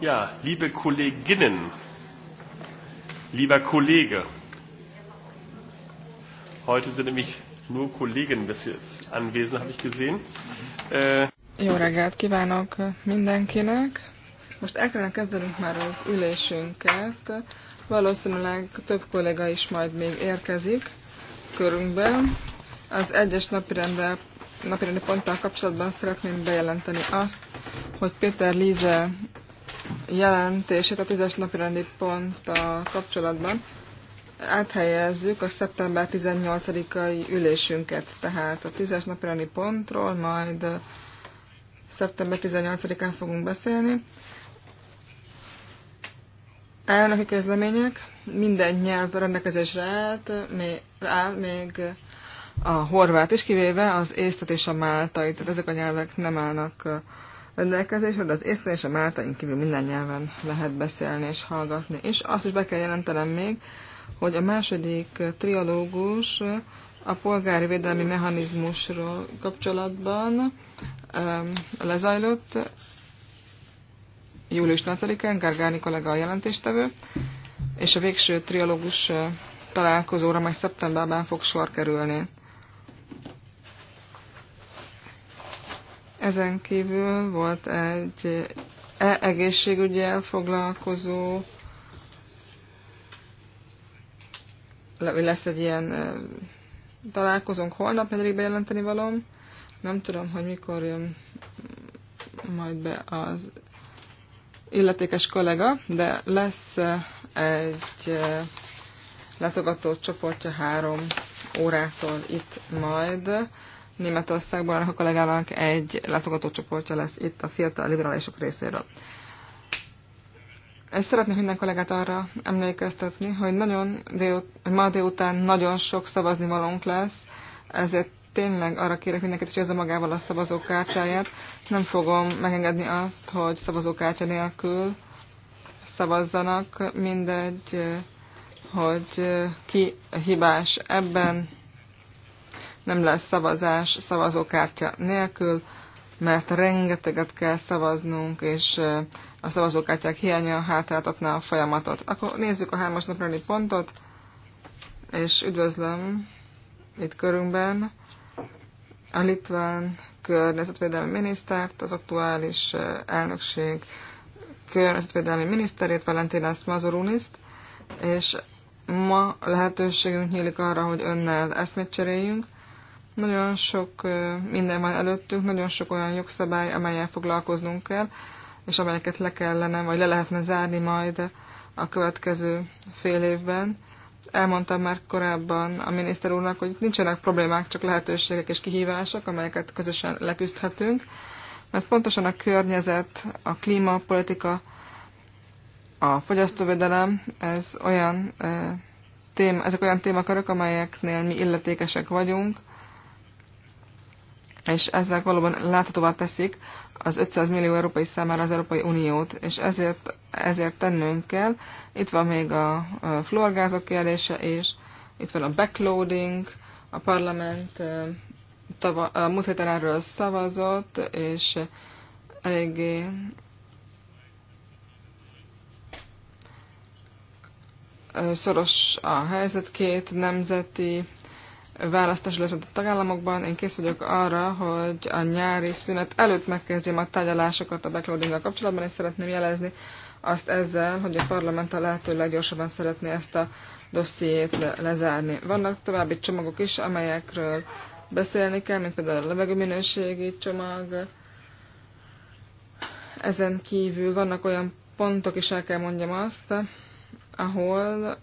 Ja, liebe Kolleginnen, lieber Kollege, heute sind nämlich nur Kollegen bis jetzt anwesend, habe ich gesehen. Äh, Jó reggelt kívánok mindenkinek! Most el kellene kezdenünk már az ülésünket. Valószínűleg több kollega is majd még érkezik körünkbe. Az egyes napirendel napirendi ponttal kapcsolatban szeretném bejelenteni azt, hogy Péter Líze jelentését a tízes napirendi a kapcsolatban áthelyezzük a szeptember 18-ai ülésünket, tehát a tízes napirendi pontról majd szeptember 18-án fogunk beszélni. Elnöki közlemények, minden nyelv rendelkezésre állt, még, áll, még a horvát is, kivéve az észtet és a máltait, tehát ezek a nyelvek nem állnak rendelkezésre, de az észre és a máltain kívül minden nyelven lehet beszélni és hallgatni. És azt is be kell jelentenem még, hogy a második trialógus a polgári védelmi mechanizmusról kapcsolatban lezajlott július 8-án, Gargáni kollega a jelentéstevő, és a végső trialógus találkozóra majd szeptemberben fog sor kerülni. Ezen kívül volt egy e egészségügyel foglalkozó, lesz egy ilyen találkozónk holnap, pedig bejelenteni valom. Nem tudom, hogy mikor jön majd be az illetékes kollega, de lesz egy látogató csoportja három órától itt majd. Németországban, annak a kollégának egy látogatócsoportja lesz itt a fiatal liberálisok részéről. És szeretném minden kollégát arra emlékeztetni, hogy nagyon délut, ma délután nagyon sok szavazni valónk lesz, ezért tényleg arra kérek mindenkit, hogy hozza magával a szavazókártyáját. Nem fogom megengedni azt, hogy szavazókártya nélkül szavazzanak, mindegy, hogy ki hibás ebben, nem lesz szavazás szavazókártya nélkül, mert rengeteget kell szavaznunk, és a szavazókártyák hiánya hátráltatná a folyamatot. Akkor nézzük a hármas naprani pontot, és üdvözlöm itt körünkben a litván környezetvédelmi minisztert, az aktuális elnökség környezetvédelmi miniszterét, Valentinas Mazuruniszt, és ma lehetőségünk nyílik arra, hogy önnel eszmét cseréljünk, nagyon sok minden van előttünk, nagyon sok olyan jogszabály, amelyel foglalkoznunk kell, és amelyeket le kellene, vagy le lehetne zárni majd a következő fél évben. Elmondtam már korábban a miniszter úrnak, hogy nincsenek problémák, csak lehetőségek és kihívások, amelyeket közösen leküzdhetünk, mert pontosan a környezet, a klímapolitika, a fogyasztóvédelem, ez olyan, tém, ezek olyan témakörök, amelyeknél mi illetékesek vagyunk, és ezek valóban láthatóvá teszik az 500 millió európai számára az Európai Uniót, és ezért, ezért tennünk kell. Itt van még a fluorgázok kérdése is, itt van a backloading, a parlament tava, a múlt héten erről szavazott, és eléggé szoros a helyzet, két nemzeti választás lesz a tagállamokban. Én kész vagyok arra, hogy a nyári szünet előtt megkezdjem a tárgyalásokat a backloading kapcsolatban, és szeretném jelezni azt ezzel, hogy a parlament a lehető leggyorsabban szeretné ezt a dossziét le- lezárni. Vannak további csomagok is, amelyekről beszélni kell, mint például a levegőminőségi csomag. Ezen kívül vannak olyan pontok is, el kell mondjam azt, ahol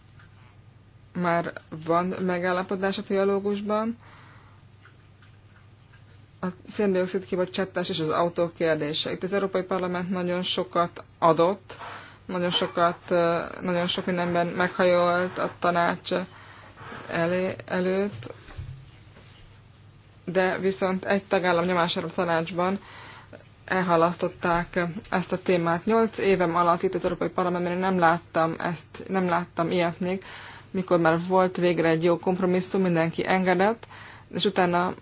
már van megállapodás a dialógusban. A széndiokszid kibocsátás és az autó kérdése. Itt az Európai Parlament nagyon sokat adott, nagyon sokat, nagyon sok mindenben meghajolt a tanács elé, előtt, de viszont egy tagállam nyomására a tanácsban elhalasztották ezt a témát. Nyolc évem alatt itt az Európai Parlamentben én nem láttam ezt, nem láttam ilyet még, mikor már volt végre egy jó kompromisszum, mindenki engedett, és utána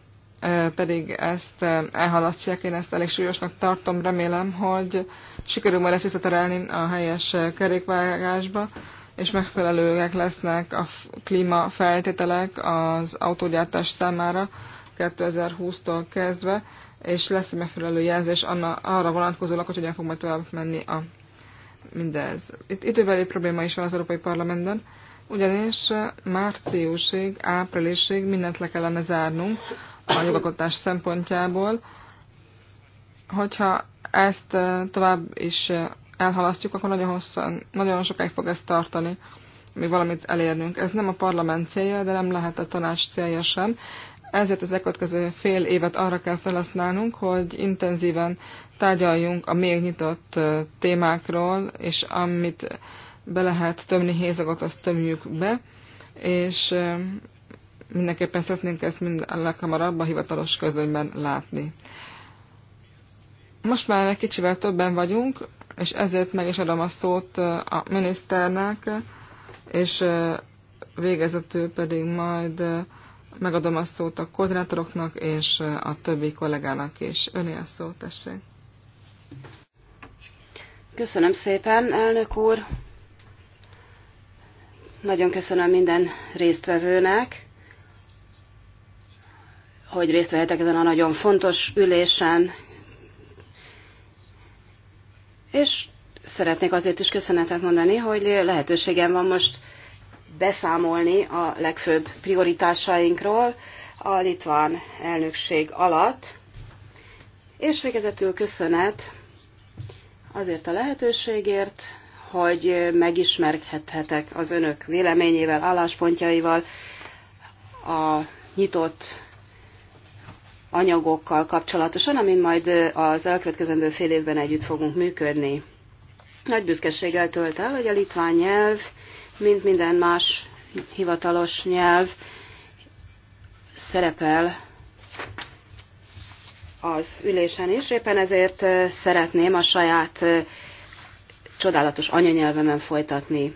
pedig ezt elhalasztják, én ezt elég súlyosnak tartom, remélem, hogy sikerül majd ezt visszaterelni a helyes kerékvágásba, és megfelelőek lesznek a klímafeltételek az autógyártás számára 2020-tól kezdve, és lesz egy megfelelő jelzés anna, arra vonatkozólag, hogy hogyan fog majd tovább menni a mindez. Itt időbeli probléma is van az Európai Parlamentben, ugyanis márciusig, áprilisig mindent le kellene zárnunk a jogalkotás szempontjából. Hogyha ezt eh, tovább is eh, elhalasztjuk, akkor nagyon hosszan, nagyon sokáig fog ezt tartani, még valamit elérnünk. Ez nem a parlament célja, de nem lehet a tanács célja sem. Ezért az elkövetkező fél évet arra kell felhasználnunk, hogy intenzíven tárgyaljunk a még nyitott eh, témákról, és amit be lehet tömni hézagot, azt tömjük be, és mindenképpen szeretnénk ezt mind a leghamarabb a hivatalos közönyben látni. Most már egy kicsivel többen vagyunk, és ezért meg is adom a szót a miniszternek, és végezetül pedig majd megadom a szót a koordinátoroknak és a többi kollégának is. Öné a szót, tessék. Köszönöm szépen, elnök úr. Nagyon köszönöm minden résztvevőnek, hogy részt vehetek ezen a nagyon fontos ülésen, és szeretnék azért is köszönetet mondani, hogy lehetőségem van most beszámolni a legfőbb prioritásainkról a litván elnökség alatt. És végezetül köszönet azért a lehetőségért, hogy megismerkedhetek az önök véleményével, álláspontjaival, a nyitott anyagokkal kapcsolatosan, amin majd az elkövetkezendő fél évben együtt fogunk működni. Nagy büszkeséggel tölt el, hogy a litván nyelv, mint minden más hivatalos nyelv, szerepel az ülésen is. Éppen ezért szeretném a saját csodálatos anyanyelvemen folytatni.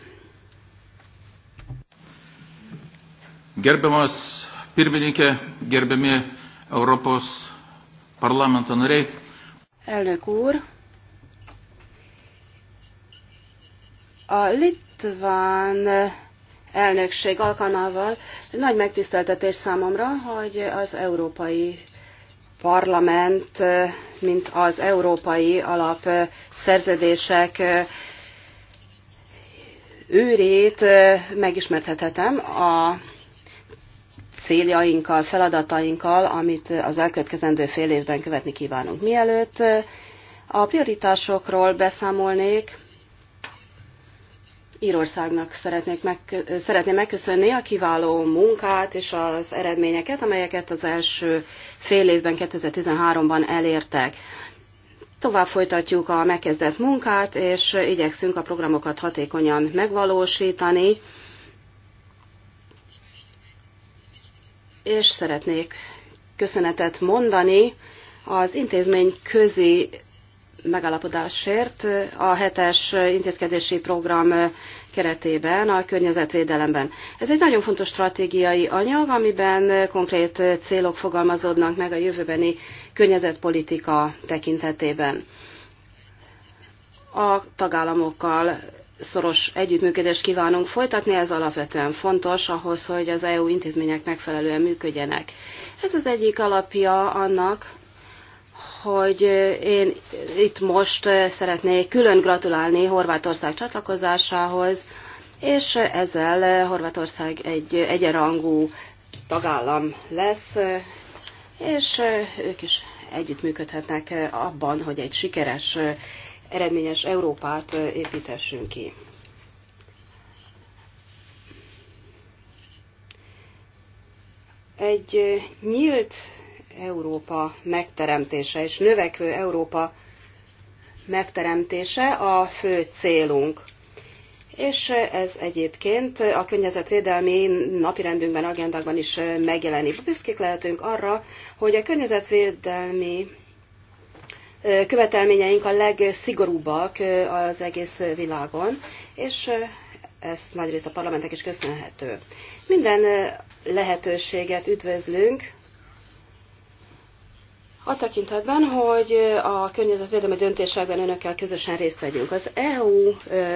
Gerbiamas pirmininkė, gerbiami Europos parlamento nariai. Elnök úr, a litván elnökség alkalmával nagy megtiszteltetés számomra, hogy az Európai parlament, mint az európai alapszerződések őrét megismertethetem a céljainkkal, feladatainkkal, amit az elkövetkezendő fél évben követni kívánunk. Mielőtt a prioritásokról beszámolnék, Írországnak szeretnék meg, szeretném megköszönni a kiváló munkát és az eredményeket, amelyeket az első fél évben 2013-ban elértek. Tovább folytatjuk a megkezdett munkát, és igyekszünk a programokat hatékonyan megvalósítani. És szeretnék köszönetet mondani az intézmény közi megállapodásért a hetes intézkedési program keretében a környezetvédelemben. Ez egy nagyon fontos stratégiai anyag, amiben konkrét célok fogalmazódnak meg a jövőbeni környezetpolitika tekintetében. A tagállamokkal szoros együttműködést kívánunk folytatni, ez alapvetően fontos ahhoz, hogy az EU intézmények megfelelően működjenek. Ez az egyik alapja annak, hogy én itt most szeretnék külön gratulálni Horvátország csatlakozásához, és ezzel Horvátország egy egyenrangú tagállam lesz, és ők is együttműködhetnek abban, hogy egy sikeres, eredményes Európát építessünk ki. Egy nyílt Európa megteremtése és növekvő Európa megteremtése a fő célunk. És ez egyébként a környezetvédelmi napirendünkben, agendákban is megjelenik. Büszkék lehetünk arra, hogy a környezetvédelmi követelményeink a legszigorúbbak az egész világon, és ez nagyrészt a parlamentek is köszönhető. Minden lehetőséget üdvözlünk, a tekintetben, hogy a környezetvédelmi döntésekben önökkel közösen részt vegyünk. Az EU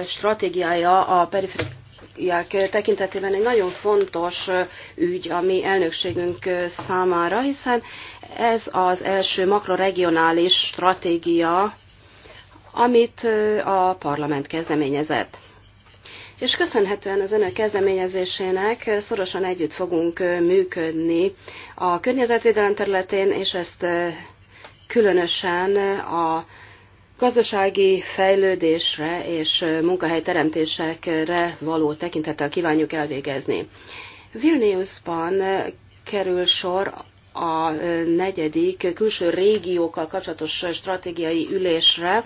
stratégiája a perifériák tekintetében egy nagyon fontos ügy a mi elnökségünk számára, hiszen ez az első makroregionális stratégia, amit a parlament kezdeményezett és köszönhetően az önök kezdeményezésének szorosan együtt fogunk működni a környezetvédelem területén, és ezt különösen a gazdasági fejlődésre és munkahelyteremtésekre való tekintettel kívánjuk elvégezni. Vilniusban kerül sor a negyedik külső régiókkal kapcsolatos stratégiai ülésre,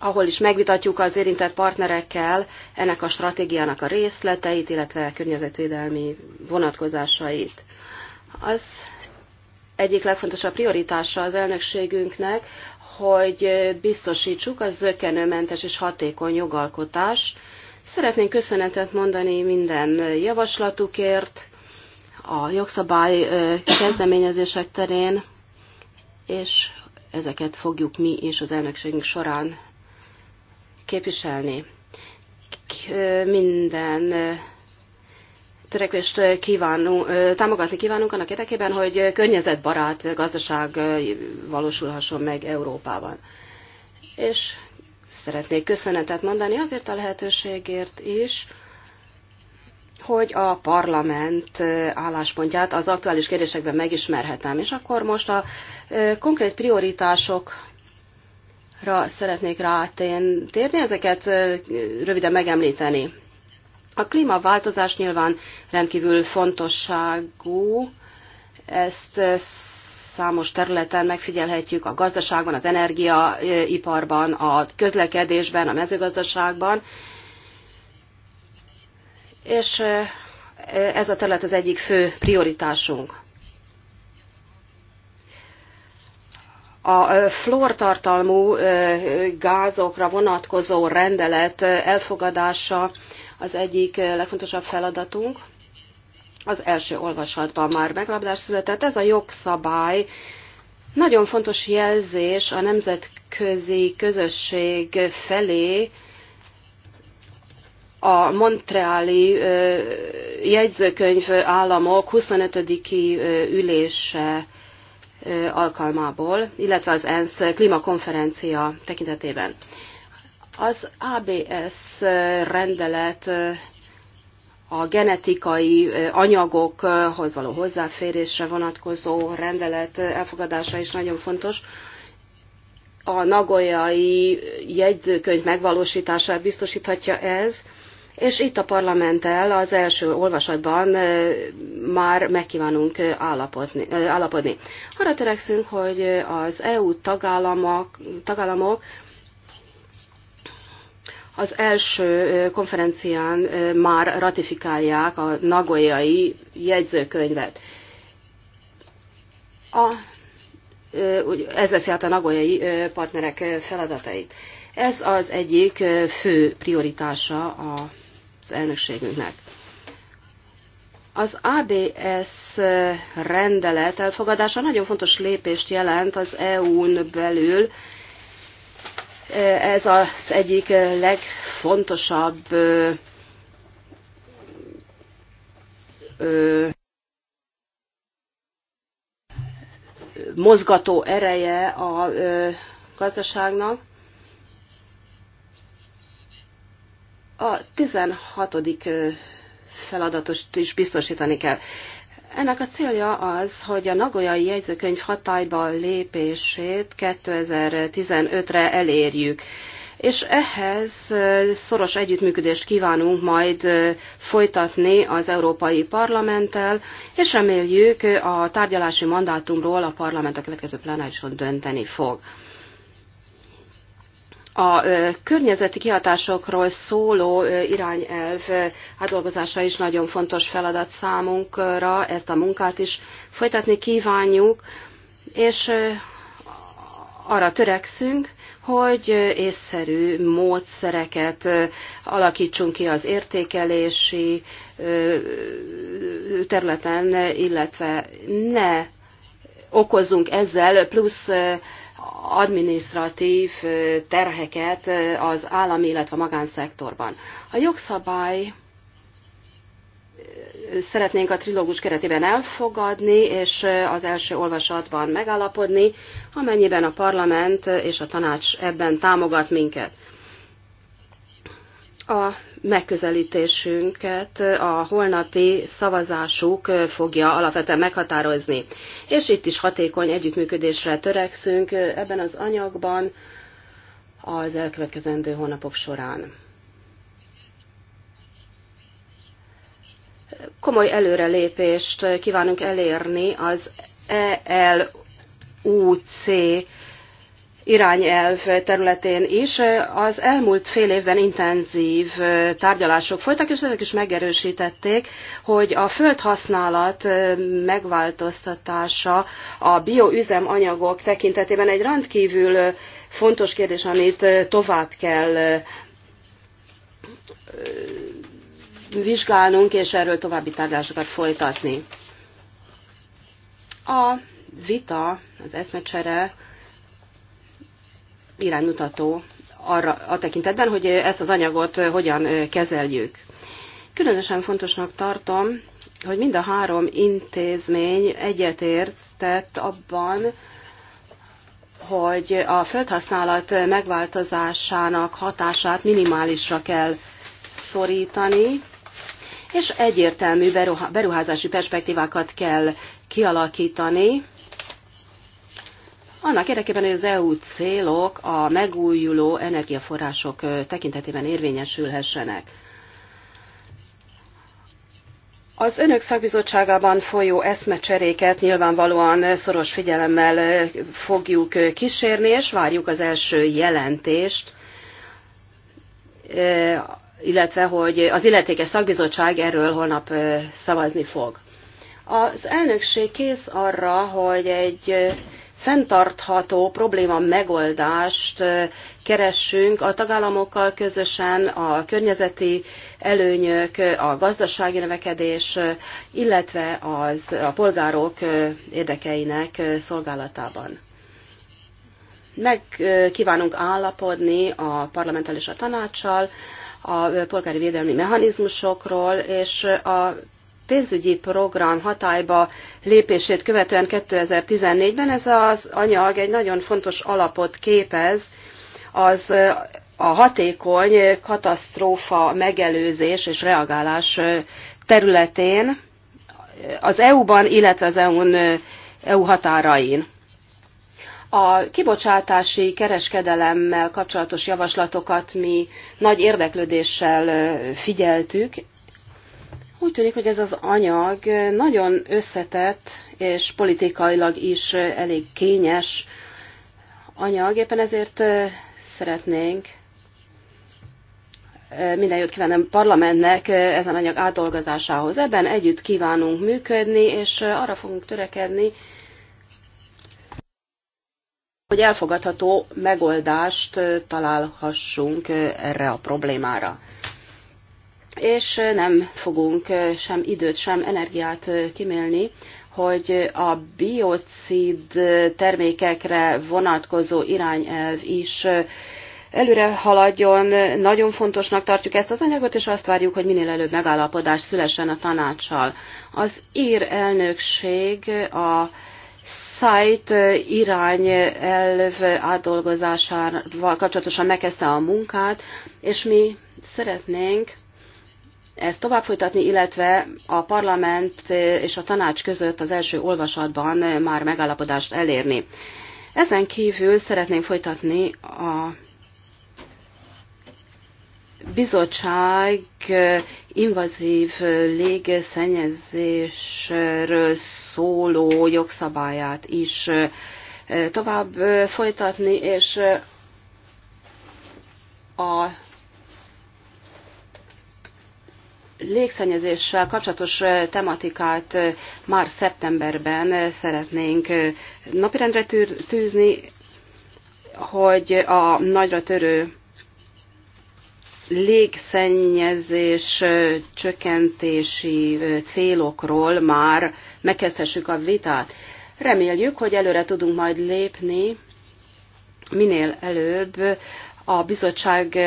ahol is megvitatjuk az érintett partnerekkel ennek a stratégiának a részleteit, illetve a környezetvédelmi vonatkozásait. Az egyik legfontosabb prioritása az elnökségünknek, hogy biztosítsuk a zökenőmentes és hatékony jogalkotást. Szeretnénk köszönetet mondani minden javaslatukért a jogszabály kezdeményezések terén, és ezeket fogjuk mi és az elnökségünk során képviselni. Minden törekvést kívánunk, támogatni kívánunk annak érdekében, hogy környezetbarát gazdaság valósulhasson meg Európában. És szeretnék köszönetet mondani azért a lehetőségért is, hogy a parlament álláspontját az aktuális kérdésekben megismerhetem. És akkor most a konkrét prioritások ra szeretnék térni, ezeket röviden megemlíteni. A klímaváltozás nyilván rendkívül fontosságú, ezt számos területen megfigyelhetjük a gazdaságban, az energiaiparban, a közlekedésben, a mezőgazdaságban, és ez a terület az egyik fő prioritásunk. a flortartalmú gázokra vonatkozó rendelet elfogadása az egyik legfontosabb feladatunk. Az első olvasatban már meglabdás született. Ez a jogszabály nagyon fontos jelzés a nemzetközi közösség felé, a Montreali jegyzőkönyv államok 25. ülése alkalmából, illetve az ENSZ klímakonferencia tekintetében. Az ABS rendelet a genetikai anyagokhoz való hozzáférésre vonatkozó rendelet elfogadása is nagyon fontos. A nagolyai jegyzőkönyv megvalósítását biztosíthatja ez, és itt a parlamenttel az első olvasatban már megkívánunk állapodni. állapodni. Arra törekszünk, hogy az EU tagállamok, tagállamok az első konferencián már ratifikálják a nagoyai jegyzőkönyvet. A, ez veszi át a nagoyai partnerek feladatait. Ez az egyik fő prioritása a az elnökségünknek. Az ABS rendelet elfogadása nagyon fontos lépést jelent az EU-n belül. Ez az egyik legfontosabb mozgató ereje a gazdaságnak. A 16. feladatost is biztosítani kell. Ennek a célja az, hogy a Nagoyai jegyzőkönyv hatályba lépését 2015-re elérjük. És ehhez szoros együttműködést kívánunk majd folytatni az Európai Parlamenttel, és reméljük a tárgyalási mandátumról a parlament a következő plenárison dönteni fog a környezeti kihatásokról szóló irányelv átdolgozása is nagyon fontos feladat számunkra, ezt a munkát is folytatni kívánjuk, és arra törekszünk, hogy észszerű módszereket alakítsunk ki az értékelési területen, illetve ne okozzunk ezzel plusz adminisztratív terheket az állami, illetve a magánszektorban. A jogszabály szeretnénk a trilógus keretében elfogadni, és az első olvasatban megállapodni, amennyiben a parlament és a tanács ebben támogat minket a megközelítésünket a holnapi szavazásuk fogja alapvetően meghatározni. És itt is hatékony együttműködésre törekszünk ebben az anyagban az elkövetkezendő hónapok során. Komoly előrelépést kívánunk elérni az ELUC irányelv területén is. Az elmúlt fél évben intenzív tárgyalások folytak, és ezek is megerősítették, hogy a földhasználat megváltoztatása a bioüzemanyagok tekintetében egy rendkívül fontos kérdés, amit tovább kell vizsgálnunk, és erről további tárgyalásokat folytatni. A vita, az eszmecsere iránymutató arra a tekintetben, hogy ezt az anyagot hogyan kezeljük. Különösen fontosnak tartom, hogy mind a három intézmény egyetértett abban, hogy a földhasználat megváltozásának hatását minimálisra kell szorítani, és egyértelmű beruházási perspektívákat kell kialakítani, annak érdekében, hogy az EU célok a megújuló energiaforrások tekintetében érvényesülhessenek. Az önök szakbizottságában folyó eszmecseréket nyilvánvalóan szoros figyelemmel fogjuk kísérni, és várjuk az első jelentést, illetve hogy az illetékes szakbizottság erről holnap szavazni fog. Az elnökség kész arra, hogy egy fenntartható probléma megoldást keressünk a tagállamokkal közösen a környezeti előnyök, a gazdasági növekedés, illetve az, a polgárok érdekeinek szolgálatában. Meg kívánunk állapodni a parlamentális és a tanácssal, a polgári védelmi mechanizmusokról, és a pénzügyi program hatályba lépését követően 2014-ben ez az anyag egy nagyon fontos alapot képez az a hatékony katasztrófa megelőzés és reagálás területén az EU-ban, illetve az EU-n, EU határain. A kibocsátási kereskedelemmel kapcsolatos javaslatokat mi nagy érdeklődéssel figyeltük, úgy tűnik, hogy ez az anyag nagyon összetett és politikailag is elég kényes anyag, éppen ezért szeretnénk minden jót kívánom parlamentnek ezen anyag átdolgozásához. Ebben együtt kívánunk működni, és arra fogunk törekedni, hogy elfogadható megoldást találhassunk erre a problémára és nem fogunk sem időt, sem energiát kimélni, hogy a biocid termékekre vonatkozó irányelv is előre haladjon. Nagyon fontosnak tartjuk ezt az anyagot, és azt várjuk, hogy minél előbb megállapodás szülessen a tanácssal. Az ír elnökség a szájt irányelv átdolgozásával kapcsolatosan megkezdte a munkát, és mi szeretnénk ezt tovább folytatni, illetve a parlament és a tanács között az első olvasatban már megállapodást elérni. Ezen kívül szeretném folytatni a bizottság invazív légszennyezésről szóló jogszabályát is tovább folytatni, és a légszennyezéssel kapcsolatos tematikát már szeptemberben szeretnénk napirendre tűzni, hogy a nagyra törő légszennyezés csökkentési célokról már megkezdhessük a vitát. Reméljük, hogy előre tudunk majd lépni minél előbb a bizottság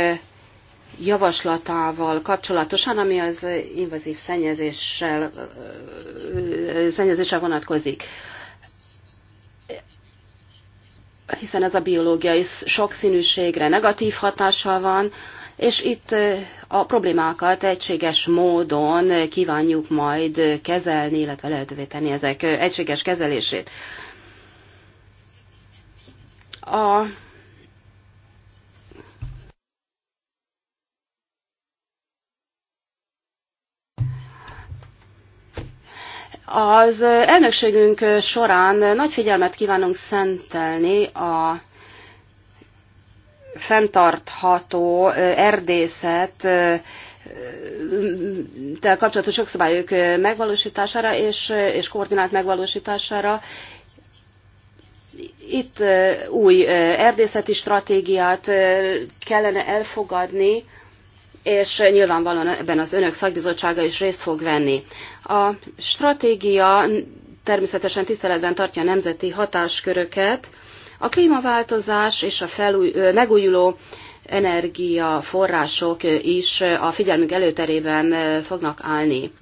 javaslatával kapcsolatosan, ami az invazív szennyezéssel, szennyezéssel vonatkozik. Hiszen ez a biológiai sokszínűségre negatív hatással van, és itt a problémákat egységes módon kívánjuk majd kezelni, illetve lehetővé tenni ezek egységes kezelését. A Az elnökségünk során nagy figyelmet kívánunk szentelni a fenntartható erdészet tehát kapcsolatos jogszabályok megvalósítására és, és koordinált megvalósítására. Itt új erdészeti stratégiát kellene elfogadni, és nyilvánvalóan ebben az önök szakbizottsága is részt fog venni. A stratégia természetesen tiszteletben tartja a nemzeti hatásköröket, a klímaváltozás és a felúj, megújuló energiaforrások is a figyelmünk előterében fognak állni.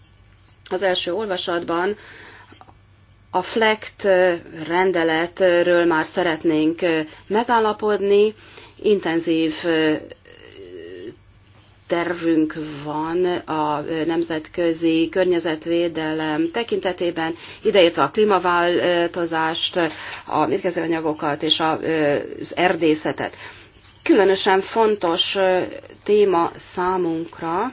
Az első olvasatban a FLECT rendeletről már szeretnénk megállapodni, intenzív tervünk van a nemzetközi környezetvédelem tekintetében, ideértve a klímaváltozást, a mérkezőanyagokat és az erdészetet. Különösen fontos téma számunkra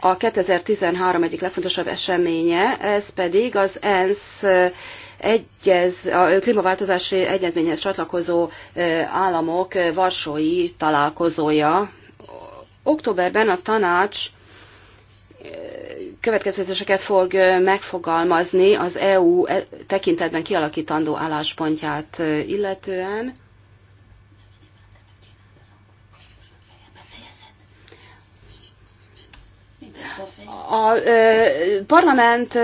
a 2013 egyik legfontosabb eseménye, ez pedig az ENSZ egyez, a klímaváltozási egyezményhez csatlakozó államok varsói találkozója, Októberben a tanács következtetéseket fog megfogalmazni az EU e, tekintetben kialakítandó álláspontját illetően. A parlament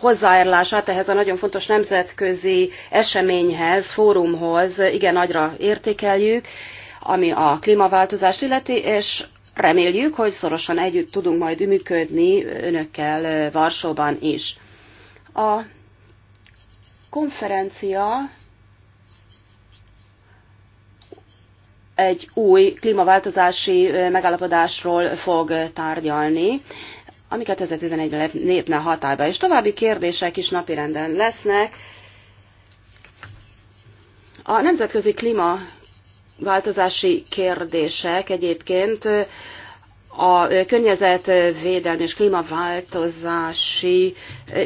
hozzáérlását ehhez a nagyon fontos nemzetközi eseményhez, fórumhoz igen nagyra értékeljük, ami a klímaváltozást illeti, és Reméljük, hogy szorosan együtt tudunk majd működni önökkel Varsóban is. A konferencia egy új klímaváltozási megállapodásról fog tárgyalni, ami 2011-ben lépne hatályba. És további kérdések is napirenden lesznek. A Nemzetközi Klíma változási kérdések egyébként a környezetvédelmi és klímaváltozási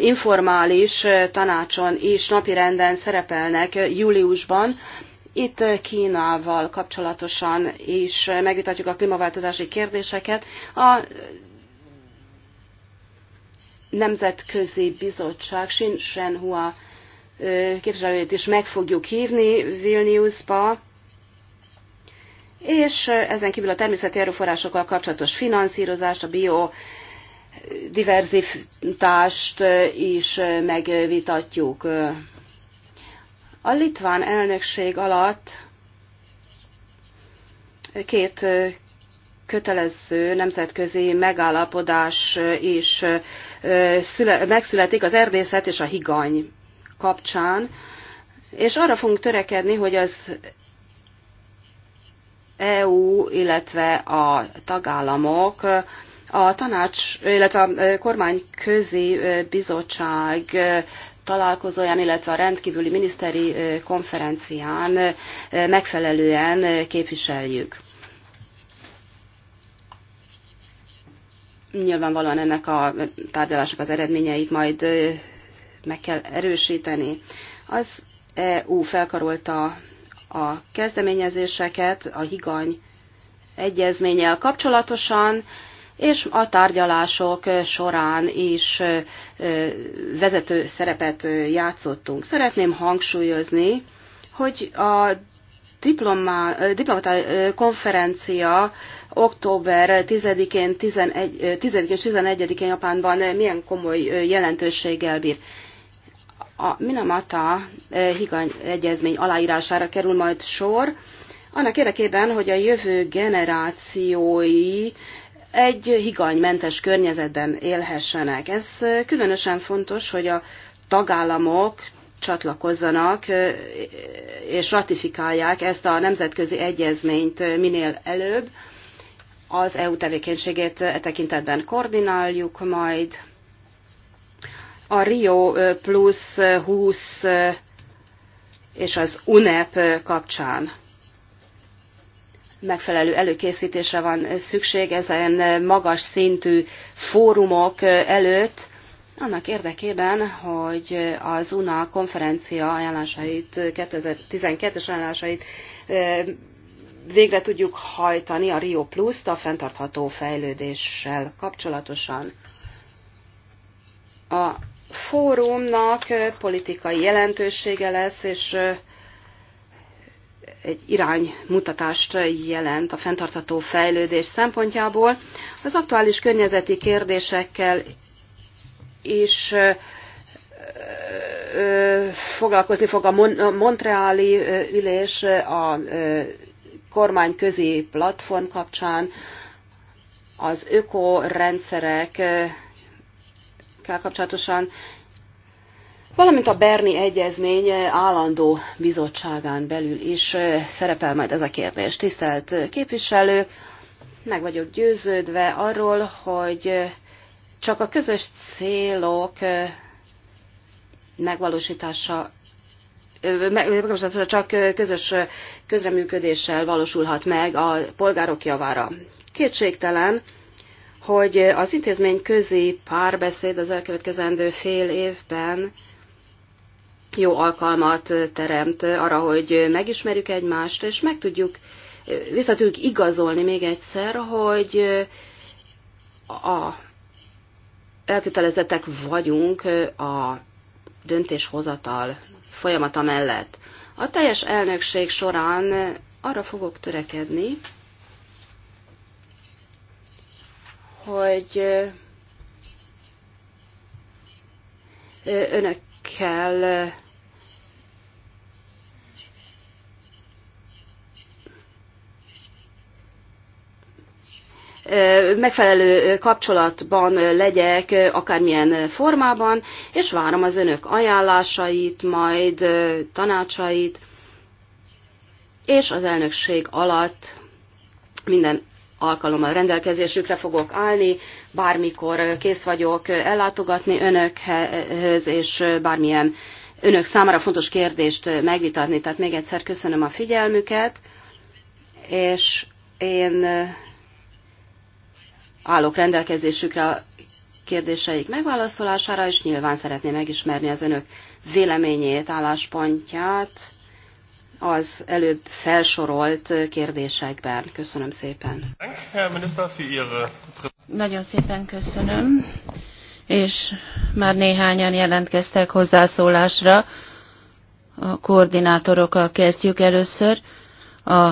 informális tanácson is napirenden szerepelnek júliusban. Itt Kínával kapcsolatosan is megvitatjuk a klímaváltozási kérdéseket. A Nemzetközi Bizottság Shin Shenhua képviselőjét is meg fogjuk hívni Vilniusba és ezen kívül a természeti erőforrásokkal kapcsolatos finanszírozást, a bio diverzitást is megvitatjuk. A litván elnökség alatt két kötelező nemzetközi megállapodás is megszületik az erdészet és a higany kapcsán, és arra fogunk törekedni, hogy az EU, illetve a tagállamok, a tanács, illetve a kormány közé bizottság találkozóján, illetve a rendkívüli miniszteri konferencián megfelelően képviseljük. Nyilvánvalóan ennek a tárgyalások az eredményeit majd meg kell erősíteni. Az EU felkarolta a kezdeményezéseket a higany egyezménnyel kapcsolatosan, és a tárgyalások során is vezető szerepet játszottunk. Szeretném hangsúlyozni, hogy a diplomata konferencia október 10-én, 11, és 11-én Japánban milyen komoly jelentőséggel bír. A Minamata eh, higany egyezmény aláírására kerül majd sor, annak érdekében, hogy a jövő generációi egy higanymentes környezetben élhessenek. Ez eh, különösen fontos, hogy a tagállamok csatlakozzanak eh, és ratifikálják ezt a nemzetközi egyezményt minél előbb. Az EU tevékenységét e tekintetben koordináljuk majd a Rio Plus 20 és az UNEP kapcsán megfelelő előkészítésre van szükség ezen magas szintű fórumok előtt, annak érdekében, hogy az UNA konferencia ajánlásait, 2012-es ajánlásait végre tudjuk hajtani a Rio plus a fenntartható fejlődéssel kapcsolatosan. A fórumnak politikai jelentősége lesz, és egy iránymutatást jelent a fenntartható fejlődés szempontjából. Az aktuális környezeti kérdésekkel is foglalkozni fog a Montreali ülés a kormányközi platform kapcsán, az ökorendszerek kel kapcsolatosan, valamint a Berni Egyezmény állandó bizottságán belül is szerepel majd ez a kérdés. Tisztelt képviselők, meg vagyok győződve arról, hogy csak a közös célok megvalósítása megvalósítása csak közös közreműködéssel valósulhat meg a polgárok javára. Kétségtelen, hogy az intézmény közi párbeszéd az elkövetkezendő fél évben jó alkalmat teremt arra, hogy megismerjük egymást, és meg tudjuk, vissza tudjuk igazolni még egyszer, hogy a elkötelezettek vagyunk a döntéshozatal folyamata mellett. A teljes elnökség során arra fogok törekedni, hogy önökkel megfelelő kapcsolatban legyek, akármilyen formában, és várom az önök ajánlásait, majd tanácsait, és az elnökség alatt minden alkalommal rendelkezésükre fogok állni, bármikor kész vagyok ellátogatni önökhez és bármilyen önök számára fontos kérdést megvitatni. Tehát még egyszer köszönöm a figyelmüket, és én állok rendelkezésükre a kérdéseik megválaszolására, és nyilván szeretném megismerni az önök véleményét, álláspontját az előbb felsorolt kérdésekben. Köszönöm szépen. Nagyon szépen köszönöm, és már néhányan jelentkeztek hozzászólásra. A koordinátorokkal kezdjük először. A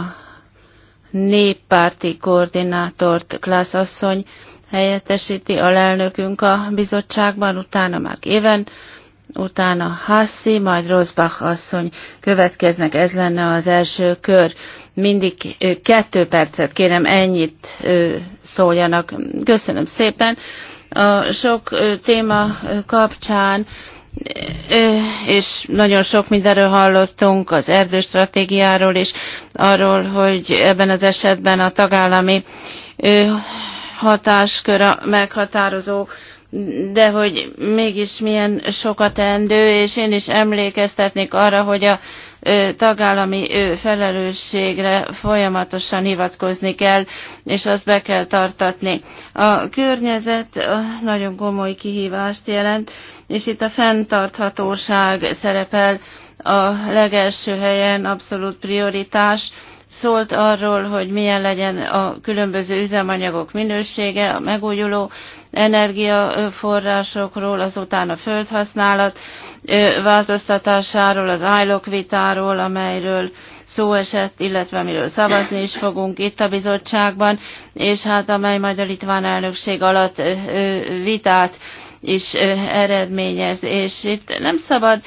néppárti koordinátort Klász asszony helyettesíti alelnökünk a bizottságban, utána már éven utána Hassi, majd Rosbach asszony következnek, ez lenne az első kör. Mindig kettő percet kérem, ennyit szóljanak. Köszönöm szépen. A sok téma kapcsán és nagyon sok mindenről hallottunk, az erdőstratégiáról is, arról, hogy ebben az esetben a tagállami hatáskör a meghatározó, de hogy mégis milyen sokat endő, és én is emlékeztetnék arra, hogy a tagállami felelősségre folyamatosan hivatkozni kell, és azt be kell tartatni. A környezet nagyon komoly kihívást jelent, és itt a fenntarthatóság szerepel a legelső helyen abszolút prioritás szólt arról, hogy milyen legyen a különböző üzemanyagok minősége, a megújuló energiaforrásokról, azután a földhasználat változtatásáról, az ILOC vitáról, amelyről szó esett, illetve amiről szavazni is fogunk itt a bizottságban, és hát amely majd a litván elnökség alatt vitát is eredményez. És itt nem szabad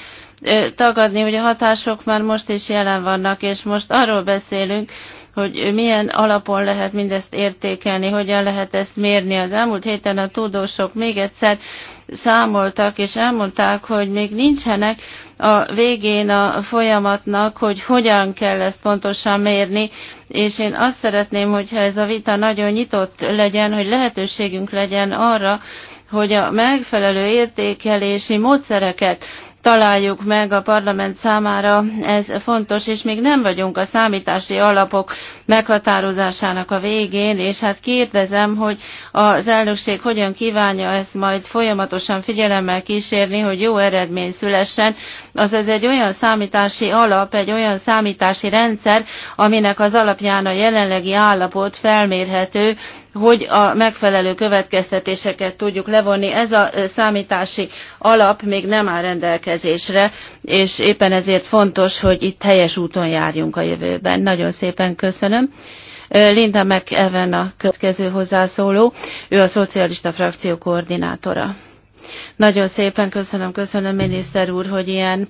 tagadni, hogy a hatások már most is jelen vannak, és most arról beszélünk, hogy milyen alapon lehet mindezt értékelni, hogyan lehet ezt mérni. Az elmúlt héten a tudósok még egyszer számoltak, és elmondták, hogy még nincsenek a végén a folyamatnak, hogy hogyan kell ezt pontosan mérni, és én azt szeretném, hogyha ez a vita nagyon nyitott legyen, hogy lehetőségünk legyen arra, hogy a megfelelő értékelési módszereket találjuk meg a parlament számára, ez fontos, és még nem vagyunk a számítási alapok meghatározásának a végén, és hát kérdezem, hogy az elnökség hogyan kívánja ezt majd folyamatosan figyelemmel kísérni, hogy jó eredmény szülessen, az ez egy olyan számítási alap, egy olyan számítási rendszer, aminek az alapján a jelenlegi állapot felmérhető, hogy a megfelelő következtetéseket tudjuk levonni. Ez a számítási alap még nem áll rendelkezésre, és éppen ezért fontos, hogy itt helyes úton járjunk a jövőben. Nagyon szépen köszönöm. Linda McEwen a következő hozzászóló, ő a szocialista frakció koordinátora. Nagyon szépen köszönöm, köszönöm miniszter úr, hogy ilyen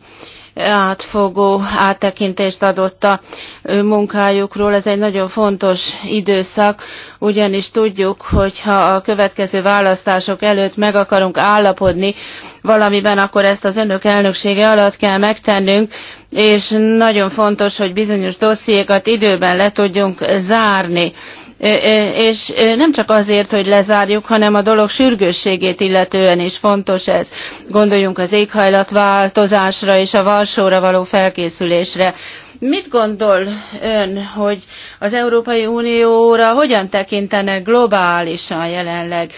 átfogó áttekintést adott a munkájukról. Ez egy nagyon fontos időszak, ugyanis tudjuk, hogy ha a következő választások előtt meg akarunk állapodni valamiben, akkor ezt az önök elnöksége alatt kell megtennünk, és nagyon fontos, hogy bizonyos dossziékat időben le tudjunk zárni és nem csak azért, hogy lezárjuk, hanem a dolog sürgősségét illetően is fontos ez. Gondoljunk az éghajlatváltozásra és a valsóra való felkészülésre. Mit gondol ön, hogy az Európai Unióra hogyan tekintenek globálisan jelenleg,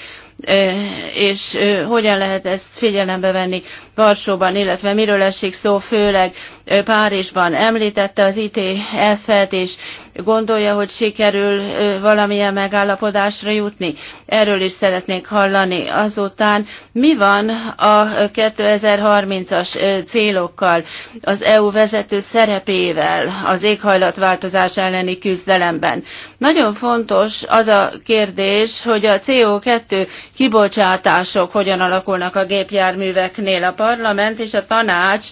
és hogyan lehet ezt figyelembe venni? Varsóban, illetve miről esik szó, főleg Párizsban említette az ITF-et, és gondolja, hogy sikerül valamilyen megállapodásra jutni. Erről is szeretnék hallani. Azután mi van a 2030-as célokkal, az EU vezető szerepével az éghajlatváltozás elleni küzdelemben? Nagyon fontos az a kérdés, hogy a CO2 kibocsátások hogyan alakulnak a gépjárműveknél. A parlament és a tanács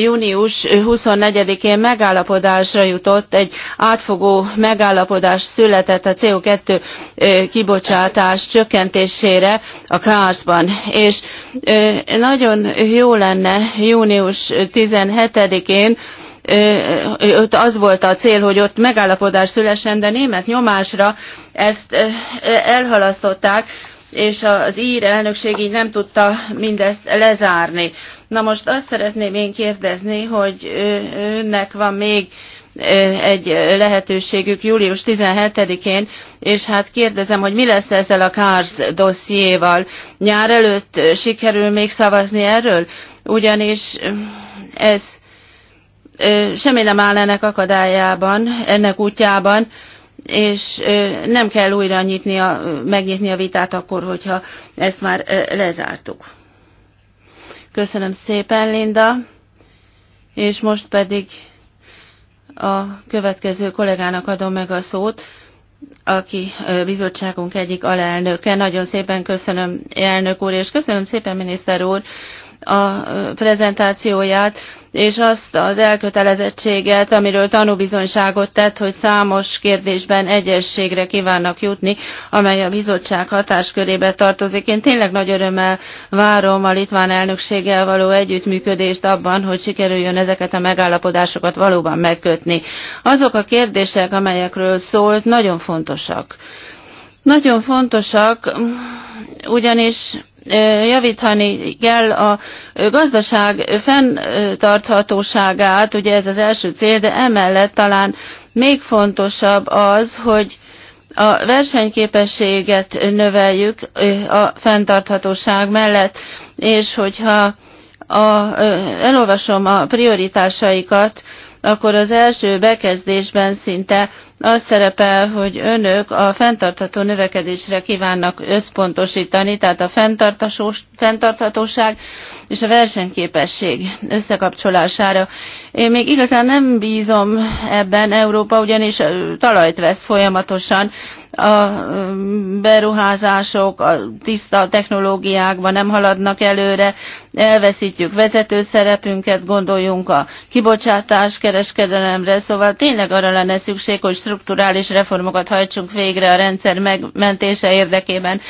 június 24-én megállapodásra jutott, egy átfogó megállapodás született a CO2 kibocsátás csökkentésére a Kárszban. És nagyon jó lenne június 17-én, ott az volt a cél, hogy ott megállapodás szülessen, de német nyomásra ezt elhalasztották, és az ír elnökség így nem tudta mindezt lezárni. Na most azt szeretném én kérdezni, hogy önnek van még egy lehetőségük július 17-én, és hát kérdezem, hogy mi lesz ezzel a KARS dossziéval. Nyár előtt sikerül még szavazni erről? Ugyanis ez semmi nem áll ennek akadályában, ennek útjában, és nem kell újra nyitni a, megnyitni a vitát akkor, hogyha ezt már lezártuk. Köszönöm szépen, Linda, és most pedig a következő kollégának adom meg a szót, aki bizottságunk egyik alelnöke. Nagyon szépen köszönöm, elnök úr, és köszönöm szépen, miniszter úr, a prezentációját, és azt az elkötelezettséget, amiről tanúbizonyságot tett, hogy számos kérdésben egyességre kívánnak jutni, amely a bizottság hatáskörébe tartozik. Én tényleg nagy örömmel várom a litván elnökséggel való együttműködést abban, hogy sikerüljön ezeket a megállapodásokat valóban megkötni. Azok a kérdések, amelyekről szólt, nagyon fontosak. Nagyon fontosak, ugyanis javítani kell a gazdaság fenntarthatóságát, ugye ez az első cél, de emellett talán még fontosabb az, hogy a versenyképességet növeljük a fenntarthatóság mellett, és hogyha a, elolvasom a prioritásaikat, akkor az első bekezdésben szinte az szerepel, hogy önök a fenntartható növekedésre kívánnak összpontosítani, tehát a fenntarthatóság és a versenyképesség összekapcsolására. Én még igazán nem bízom ebben Európa, ugyanis talajt vesz folyamatosan, a beruházások a tiszta technológiákban nem haladnak előre, elveszítjük vezető szerepünket, gondoljunk a kibocsátás kereskedelemre, szóval tényleg arra lenne szükség, hogy strukturális reformokat hajtsunk végre a rendszer megmentése érdekében.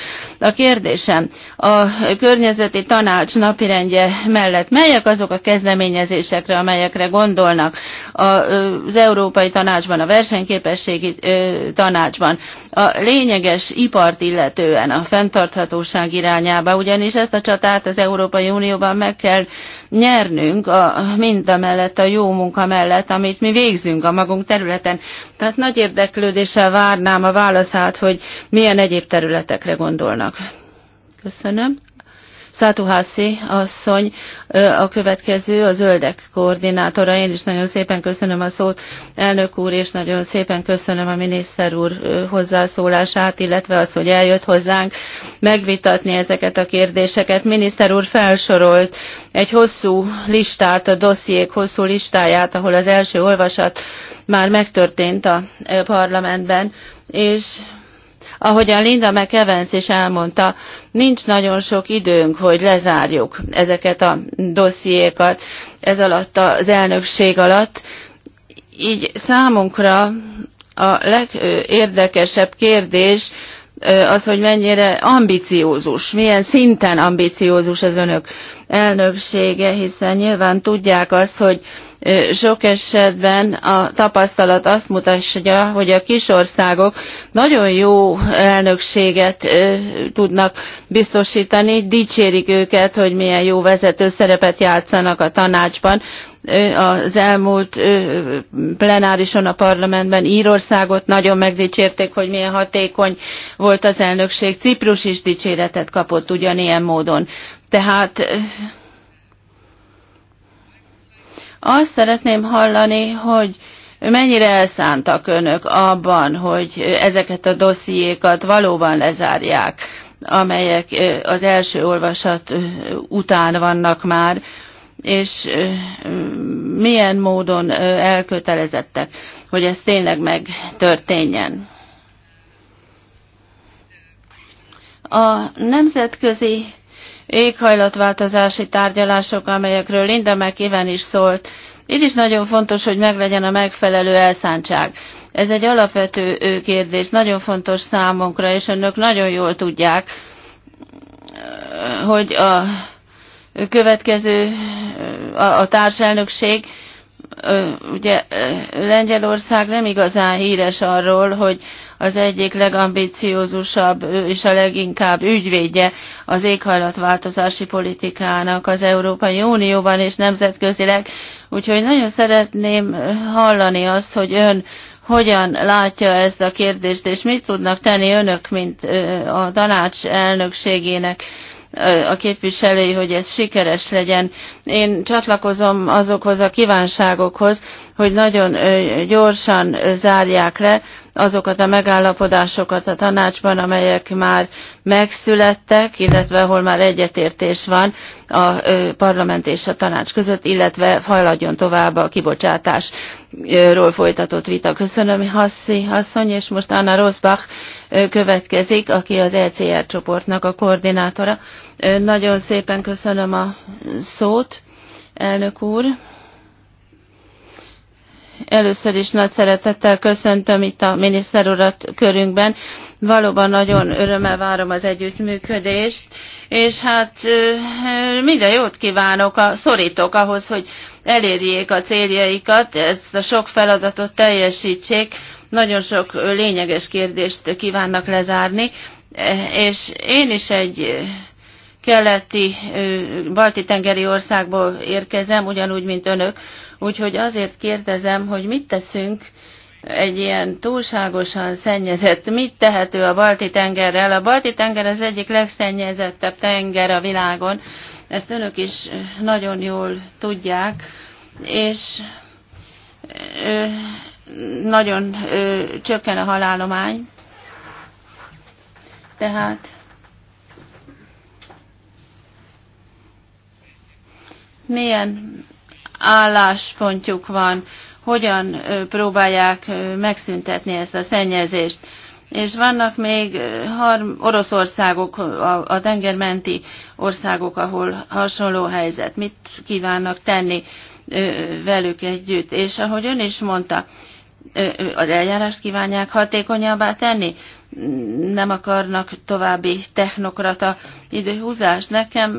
A kérdésem, a környezeti tanács napirendje mellett melyek azok a kezdeményezésekre, amelyekre gondolnak az Európai Tanácsban, a versenyképességi tanácsban, a lényeges ipart illetően a fenntarthatóság irányába, ugyanis ezt a csatát az Európai Unióban meg kell nyernünk a, mindamellett a jó munka mellett, amit mi végzünk a magunk területen. Tehát nagy érdeklődéssel várnám a válaszát, hogy milyen egyéb területekre gondolnak. Köszönöm. Szátuhászi asszony a következő, a zöldek koordinátora. Én is nagyon szépen köszönöm a szót, elnök úr, és nagyon szépen köszönöm a miniszter úr hozzászólását, illetve az, hogy eljött hozzánk megvitatni ezeket a kérdéseket. Miniszter úr felsorolt egy hosszú listát, a dossziék hosszú listáját, ahol az első olvasat már megtörtént a parlamentben, és Ahogyan Linda McEvans is elmondta, nincs nagyon sok időnk, hogy lezárjuk ezeket a dossziékat ez alatt az elnökség alatt. Így számunkra a legérdekesebb kérdés az, hogy mennyire ambiciózus, milyen szinten ambiciózus az önök elnöksége, hiszen nyilván tudják azt, hogy sok esetben a tapasztalat azt mutatja, hogy a kis országok nagyon jó elnökséget tudnak biztosítani, dicsérik őket, hogy milyen jó vezető szerepet játszanak a tanácsban, az elmúlt plenárison a parlamentben Írországot nagyon megdicsérték, hogy milyen hatékony volt az elnökség. Ciprus is dicséretet kapott ugyanilyen módon. Tehát azt szeretném hallani, hogy mennyire elszántak önök abban, hogy ezeket a dossziékat valóban lezárják, amelyek az első olvasat után vannak már, és milyen módon elkötelezettek, hogy ez tényleg megtörténjen. A nemzetközi éghajlatváltozási tárgyalások, amelyekről Linda McEwen is szólt. Itt is nagyon fontos, hogy meglegyen a megfelelő elszántság. Ez egy alapvető kérdés, nagyon fontos számunkra, és önök nagyon jól tudják, hogy a következő, a, a társelnökség, ugye Lengyelország nem igazán híres arról, hogy az egyik legambiciózusabb és a leginkább ügyvédje az éghajlatváltozási politikának az Európai Unióban és nemzetközileg. Úgyhogy nagyon szeretném hallani azt, hogy ön hogyan látja ezt a kérdést, és mit tudnak tenni önök, mint a tanács elnökségének a képviselői, hogy ez sikeres legyen. Én csatlakozom azokhoz a kívánságokhoz, hogy nagyon gyorsan zárják le azokat a megállapodásokat a tanácsban, amelyek már megszülettek, illetve hol már egyetértés van a parlament és a tanács között, illetve hajladjon tovább a kibocsátásról folytatott vita. Köszönöm, Hasszi asszony, és most Anna Rosbach következik, aki az ECR csoportnak a koordinátora. Nagyon szépen köszönöm a szót, elnök úr. Először is nagy szeretettel köszöntöm itt a miniszter urat körünkben. Valóban nagyon örömmel várom az együttműködést, és hát minden jót kívánok, a, szorítok ahhoz, hogy elérjék a céljaikat, ezt a sok feladatot teljesítsék, nagyon sok lényeges kérdést kívánnak lezárni, és én is egy keleti, balti tengeri országból érkezem, ugyanúgy, mint önök. Úgyhogy azért kérdezem, hogy mit teszünk egy ilyen túlságosan szennyezett, mit tehető a balti tengerrel? A balti tenger az egyik legszennyezettebb tenger a világon, ezt önök is nagyon jól tudják, és nagyon csökken a halálomány. Tehát milyen álláspontjuk van, hogyan próbálják megszüntetni ezt a szennyezést. És vannak még orosz országok, a, a tengermenti országok, ahol hasonló helyzet. Mit kívánnak tenni velük együtt? És ahogy ön is mondta, az eljárást kívánják hatékonyabbá tenni, nem akarnak további technokrata időhúzás. Nekem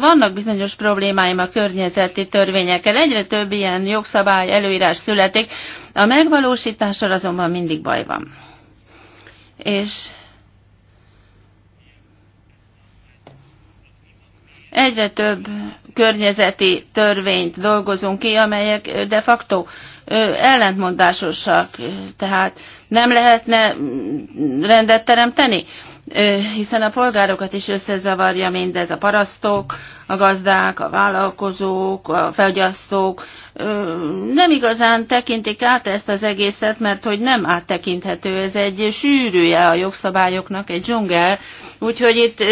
vannak bizonyos problémáim a környezeti törvényekkel. Egyre több ilyen jogszabály, előírás születik. A megvalósítással azonban mindig baj van. És egyre több környezeti törvényt dolgozunk ki, amelyek de facto ellentmondásosak, tehát nem lehetne rendet teremteni, hiszen a polgárokat is összezavarja mindez, a parasztok, a gazdák, a vállalkozók, a felgyasztók, nem igazán tekintik át ezt az egészet, mert hogy nem áttekinthető, ez egy sűrűje a jogszabályoknak, egy dzsungel, úgyhogy itt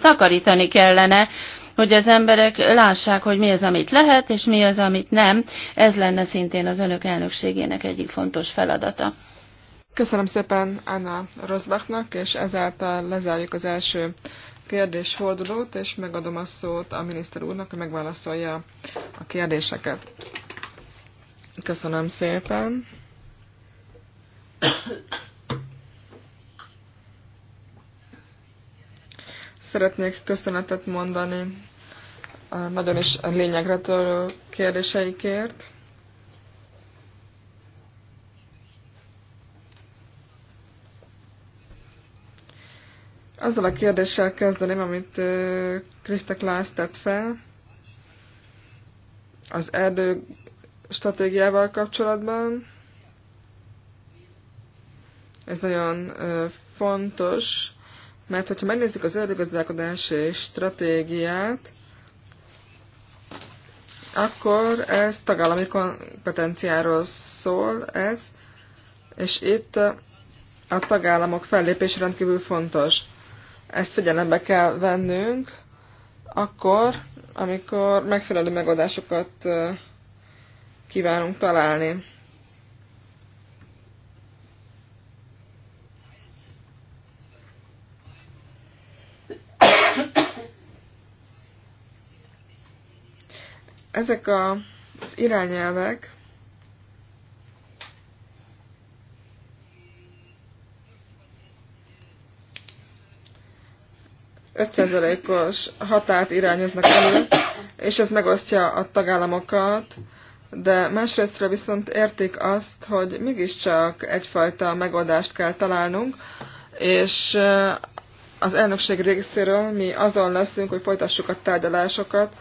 takarítani kellene, hogy az emberek lássák, hogy mi az, amit lehet, és mi az, amit nem. Ez lenne szintén az önök elnökségének egyik fontos feladata. Köszönöm szépen Anna Rosbachnak, és ezáltal lezárjuk az első kérdésfordulót, és megadom a szót a miniszter úrnak, hogy megválaszolja a kérdéseket. Köszönöm szépen. Szeretnék köszönetet mondani a nagyon is a lényegre törő kérdéseikért. Azzal a kérdéssel kezdeném, amit Krista Klász tett fel, az erdő stratégiával kapcsolatban. Ez nagyon fontos mert hogyha megnézzük az erdőgazdálkodási stratégiát, akkor ez tagállami kompetenciáról szól, ez, és itt a tagállamok fellépés rendkívül fontos. Ezt figyelembe kell vennünk, akkor, amikor megfelelő megoldásokat kívánunk találni. Ezek a, az irányelvek ötszerzelékos határt irányoznak elő, és ez megosztja a tagállamokat, de másrésztről viszont értik azt, hogy mégiscsak egyfajta megoldást kell találnunk, és az elnökség részéről mi azon leszünk, hogy folytassuk a tárgyalásokat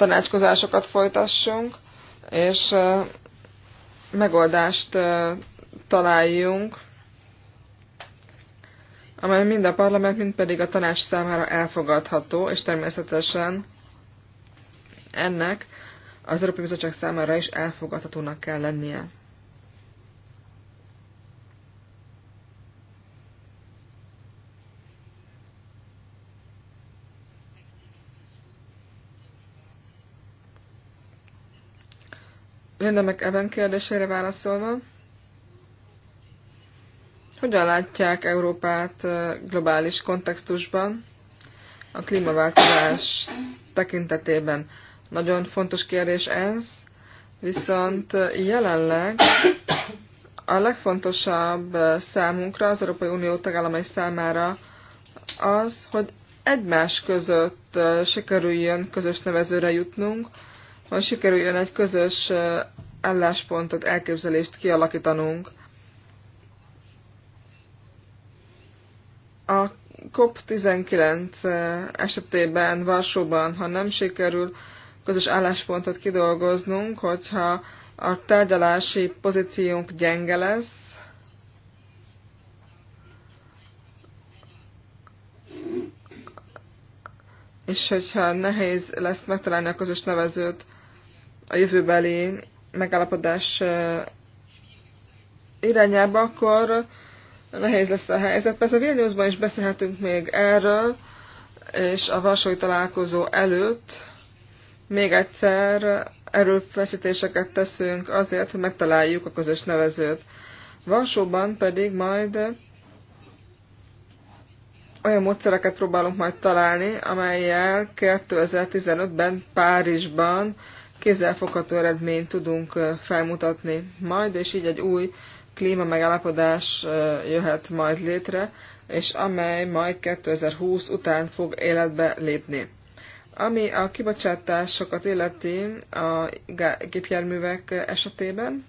tanácskozásokat folytassunk, és megoldást találjunk, amely mind a parlament, mind pedig a tanács számára elfogadható, és természetesen ennek az Európai Bizottság számára is elfogadhatónak kell lennie. Linda McEwen kérdésére válaszolva, hogyan látják Európát globális kontextusban a klímaváltozás tekintetében? Nagyon fontos kérdés ez, viszont jelenleg a legfontosabb számunkra, az Európai Unió tagállamai számára az, hogy egymás között sikerüljön közös nevezőre jutnunk, hogy sikerüljön egy közös álláspontot, elképzelést kialakítanunk. A COP19 esetében Varsóban, ha nem sikerül közös álláspontot kidolgoznunk, hogyha a tárgyalási pozíciónk gyenge lesz, és hogyha nehéz lesz megtalálni a közös nevezőt a jövőbeli megállapodás irányába, akkor nehéz lesz a helyzet. Persze Vilniusban is beszélhetünk még erről, és a Varsói találkozó előtt még egyszer erőfeszítéseket teszünk azért, hogy megtaláljuk a közös nevezőt. Varsóban pedig majd olyan módszereket próbálunk majd találni, amelyel 2015-ben Párizsban kézzelfogható eredményt tudunk felmutatni majd, és így egy új klíma megállapodás jöhet majd létre, és amely majd 2020 után fog életbe lépni. Ami a kibocsátásokat illeti a gépjárművek esetében,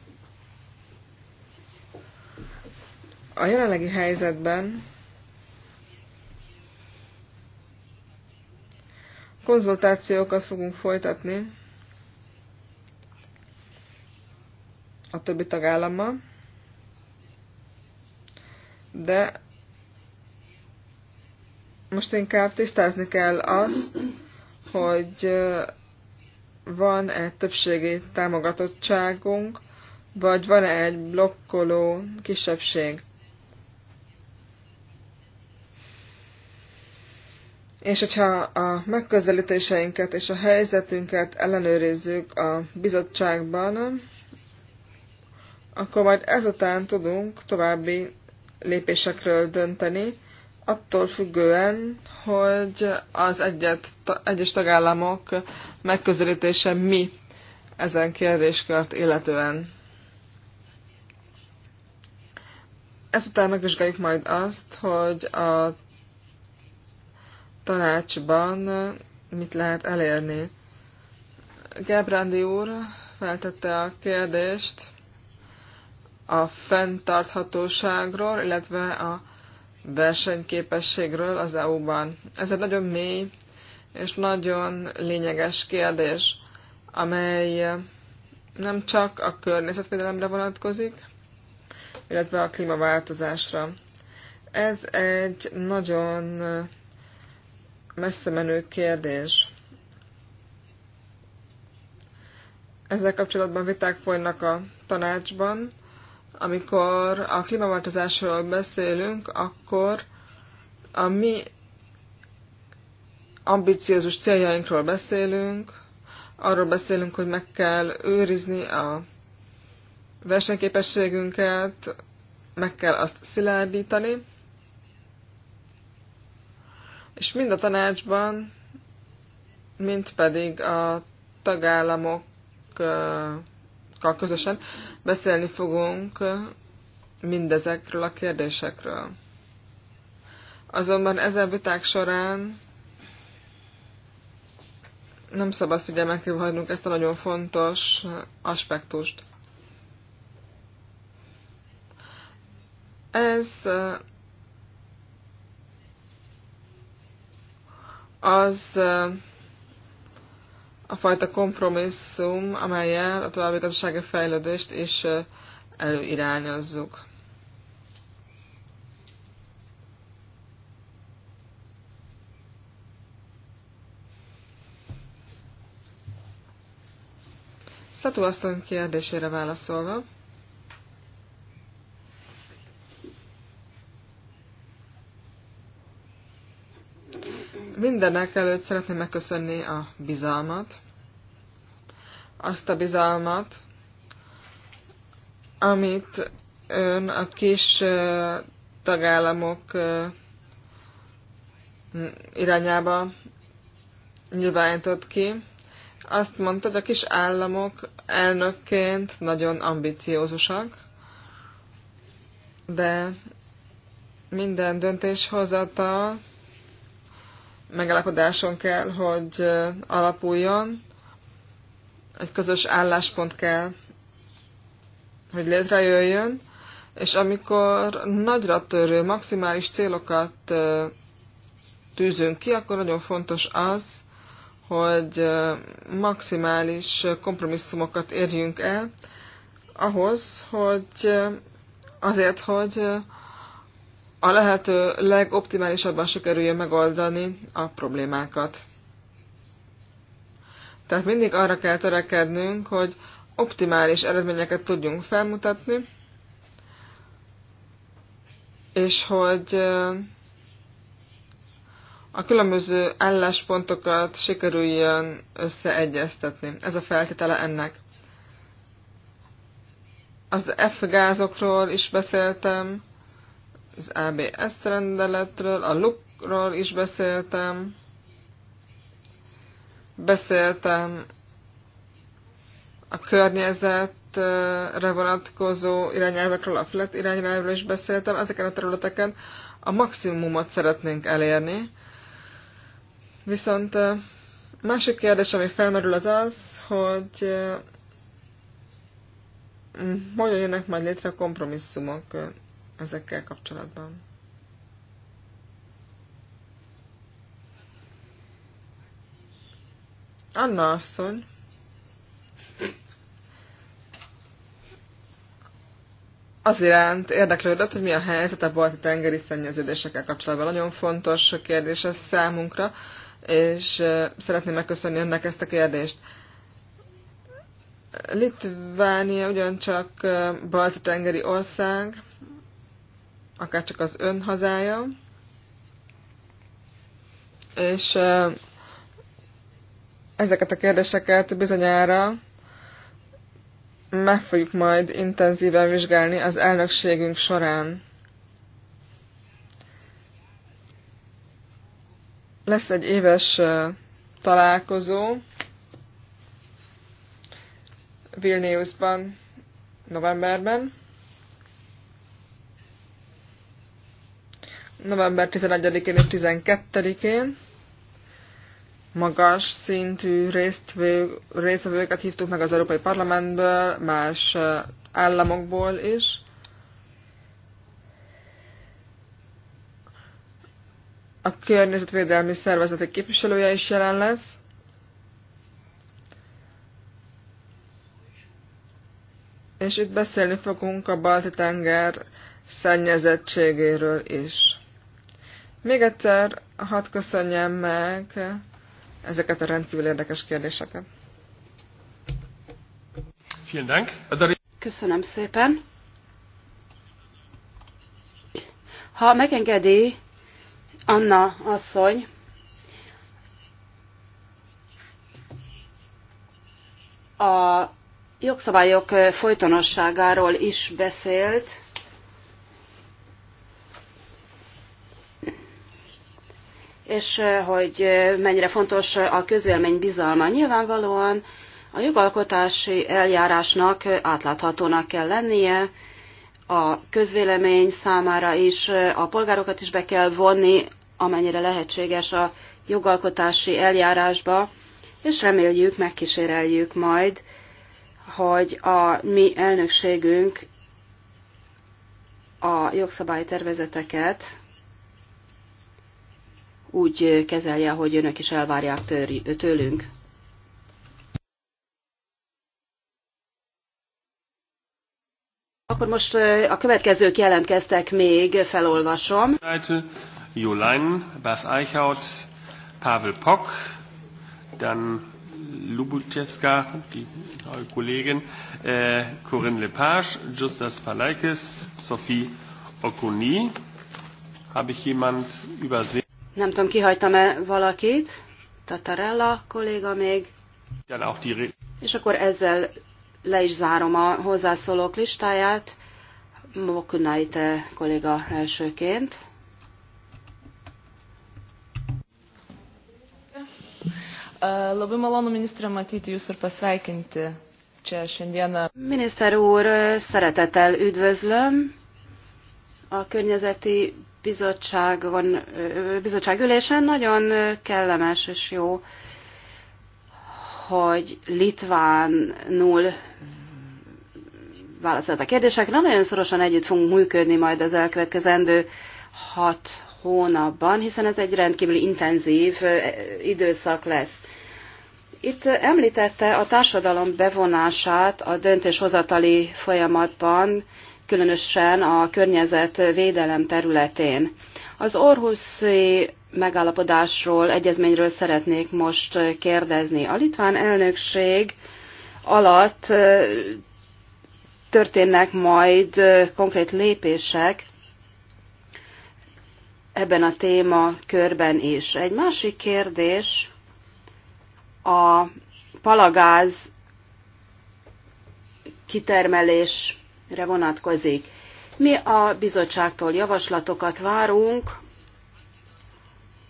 a jelenlegi helyzetben konzultációkat fogunk folytatni a többi tagállammal, de most inkább tisztázni kell azt, hogy van-e többségi támogatottságunk, vagy van-e egy blokkoló kisebbség. És hogyha a megközelítéseinket és a helyzetünket ellenőrizzük a bizottságban, akkor majd ezután tudunk további lépésekről dönteni, attól függően, hogy az egyet, egyes tagállamok megközelítése mi ezen kérdéskört illetően. Ezután megvizsgáljuk majd azt, hogy a tanácsban mit lehet elérni. Gebrandi úr feltette a kérdést, a fenntarthatóságról, illetve a versenyképességről az EU-ban. Ez egy nagyon mély és nagyon lényeges kérdés, amely nem csak a környezetvédelemre vonatkozik, illetve a klímaváltozásra. Ez egy nagyon messze menő kérdés. Ezzel kapcsolatban viták folynak a tanácsban, amikor a klímaváltozásról beszélünk, akkor a mi ambiciózus céljainkról beszélünk, arról beszélünk, hogy meg kell őrizni a versenyképességünket, meg kell azt szilárdítani, és mind a tanácsban, mint pedig a tagállamok kollégákkal közösen beszélni fogunk mindezekről a kérdésekről. Azonban ezen viták során nem szabad figyelmen kívül hagynunk ezt a nagyon fontos aspektust. Ez eh, az eh, a fajta kompromisszum, amelyel a további gazdasági fejlődést is előirányozzuk. Szatú asszony kérdésére válaszolva, Mindenek előtt szeretném megköszönni a bizalmat, azt a bizalmat, amit ön a kis tagállamok irányába nyilvánított ki. Azt mondta, hogy a kis államok elnökként nagyon ambiciózusak, de minden döntéshozatal megállapodáson kell, hogy alapuljon, egy közös álláspont kell, hogy létrejöjjön, és amikor nagyra törő, maximális célokat tűzünk ki, akkor nagyon fontos az, hogy maximális kompromisszumokat érjünk el, ahhoz, hogy azért, hogy a lehető legoptimálisabban sikerüljön megoldani a problémákat. Tehát mindig arra kell törekednünk, hogy optimális eredményeket tudjunk felmutatni, és hogy a különböző álláspontokat sikerüljön összeegyeztetni. Ez a feltétele ennek. Az F-gázokról is beszéltem, az ABS rendeletről, a lukról is beszéltem, beszéltem a környezetre vonatkozó irányelvekről, a flat irányelvről is beszéltem, ezeken a területeken a maximumot szeretnénk elérni. Viszont másik kérdés, ami felmerül az az, hogy hogyan jönnek majd létre a kompromisszumok ezekkel kapcsolatban. Anna asszony. Az iránt érdeklődött, hogy mi a helyzet a balti tengeri szennyeződésekkel kapcsolatban. Nagyon fontos kérdés ez számunkra, és szeretném megköszönni önnek ezt a kérdést. Litvánia ugyancsak balti tengeri ország, akár csak az ön hazája, és ezeket a kérdéseket bizonyára meg fogjuk majd intenzíven vizsgálni az elnökségünk során. Lesz egy éves találkozó Vilniusban, novemberben, november 11-én és 12-én magas szintű résztvevőket hívtuk meg az Európai Parlamentből, más államokból is. A környezetvédelmi szervezetek képviselője is jelen lesz. És itt beszélni fogunk a Balti-tenger szennyezettségéről is. Még egyszer hadd köszönjem meg ezeket a rendkívül érdekes kérdéseket. Köszönöm szépen. Ha megengedi, Anna asszony, a jogszabályok folytonosságáról is beszélt, és hogy mennyire fontos a közvélemény bizalma. Nyilvánvalóan a jogalkotási eljárásnak átláthatónak kell lennie, a közvélemény számára is, a polgárokat is be kell vonni, amennyire lehetséges a jogalkotási eljárásba, és reméljük, megkíséreljük majd, hogy a mi elnökségünk a jogszabálytervezeteket úgy kezelje, hogy önök is elvárják tőlünk. Akkor most a következők jelentkeztek még, felolvasom. Jolain, Bas Eichhaut, Pavel Pock, dann Lubutjeska, die neue Kollegin, äh, Corinne Lepage, Justas Palaikis, Sophie Okuni. Habe ich jemand übersehen? Nem tudom, kihagytam-e valakit. Tatarella kolléga még. És akkor ezzel le is zárom a hozzászólók listáját. Mokunaite kolléga elsőként. Labai malonu ministrė matyti jūs ir pasveikinti čia šiandieną. Miniszter úr, szeretettel üdvözlöm a környezeti bizottságon, ülésen nagyon kellemes és jó, hogy litvánul válaszolt a kérdésekre. Nagyon szorosan együtt fogunk működni majd az elkövetkezendő hat hónapban, hiszen ez egy rendkívül intenzív időszak lesz. Itt említette a társadalom bevonását a döntéshozatali folyamatban, különösen a környezetvédelem területén. Az Orhuszi megállapodásról, egyezményről szeretnék most kérdezni. A litván elnökség alatt történnek majd konkrét lépések ebben a téma körben is. Egy másik kérdés a palagáz kitermelés re vonatkozik. Mi a bizottságtól javaslatokat várunk,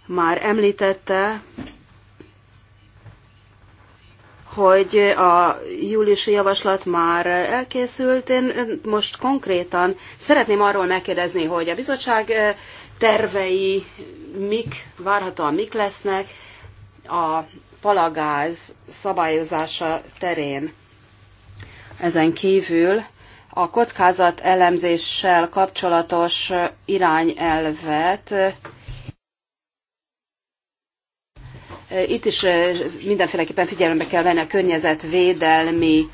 már említette, hogy a júliusi javaslat már elkészült. Én most konkrétan szeretném arról megkérdezni, hogy a bizottság tervei mik, várhatóan mik lesznek a palagáz szabályozása terén. Ezen kívül a kockázat elemzéssel kapcsolatos irányelvet. Itt is eh, mindenféleképpen figyelembe kell venni a környezetvédelmi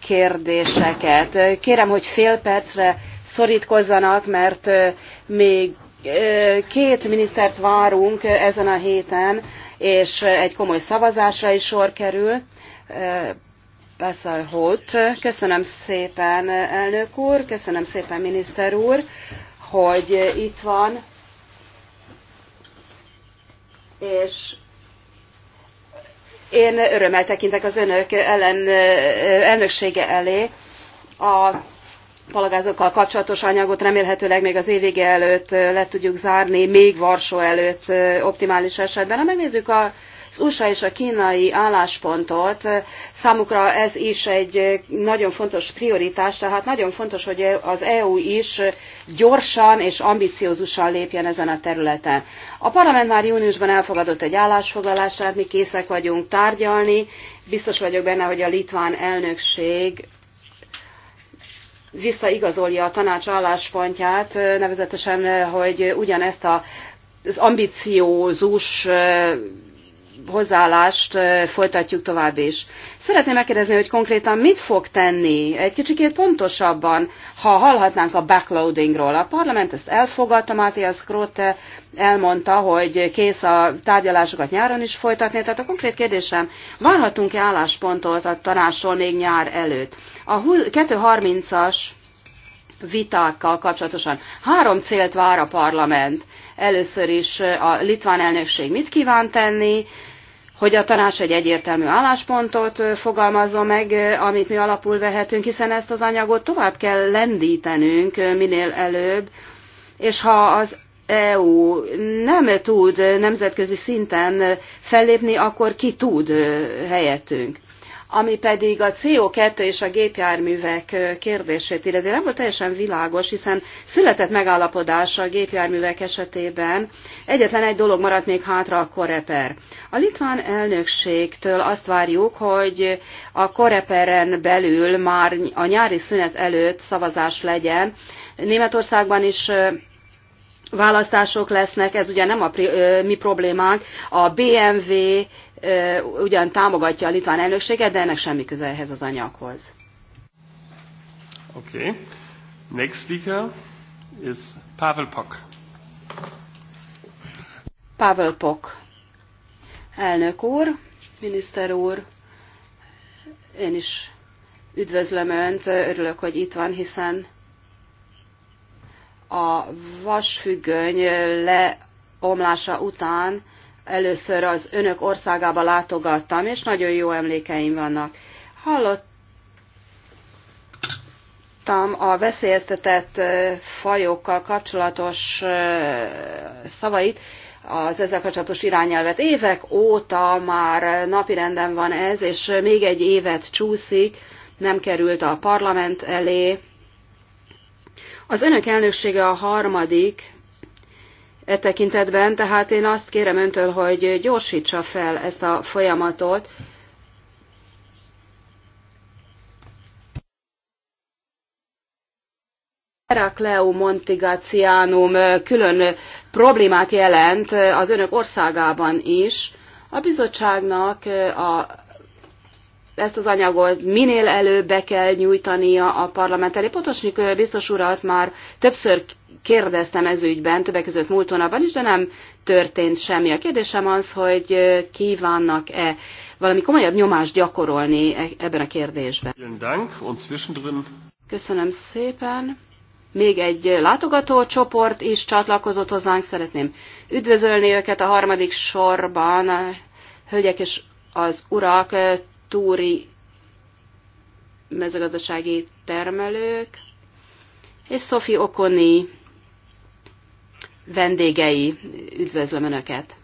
kérdéseket. Kérem, hogy fél percre szorítkozzanak, mert eh, még eh, két minisztert várunk ezen a héten, és egy komoly szavazásra is sor kerül. Beszalhót. Köszönöm szépen, elnök úr, köszönöm szépen, miniszter úr, hogy itt van, és én örömmel tekintek az önök ellen, elnöksége elé. A palagázokkal kapcsolatos anyagot remélhetőleg még az évvége előtt le tudjuk zárni, még Varsó előtt optimális esetben. Ha megnézzük a az USA és a kínai álláspontot. Számukra ez is egy nagyon fontos prioritás, tehát nagyon fontos, hogy az EU is gyorsan és ambiciózusan lépjen ezen a területen. A parlament már júniusban elfogadott egy állásfoglalást, tehát mi készek vagyunk tárgyalni. Biztos vagyok benne, hogy a litván elnökség visszaigazolja a tanács álláspontját, nevezetesen, hogy ugyanezt a, az ambiciózus hozzáállást folytatjuk tovább is. Szeretném megkérdezni, hogy konkrétan mit fog tenni egy kicsikét pontosabban, ha hallhatnánk a backloadingról. A parlament ezt elfogadta, Matthias Krote elmondta, hogy kész a tárgyalásokat nyáron is folytatni, tehát a konkrét kérdésem, várhatunk-e álláspontot a tanástól még nyár előtt? A 230-as vitákkal kapcsolatosan három célt vár a parlament először is a litván elnökség mit kíván tenni, hogy a tanács egy egyértelmű álláspontot fogalmazza meg, amit mi alapul vehetünk, hiszen ezt az anyagot tovább kell lendítenünk minél előbb, és ha az EU nem tud nemzetközi szinten fellépni, akkor ki tud helyettünk. Ami pedig a CO2 és a gépjárművek kérdését illeti, nem volt teljesen világos, hiszen született megállapodás a gépjárművek esetében. Egyetlen egy dolog maradt még hátra a koreper. A litván elnökségtől azt várjuk, hogy a koreperen belül már a nyári szünet előtt szavazás legyen. Németországban is választások lesznek, ez ugye nem a mi problémánk. A BMW ugyan támogatja a litván elnökséget, de ennek semmi köze ehhez az anyaghoz. Oké. Okay. Next speaker is Pavel Pok. Pavel Pok. Elnök úr, miniszter úr, én is üdvözlöm Önt, örülök, hogy itt van, hiszen a vasfüggöny leomlása után először az önök országába látogattam, és nagyon jó emlékeim vannak. Hallottam a veszélyeztetett fajokkal kapcsolatos szavait, az ezzel kapcsolatos irányelvet. Évek óta már napirenden van ez, és még egy évet csúszik, nem került a parlament elé. Az önök elnöksége a harmadik e tekintetben, tehát én azt kérem öntől, hogy gyorsítsa fel ezt a folyamatot, Herakleum Montigacianum külön problémát jelent az önök országában is. A bizottságnak a, ezt az anyagot minél előbb be kell nyújtania a parlament elé. Potosnik biztos urat már többször kérdeztem ez ügyben, többek között múlt hónapban is, de nem történt semmi. A kérdésem az, hogy kívánnak-e valami komolyabb nyomást gyakorolni e, ebben a kérdésben. Köszönöm szépen. Még egy látogatócsoport is csatlakozott hozzánk, szeretném üdvözölni őket a harmadik sorban, hölgyek és az urak, túri mezőgazdasági termelők, és Sophie Okoni vendégei. Üdvözlöm Önöket!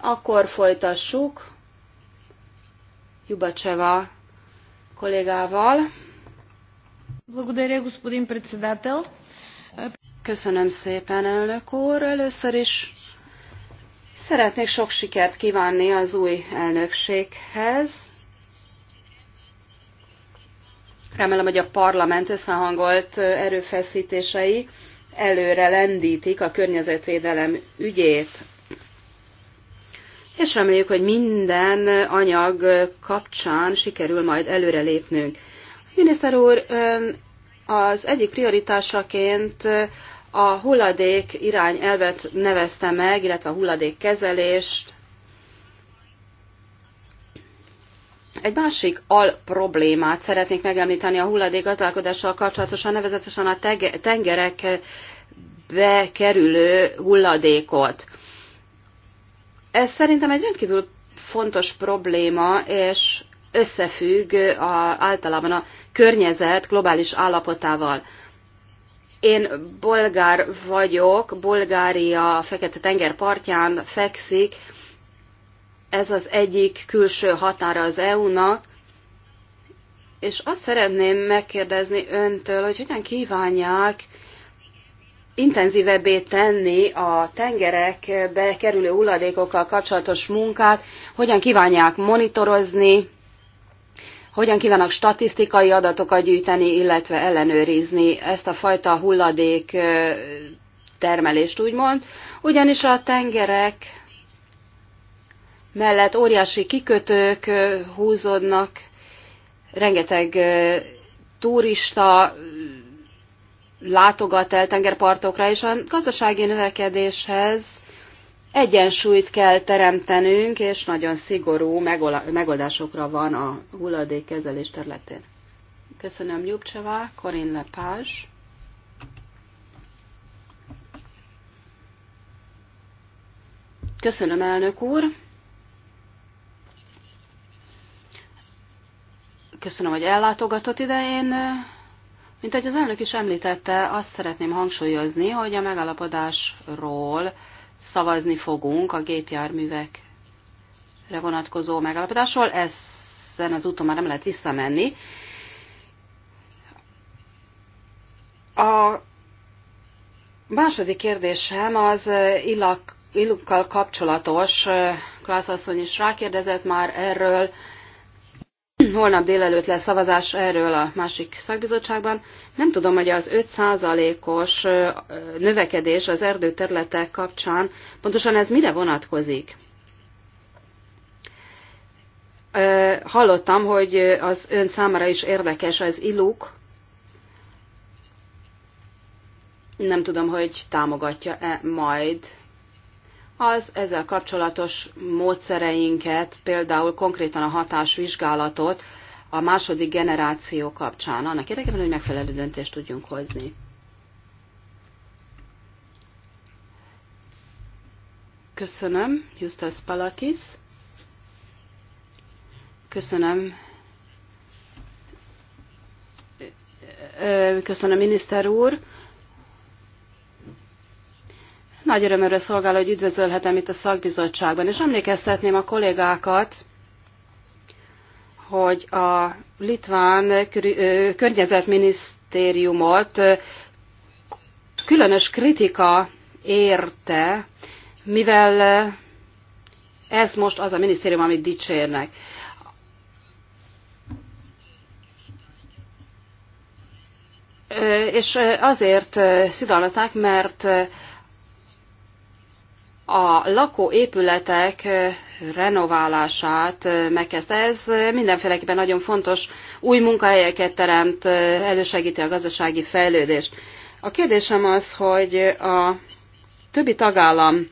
Akkor folytassuk Jubacseva kollégával. Köszönöm szépen, elnök úr. Először is szeretnék sok sikert kívánni az új elnökséghez. Remélem, hogy a parlament összehangolt erőfeszítései előre lendítik a környezetvédelem ügyét. És reméljük, hogy minden anyag kapcsán sikerül majd előrelépnünk. Miniszter úr, ön az egyik prioritásaként a hulladék irány elvet nevezte meg, illetve a hulladék kezelést. Egy másik al problémát szeretnék megemlíteni a hulladékgazdálkodással kapcsolatosan, nevezetesen a tengerekbe kerülő hulladékot. Ez szerintem egy rendkívül fontos probléma, és összefügg a, általában a környezet globális állapotával. Én bolgár vagyok, Bulgária a Fekete-tenger partján fekszik, ez az egyik külső határa az EU-nak, és azt szeretném megkérdezni öntől, hogy hogyan kívánják intenzívebbé tenni a tengerekbe kerülő hulladékokkal kapcsolatos munkát, hogyan kívánják monitorozni, hogyan kívánnak statisztikai adatokat gyűjteni, illetve ellenőrizni ezt a fajta hulladék termelést, úgymond, ugyanis a tengerek mellett óriási kikötők húzódnak, rengeteg turista látogat el tengerpartokra, és a gazdasági növekedéshez egyensúlyt kell teremtenünk, és nagyon szigorú megoldásokra van a hulladékkezelés területén. Köszönöm Jubcsevá, Korin Lepázs. Köszönöm, elnök úr! Köszönöm, hogy ellátogatott ide. Én, mint ahogy az elnök is említette, azt szeretném hangsúlyozni, hogy a megállapodásról szavazni fogunk a gépjárművekre vonatkozó megállapodásról. Ezen az úton már nem lehet visszamenni. A második kérdésem az illak, illukkal kapcsolatos. asszony is rákérdezett már erről holnap délelőtt lesz szavazás erről a másik szakbizottságban. Nem tudom, hogy az 5%-os növekedés az erdőterületek kapcsán pontosan ez mire vonatkozik. Hallottam, hogy az ön számára is érdekes az iluk. Nem tudom, hogy támogatja-e majd az ezzel kapcsolatos módszereinket, például konkrétan a hatásvizsgálatot a második generáció kapcsán, annak érdekében, hogy megfelelő döntést tudjunk hozni. Köszönöm, Justus Palakis. Köszönöm. Köszönöm, miniszter úr. Nagy örömömre szolgál, hogy üdvözölhetem itt a szakbizottságban, és emlékeztetném a kollégákat, hogy a litván környezetminisztériumot különös kritika érte, mivel ez most az a minisztérium, amit dicsérnek. És azért szidalmazták, mert a lakóépületek eh, renoválását eh, megkezdte. Ez eh, mindenféleképpen nagyon fontos, új munkahelyeket teremt, elősegíti a gazdasági fejlődést. A kérdésem az, hogy a többi tagállam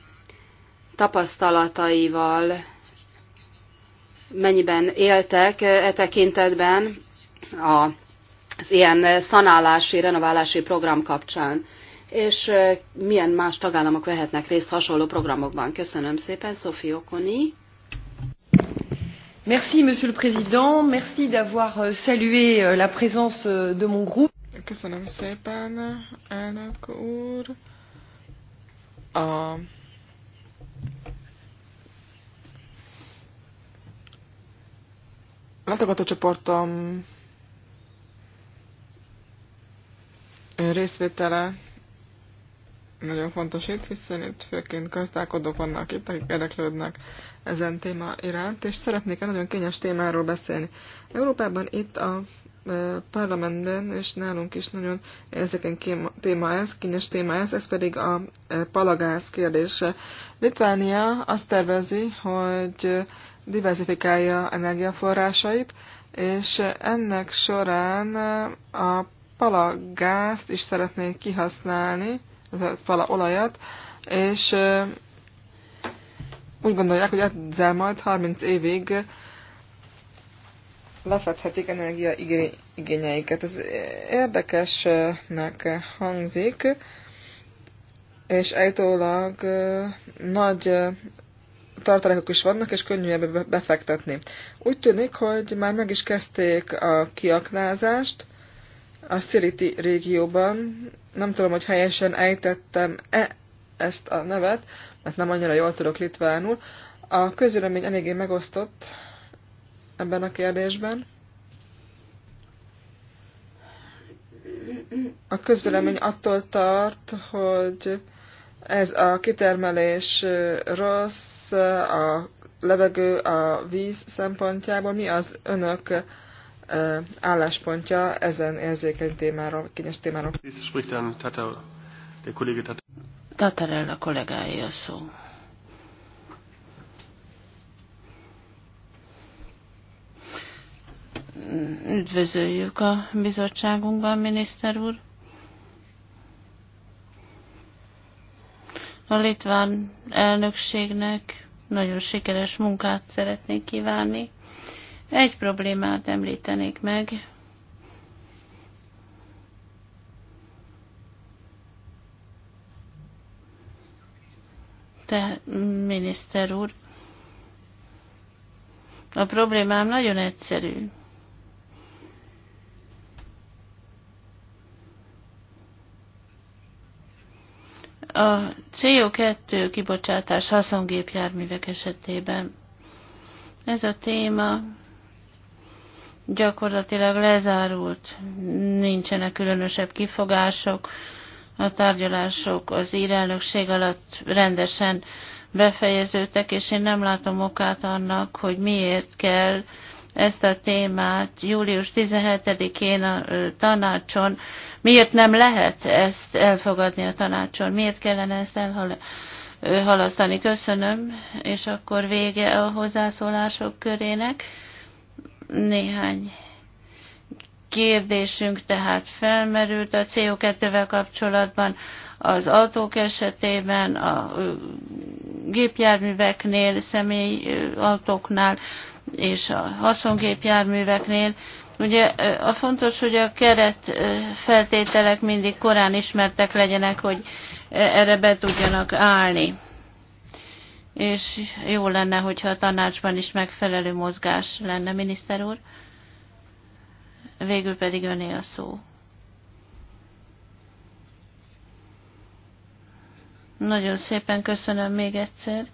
tapasztalataival mennyiben éltek e tekintetben az ilyen szanálási, renoválási program kapcsán és milyen más tagállamok vehetnek részt hasonló programokban. Köszönöm szépen, Sophie Okoni. Merci, Monsieur le Président. Merci d'avoir euh, salué euh, la présence euh, de mon groupe. Köszönöm szépen, elnök úr. A csoportom részvétele nagyon fontos itt, hiszen itt főként gazdálkodók vannak itt, akik érdeklődnek ezen téma iránt, és szeretnék egy nagyon kényes témáról beszélni. Európában itt a e, parlamentben, és nálunk is nagyon érzékeny téma ez, kényes téma ez, ez pedig a e, palagáz kérdése. Litvánia azt tervezi, hogy diversifikálja energiaforrásait, és ennek során a palagázt is szeretnék kihasználni, fala olajat, és úgy gondolják, hogy ezzel majd 30 évig lefedhetik igényeiket. Ez érdekesnek hangzik, és eltólag nagy tartalékok is vannak, és könnyű ebbe befektetni. Úgy tűnik, hogy már meg is kezdték a kiaknázást a Sziriti régióban, nem tudom, hogy helyesen ejtettem-e ezt a nevet, mert nem annyira jól tudok litvánul. A közülemény eléggé megosztott ebben a kérdésben. A közvélemény attól tart, hogy ez a kitermelés rossz, a levegő, a víz szempontjából. Mi az önök álláspontja ezen érzékeny témára, kényes témáról. Tatarel a kollégája szó. Üdvözöljük a bizottságunkban, miniszter úr. A litván elnökségnek nagyon sikeres munkát szeretnék kívánni egy problémát említenék meg, te, miniszter úr, a problémám nagyon egyszerű. A CO2 kibocsátás haszongépjárművek esetében ez a téma gyakorlatilag lezárult, nincsenek különösebb kifogások, a tárgyalások az írelnökség alatt rendesen befejeződtek, és én nem látom okát annak, hogy miért kell ezt a témát július 17-én a tanácson, miért nem lehet ezt elfogadni a tanácson, miért kellene ezt elhalasztani. Köszönöm, és akkor vége a hozzászólások körének. Néhány kérdésünk tehát felmerült a CO2-vel kapcsolatban, az autók esetében, a gépjárműveknél, személyautóknál és a haszongépjárműveknél. Ugye a fontos, hogy a keret feltételek mindig korán ismertek legyenek, hogy erre be tudjanak állni és jó lenne, hogyha a tanácsban is megfelelő mozgás lenne, miniszter úr. Végül pedig öné a szó. Nagyon szépen köszönöm még egyszer.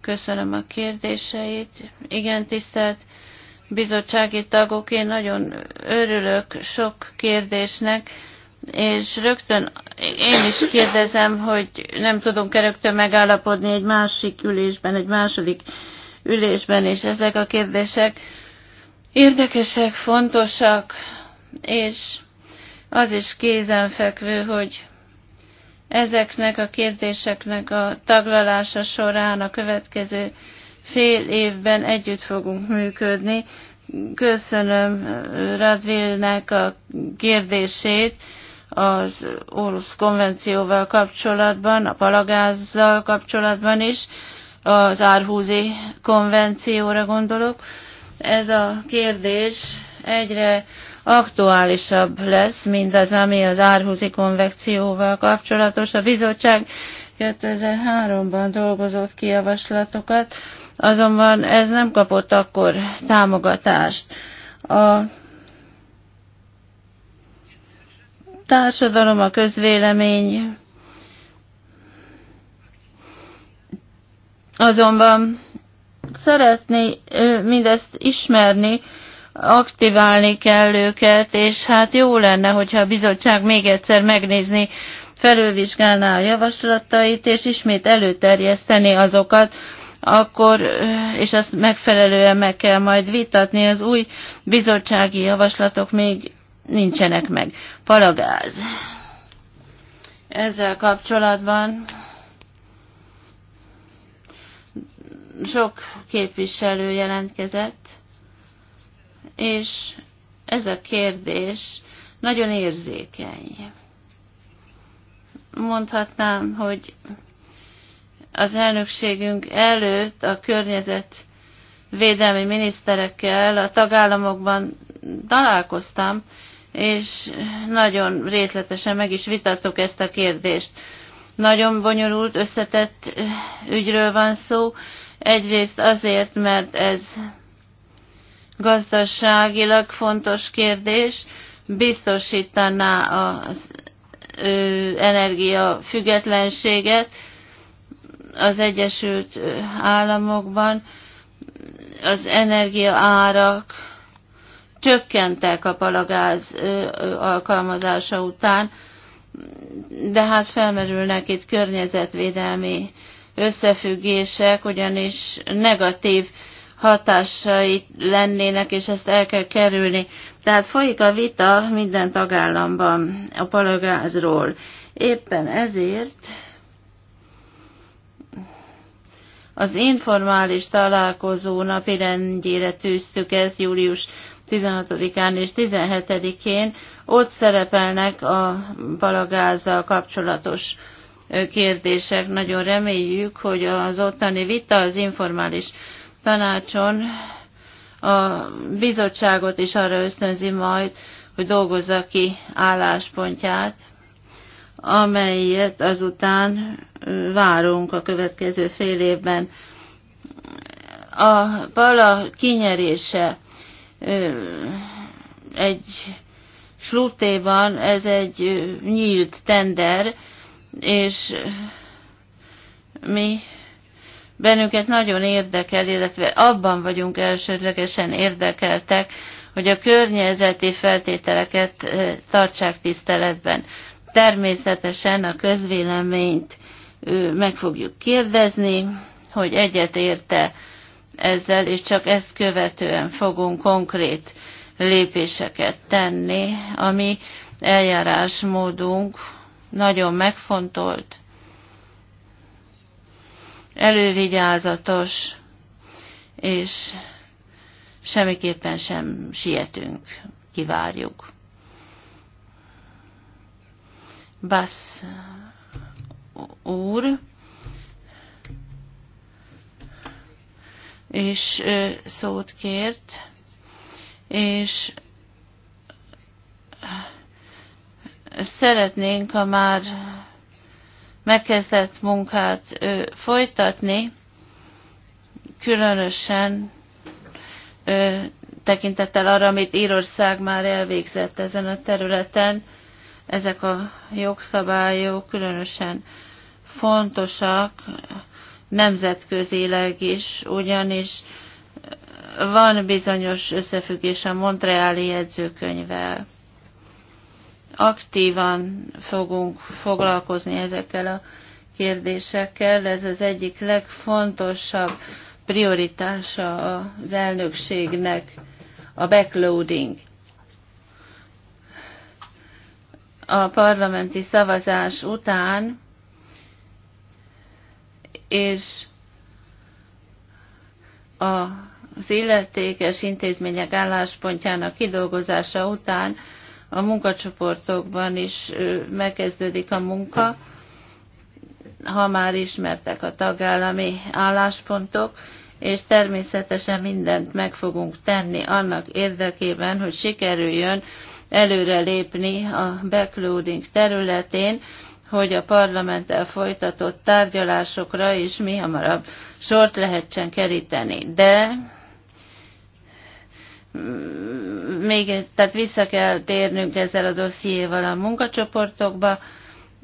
Köszönöm a kérdéseit. Igen, tisztelt bizottsági tagok, én nagyon örülök sok kérdésnek és rögtön én is kérdezem, hogy nem tudunk-e rögtön megállapodni egy másik ülésben, egy második ülésben, és ezek a kérdések érdekesek, fontosak, és az is kézenfekvő, hogy ezeknek a kérdéseknek a taglalása során a következő fél évben együtt fogunk működni. Köszönöm Radvilnek a kérdését az orosz konvencióval kapcsolatban, a palagázzal kapcsolatban is, az Árhúzi konvencióra gondolok. Ez a kérdés egyre aktuálisabb lesz, mint az ami az Árhúzi konvencióval kapcsolatos. A bizottság 2003-ban dolgozott ki javaslatokat, azonban ez nem kapott akkor támogatást. A társadalom, a közvélemény. Azonban szeretni mindezt ismerni, aktiválni kell őket, és hát jó lenne, hogyha a bizottság még egyszer megnézni, felülvizsgálná a javaslatait, és ismét előterjeszteni azokat, akkor, és azt megfelelően meg kell majd vitatni, az új bizottsági javaslatok még nincsenek meg. Palagáz. Ezzel kapcsolatban sok képviselő jelentkezett, és ez a kérdés nagyon érzékeny. Mondhatnám, hogy az elnökségünk előtt a környezet védelmi miniszterekkel a tagállamokban találkoztam, és nagyon részletesen meg is vitattuk ezt a kérdést. Nagyon bonyolult, összetett eh, ügyről van szó. Egyrészt azért, mert ez gazdaságilag fontos kérdés, biztosítaná az energia függetlenséget az Egyesült Államokban, az energia árak csökkentek a palagáz alkalmazása után, de hát felmerülnek itt környezetvédelmi összefüggések, ugyanis negatív hatásai lennének, és ezt el kell kerülni. Tehát folyik a vita minden tagállamban a palagázról. Éppen ezért az informális találkozó napirendjére tűztük ezt július 16-án és 17-én, ott szerepelnek a palagázzal kapcsolatos kérdések. Nagyon reméljük, hogy az ottani vita az informális tanácson a bizottságot is arra ösztönzi majd, hogy dolgozza ki álláspontját, amelyet azután várunk a következő fél évben. A pala kinyerése egy slutéban ez egy nyílt tender, és mi bennünket nagyon érdekel, illetve abban vagyunk elsődlegesen érdekeltek, hogy a környezeti feltételeket tartsák tiszteletben. Természetesen a közvéleményt meg fogjuk kérdezni, hogy egyet érte ezzel, és csak ezt követően fogunk konkrét lépéseket tenni, ami eljárásmódunk nagyon megfontolt, elővigyázatos, és semmiképpen sem sietünk, kivárjuk. Bass úr, és szót kért, és szeretnénk a már megkezdett munkát folytatni, különösen tekintettel arra, amit Írország már elvégzett ezen a területen. Ezek a jogszabályok különösen fontosak, nemzetközileg is, ugyanis van bizonyos összefüggés a Montreali jegyzőkönyvvel. Aktívan fogunk foglalkozni ezekkel a kérdésekkel. Ez az egyik legfontosabb prioritása az elnökségnek a backloading. A parlamenti szavazás után és a, az illetékes intézmények álláspontjának kidolgozása után a munkacsoportokban is megkezdődik a munka, ha már ismertek a tagállami álláspontok, és természetesen mindent meg fogunk tenni annak érdekében, hogy sikerüljön előrelépni a backloading területén, hogy a parlamenttel folytatott tárgyalásokra is mi hamarabb sort lehetsen keríteni. De mm, még, tehát vissza kell térnünk ezzel a dossziéval a munkacsoportokba,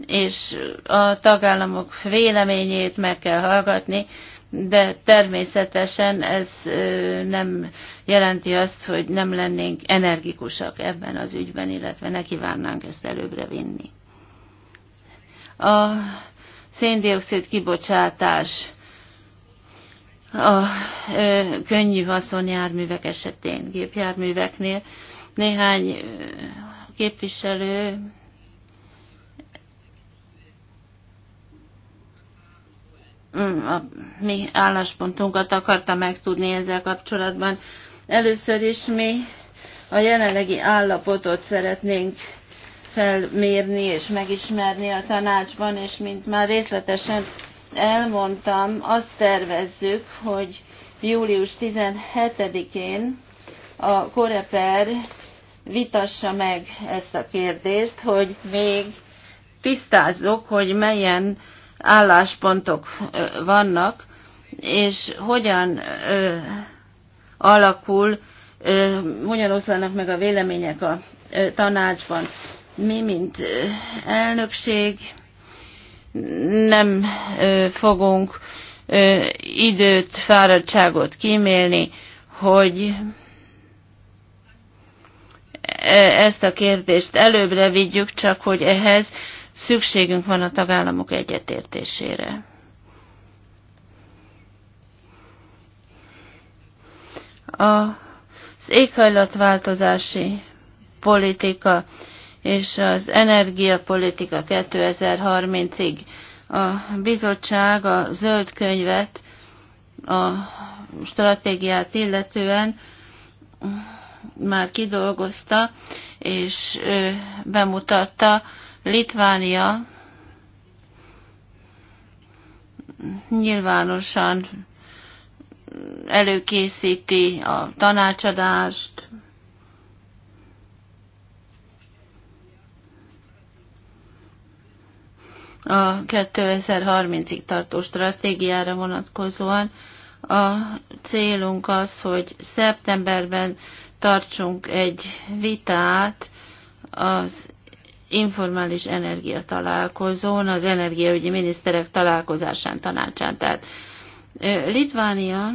és a tagállamok véleményét meg kell hallgatni, de természetesen ez nem jelenti azt, hogy nem lennénk energikusak ebben az ügyben, illetve ne kívánnánk ezt előbbre vinni. A széndiokszid kibocsátás a ö, könnyű haszonjárművek esetén, gépjárműveknél. Néhány képviselő mm, a mi álláspontunkat akarta megtudni ezzel kapcsolatban. Először is mi a jelenlegi állapotot szeretnénk felmérni és megismerni a tanácsban, és mint már részletesen elmondtam, azt tervezzük, hogy július 17-én a Koreper vitassa meg ezt a kérdést, hogy még tisztázzuk, hogy milyen álláspontok vannak, és hogyan ö, alakul, ö, hogyan oszlanak meg a vélemények a ö, tanácsban mi, mint elnökség nem fogunk időt, fáradtságot kímélni, hogy ezt a kérdést előbbre vigyük, csak hogy ehhez szükségünk van a tagállamok egyetértésére. Az éghajlatváltozási politika és az energiapolitika 2030-ig. A bizottság a zöld könyvet, a stratégiát illetően már kidolgozta, és bemutatta Litvánia nyilvánosan előkészíti a tanácsadást, a 2030-ig tartó stratégiára vonatkozóan. A célunk az, hogy szeptemberben tartsunk egy vitát az informális energia találkozón, az energiaügyi miniszterek találkozásán, tanácsán. Tehát Litvánia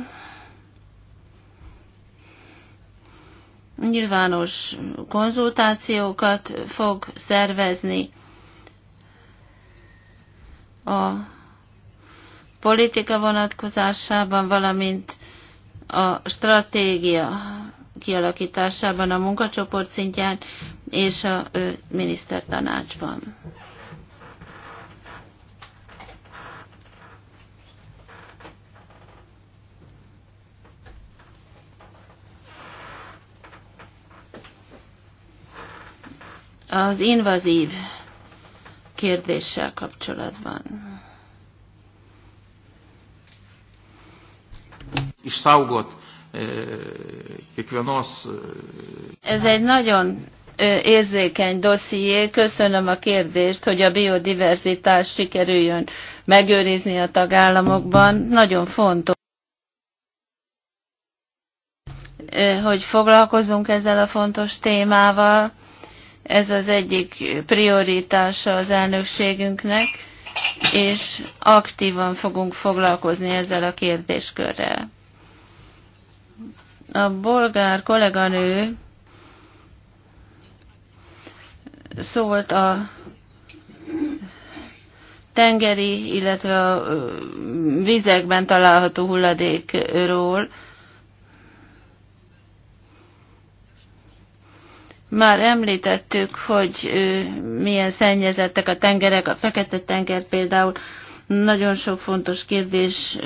nyilvános konzultációkat fog szervezni a politika vonatkozásában, valamint a stratégia kialakításában a munkacsoport szintján és a minisztertanácsban. Az invazív kérdéssel kapcsolatban. És e, kiekvienos. E, Ez egy nagyon e, érzékeny dosszié. Köszönöm a kérdést, hogy a biodiverzitás sikerüljön megőrizni a tagállamokban. Nagyon fontos hogy foglalkozunk ezzel a fontos témával, ez az egyik prioritása az elnökségünknek, és aktívan fogunk foglalkozni ezzel a kérdéskörrel. A bolgár kolléganő szólt a tengeri, illetve a vizekben található hulladékról, Már említettük, hogy milyen szennyezettek a tengerek, a Fekete-tenger például. Nagyon sok fontos kérdés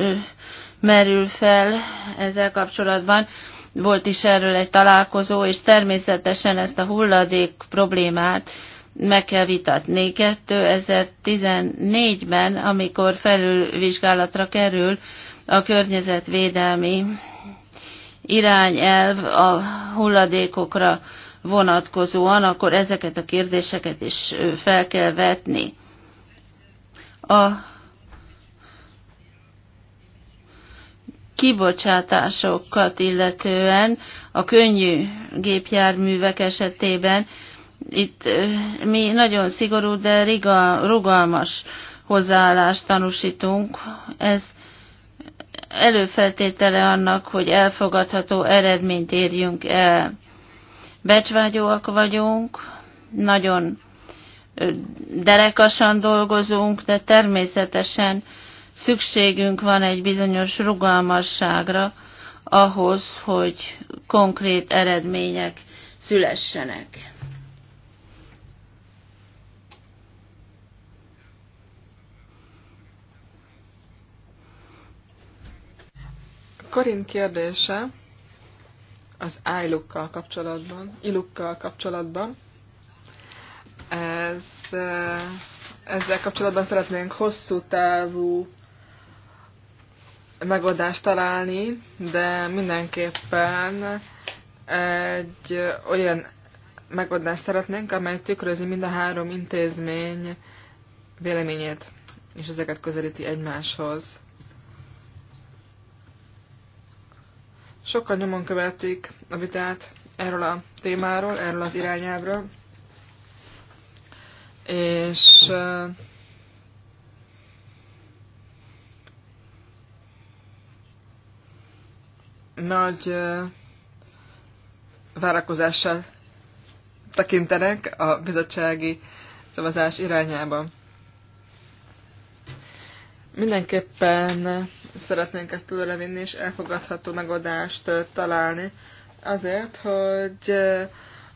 merül fel ezzel kapcsolatban. Volt is erről egy találkozó, és természetesen ezt a hulladék problémát meg kell vitatni. 2014-ben, amikor felülvizsgálatra kerül a környezetvédelmi irányelv a hulladékokra vonatkozóan, akkor ezeket a kérdéseket is fel kell vetni. A kibocsátásokat illetően a könnyű gépjárművek esetében itt mi nagyon szigorú, de rugalmas hozzáállást tanúsítunk. Ez előfeltétele annak, hogy elfogadható eredményt érjünk el becsvágyóak vagyunk, nagyon derekasan dolgozunk, de természetesen szükségünk van egy bizonyos rugalmasságra ahhoz, hogy konkrét eredmények szülessenek. Korin kérdése az iLook-kal kapcsolatban, ilukkal kapcsolatban. Ez, eh, ezzel kapcsolatban szeretnénk hosszú távú megoldást találni, de mindenképpen egy olyan megoldást szeretnénk, amely tükrözi mind a három intézmény véleményét, és ezeket közelíti egymáshoz. Sokkal nyomon követték a vitát erről a témáról, erről az irányábról, és nagy várakozással tekintenek a bizottsági szavazás irányába. Mindenképpen szeretnénk ezt előre vinni, és elfogadható megoldást találni azért, hogy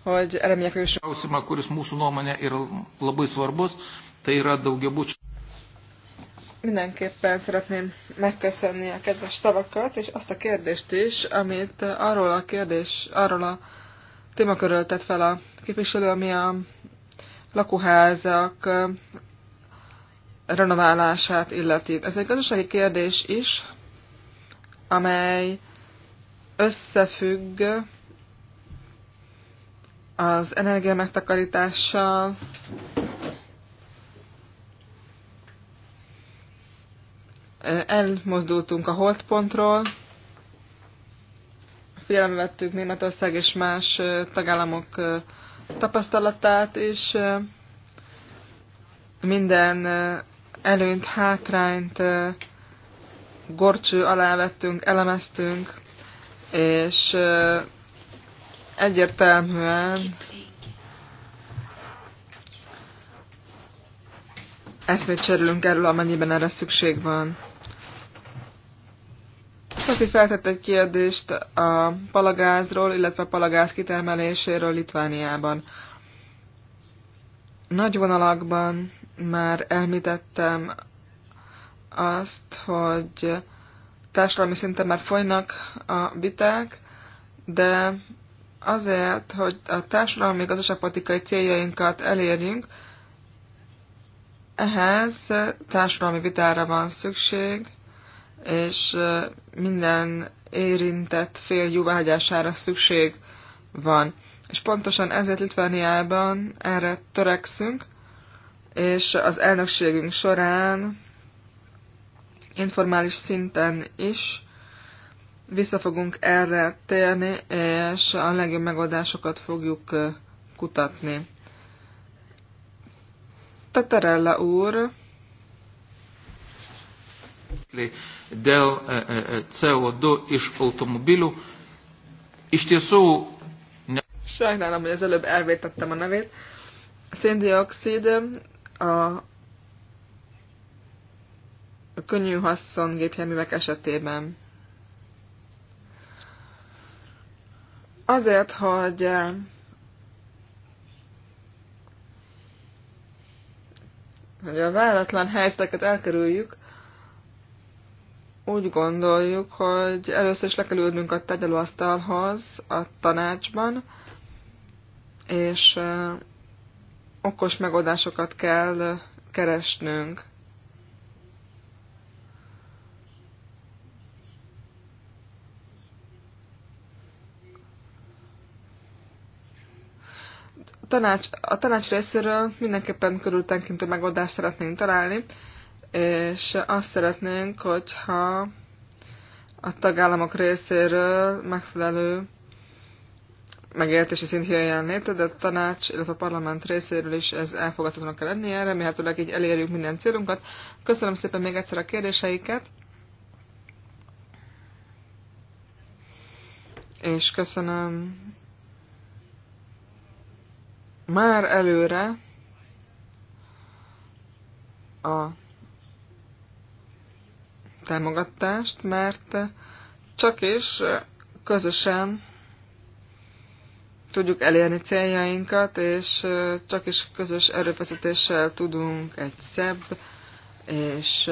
hogy eredményekre is. Klausimą, kuris mūsų nuomonė yra labai svarbus, tai yra daugiabučių. Mindenképpen szeretném megköszönni a kedves szavakat, és azt a kérdést is, amit arról a kérdés, arról a témakörről tett fel a képviselő, ami a lakóházak renoválását illeti. Ez egy gazdasági kérdés is, amely összefügg az energia megtakarítással, elmozdultunk a holdpontról, figyelembe vettük Németország és más tagállamok tapasztalatát, és minden előnyt, hátrányt gorcső alá vettünk, elemeztünk, és egyértelműen eszmét cserélünk erről, amennyiben erre szükség van. Szofi feltett egy kérdést a palagázról, illetve a palagáz kitermeléséről Litvániában. Nagy vonalakban már elmítettem azt, hogy társadalmi szinten már folynak a viták, de azért, hogy a társadalmi gazdaságpolitikai céljainkat elérjünk, ehhez társadalmi vitára van szükség, és minden érintett fél jóváhagyására szükség van. És pontosan ezért Litvániában erre törekszünk, és az elnökségünk során informális szinten is vissza fogunk erre térni, és a legjobb megoldásokat fogjuk kutatni. Tatarella úr dėl CO2 iš automobilių. Iš tiesų... Sajnálom, hogy az előbb elvétettem a nevét. Széndiokszid a könnyű haszon gépjárművek esetében. Azért, hogy eh, hogy a váratlan helyzeteket elkerüljük, úgy gondoljuk, hogy először is le kell ülnünk a tegyelőasztalhoz a tanácsban, és eh, okos megoldásokat kell keresnünk. tanács, a tanács részéről mindenképpen körültenkintő megoldást szeretnénk találni, és azt szeretnénk, hogyha a tagállamok részéről megfelelő megértési szint hiányán létre, de a tanács, illetve a parlament részéről is ez elfogadhatónak kell lennie, remélhetőleg így elérjük minden célunkat. Köszönöm szépen még egyszer a kérdéseiket, és köszönöm már előre a támogatást, mert csak is közösen tudjuk elérni céljainkat, és csak is közös erőfeszítéssel tudunk egy szebb és,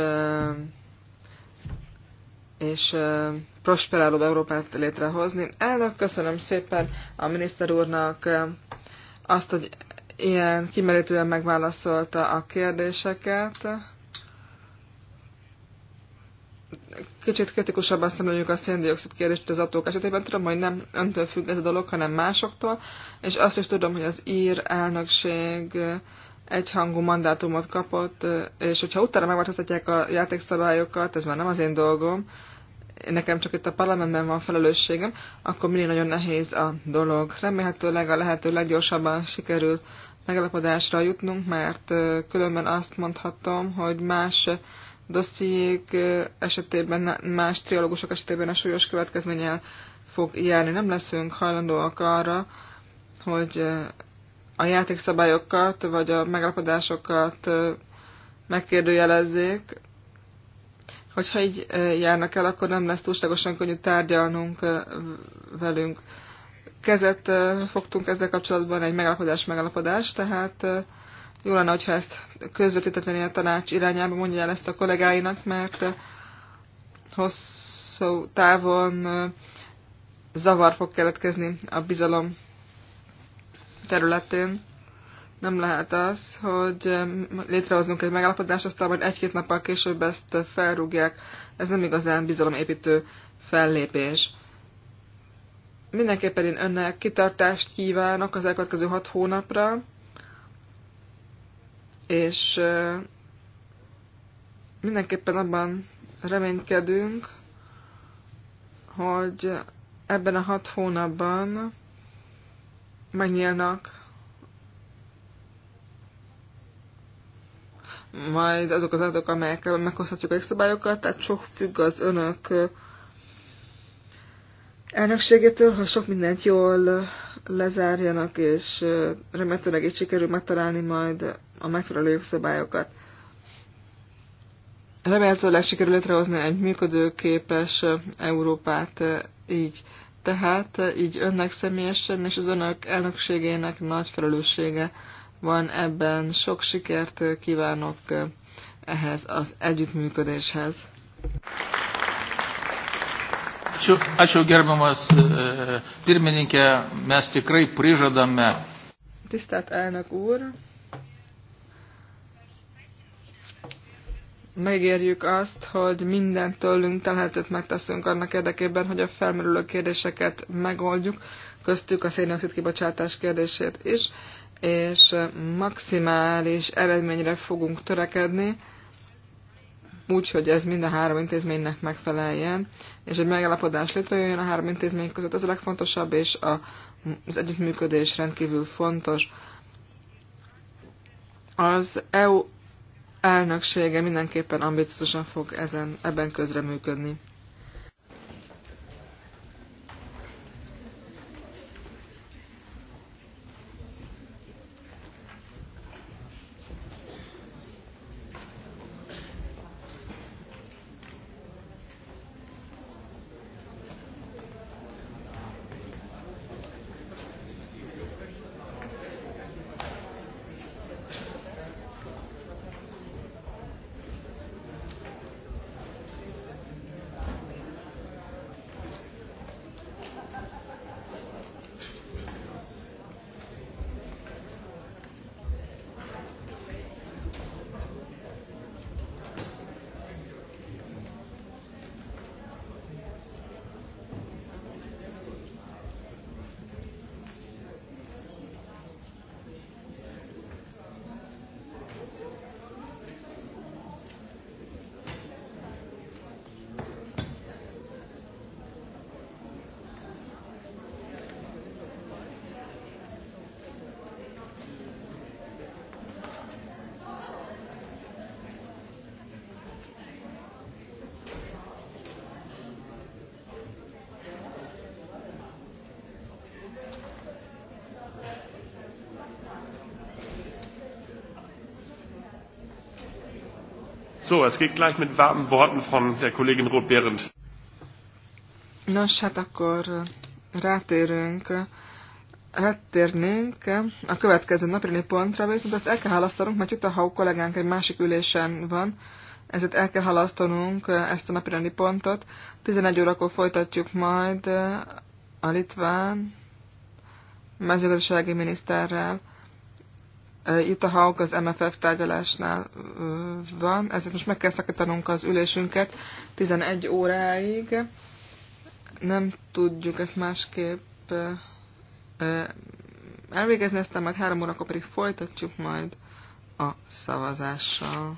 és prosperáló Európát létrehozni. Elnök, köszönöm szépen a miniszter úrnak azt, hogy ilyen kimerítően megválaszolta a kérdéseket kicsit kritikusabban szemléljük a széndiokszid kérdést az autók esetében. Tudom, hogy nem öntől függ ez a dolog, hanem másoktól, és azt is tudom, hogy az ír elnökség egyhangú mandátumot kapott, és hogyha utána megváltoztatják a játékszabályokat, ez már nem az én dolgom, nekem csak itt a parlamentben van felelősségem, akkor mindig nagyon nehéz a dolog. Remélhetőleg a lehető leggyorsabban sikerül megalapodásra jutnunk, mert különben azt mondhatom, hogy más dossziék esetében, más trialógusok esetében a súlyos következménnyel fog járni. Nem leszünk hajlandóak arra, hogy a játékszabályokat vagy a megállapodásokat megkérdőjelezzék. Hogyha így járnak el, akkor nem lesz túlságosan könnyű tárgyalnunk velünk. Kezet fogtunk ezzel kapcsolatban egy megállapodás megállapodás, tehát jó lenne, hogyha ezt közvetítetlené a tanács irányába, mondja el ezt a kollégáinak, mert eh, hosszú távon eh, zavar fog keletkezni a bizalom területén. Nem lehet az, hogy eh, létrehozunk egy megállapodást, aztán majd egy-két nappal később ezt felrúgják. Ez nem igazán bizalomépítő fellépés. Mindenképpen én önnek kitartást kívánok az elkövetkező hat hónapra és mindenképpen abban reménykedünk, hogy ebben a hat hónapban megnyílnak majd azok az adatok, amelyekkel meghozhatjuk a szabályokat, tehát sok függ az önök elnökségétől, ha sok mindent jól lezárjanak, és remélhetőleg így sikerül megtalálni majd a megfelelő jogszabályokat. Remélhetőleg sikerül létrehozni egy működőképes Európát így. Tehát így önnek személyesen és az önök elnökségének nagy felelőssége van ebben. Sok sikert kívánok ehhez az együttműködéshez. E, Tisztelt elnök úr, megérjük azt, hogy mindent tőlünk telhetőt megteszünk annak érdekében, hogy a felmerülő kérdéseket megoldjuk, köztük a széndiokszid kibocsátás kérdését is, és maximális eredményre fogunk törekedni, úgy, hogy ez mind a három intézménynek megfeleljen, és egy megállapodás létrejöjjön a három intézmény között, ez a legfontosabb, és a, az együttműködés rendkívül fontos. Az EU elnöksége mindenképpen ambiciózusan fog ezen, ebben közreműködni. So, es geht gleich mit warmen Worten von der Kollegin Ruth Behrendt. Nos, hát akkor rátérünk, rátérnénk a következő napirendi pontra, viszont ezt el kell halasztanunk, mert Jutta Hau kollégánk egy másik ülésen van, ezért el kell halasztanunk ezt a napirendi pontot. 11 órakor folytatjuk majd a litván mezőgazdasági miniszterrel Jutta Haug az MFF tárgyalásnál van, ezért most meg kell szakítanunk az ülésünket 11 óráig. Nem tudjuk ezt másképp elvégezni, aztán majd három órakor pedig folytatjuk majd a szavazással.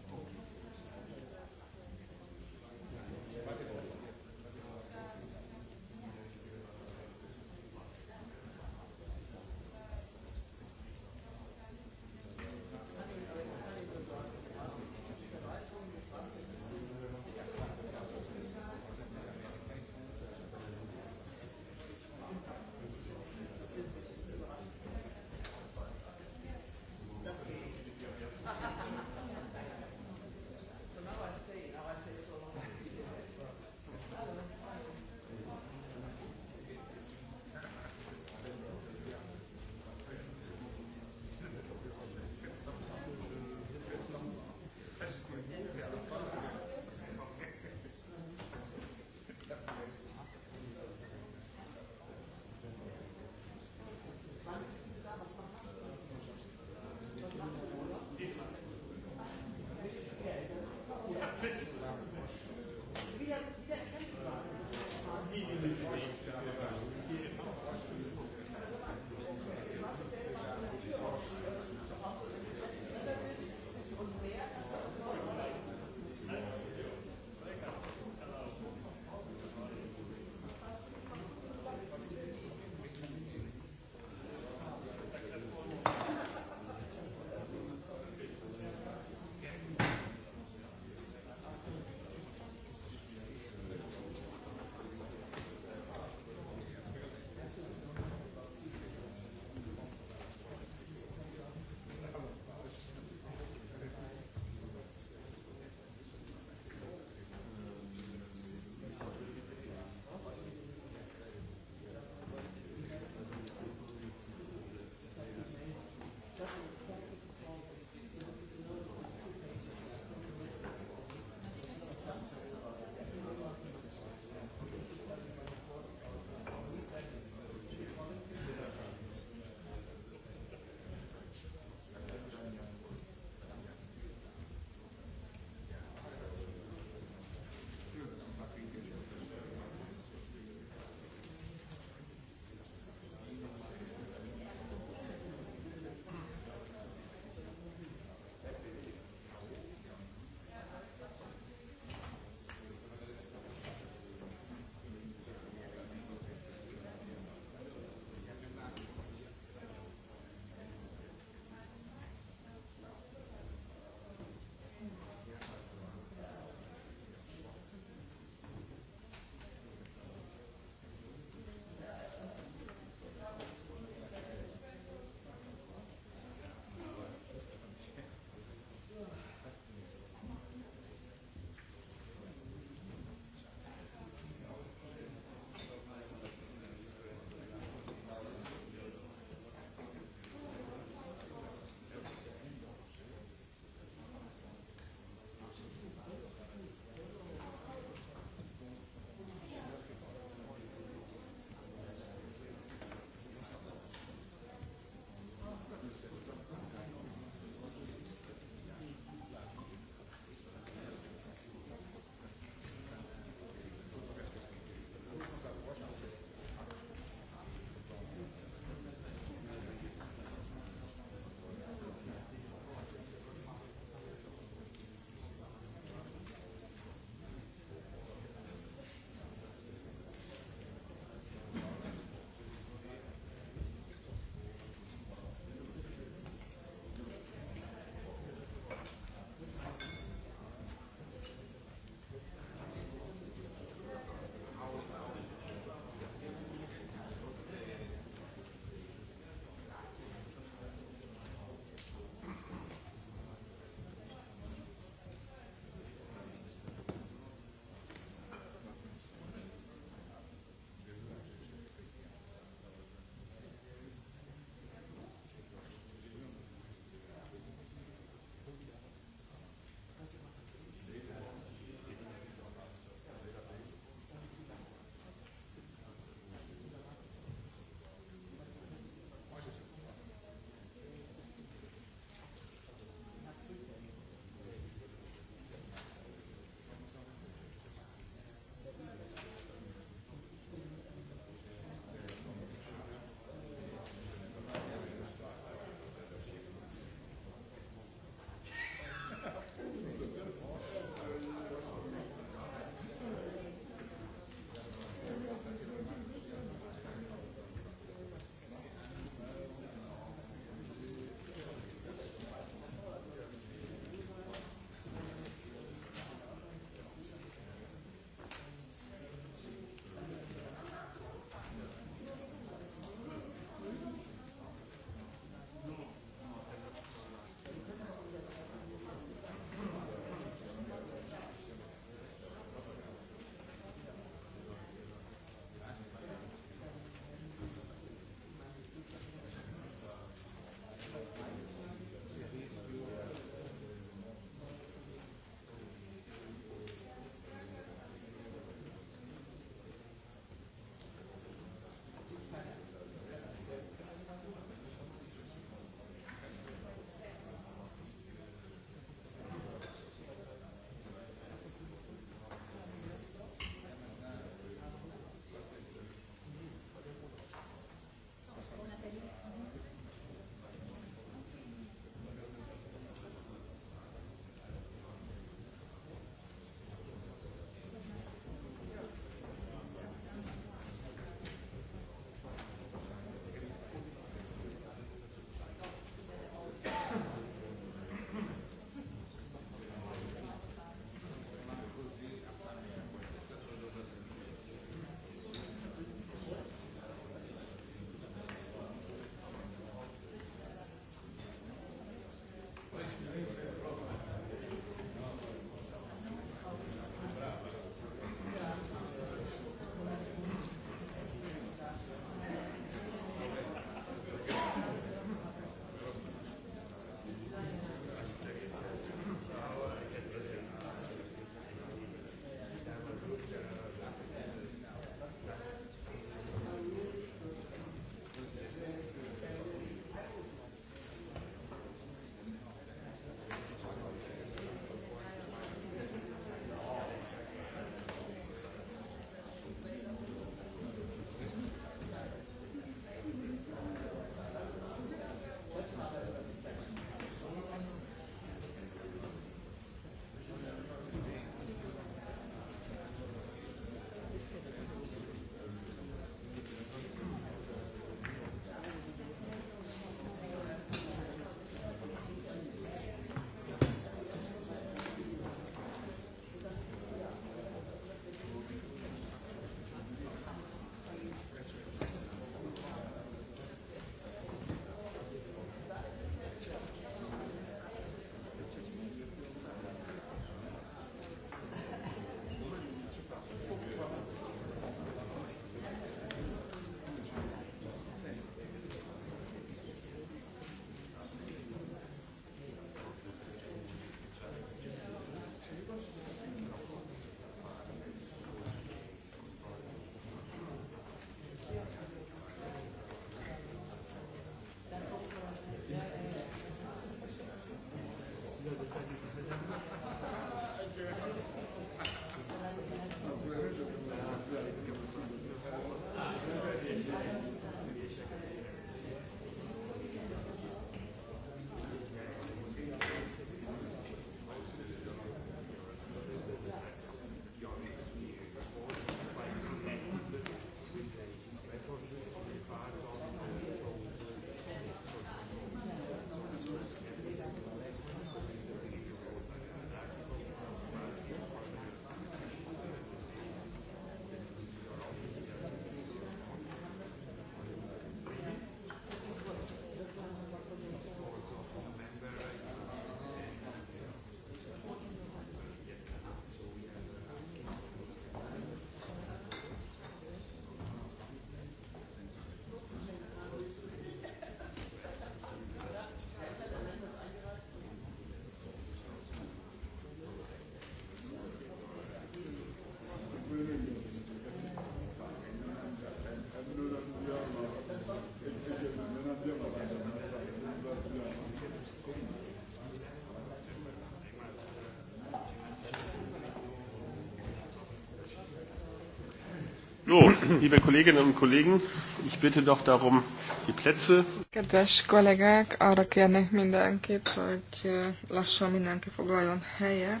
liebe Kolleginnen und Kollegen, ich bitte doch darum, die Plätze. Kedves kollégák, arra kérnék mindenkit, hogy lassan mindenki foglaljon helyet,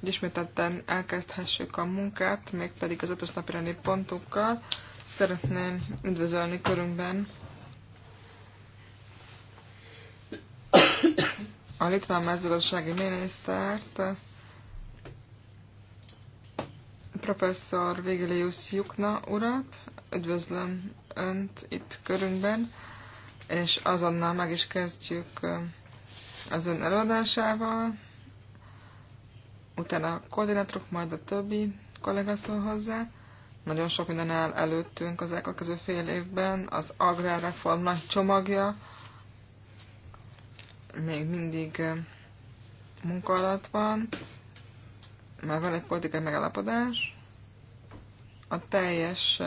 hogy ismételten elkezdhessük a munkát, pedig az ötös napirendi pontokkal. Szeretném üdvözölni körünkben a litván mezőgazdasági minisztert, professzor Vigilius Jukna urat, üdvözlöm Önt itt körünkben, és azonnal meg is kezdjük eh, az Ön előadásával, utána a koordinátorok, majd a többi kollega szól hozzá. Nagyon sok minden áll előttünk az elkövetkező fél évben, az agrárreform nagy csomagja, még mindig eh, munka alatt van, már van egy politikai megállapodás, a teljes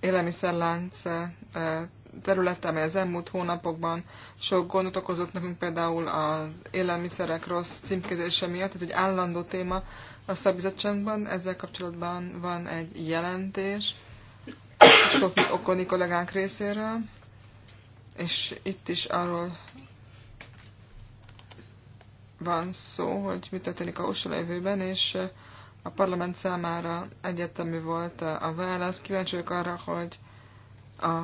élelmiszerlánc területe, amely az elmúlt hónapokban sok gondot okozott nekünk, például az élelmiszerek rossz címkézése miatt. Ez egy állandó téma a szabizottságban, ezzel kapcsolatban van egy jelentés sok Okoni kollégánk részéről, és itt is arról van szó, hogy mi történik a USA jövőben, és eh, a parlament számára egyetemű volt eh, a válasz. Kíváncsi vagyok arra, hogy a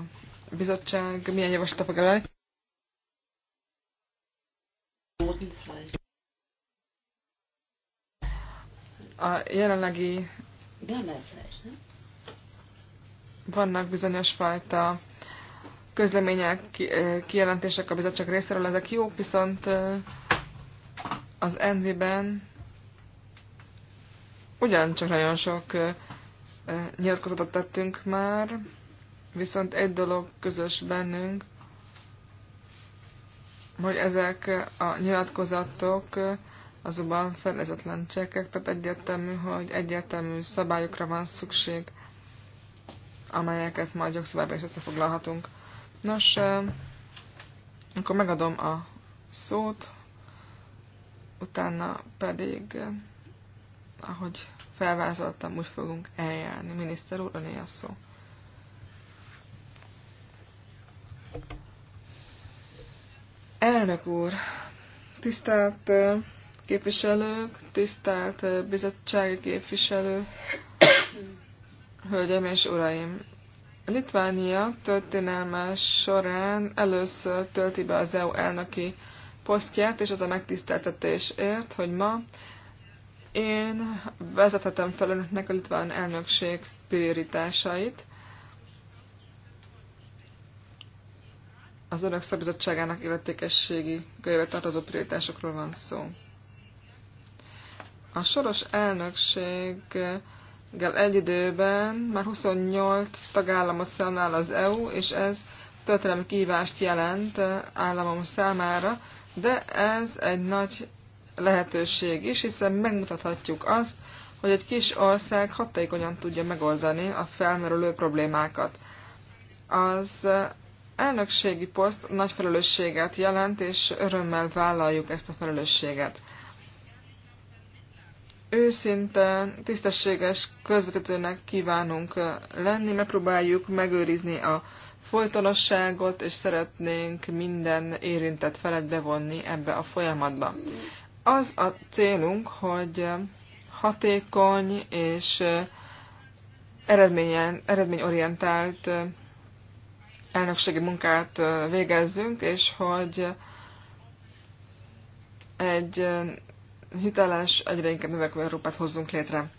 bizottság milyen javaslata fog elállni. A jelenlegi vannak bizonyos fajta közlemények, eh, kijelentések a bizottság részéről, ezek jók, viszont az Envi-ben ugyancsak nagyon sok nyilatkozatot tettünk már, viszont egy dolog közös bennünk, hogy ezek a nyilatkozatok azonban felezetlen csekek, tehát egyértelmű, hogy egyértelmű szabályokra van szükség, amelyeket majd jogszabályban is összefoglalhatunk. Nos, akkor megadom a szót utána pedig, ahogy felvázoltam, úgy fogunk eljárni. Miniszter úr, a szó. Elnök úr, tisztelt képviselők, tisztelt bizottsági képviselő, hölgyeim és uraim! Litvánia történelme során először tölti be az EU elnöki posztját, és az a megtiszteltetésért, hogy ma én vezethetem fel önöknek a litván elnökség prioritásait, az önök szabizottságának illetékességi körébe tartozó prioritásokról van szó. A soros elnökséggel egy időben már 28 tagállamot számlál az EU, és ez történelmi kívást jelent államom számára, de ez egy nagy lehetőség is, hiszen megmutathatjuk azt, hogy egy kis ország hatékonyan tudja megoldani a felmerülő problémákat. Az elnökségi poszt nagy felelősséget jelent, és örömmel vállaljuk ezt a felelősséget. Őszinte, tisztességes közvetítőnek kívánunk lenni, megpróbáljuk megőrizni a folytonosságot, és szeretnénk minden érintett felet bevonni ebbe a folyamatba. Az a célunk, hogy hatékony és eredményen, eredményorientált elnökségi munkát végezzünk, és hogy egy hiteles, egyre inkább növekvő Európát hozzunk létre.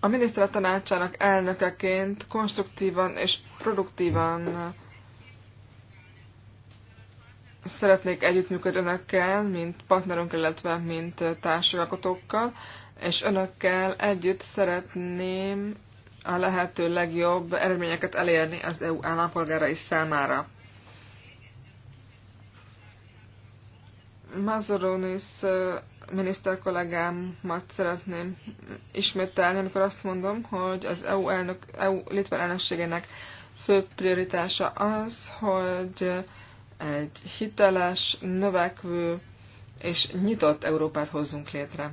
a miniszter tanácsának elnökeként konstruktívan és produktívan szeretnék együttműködni önökkel, mint partnerünk, illetve mint társadalkotókkal, és önökkel együtt szeretném a lehető legjobb eredményeket elérni az EU állampolgárai számára. Mazuronis miniszter kollégámat szeretném ismételni, amikor azt mondom, hogy az EU, elnök, EU litván elnökségének fő prioritása az, hogy egy hiteles, növekvő és nyitott Európát hozzunk létre.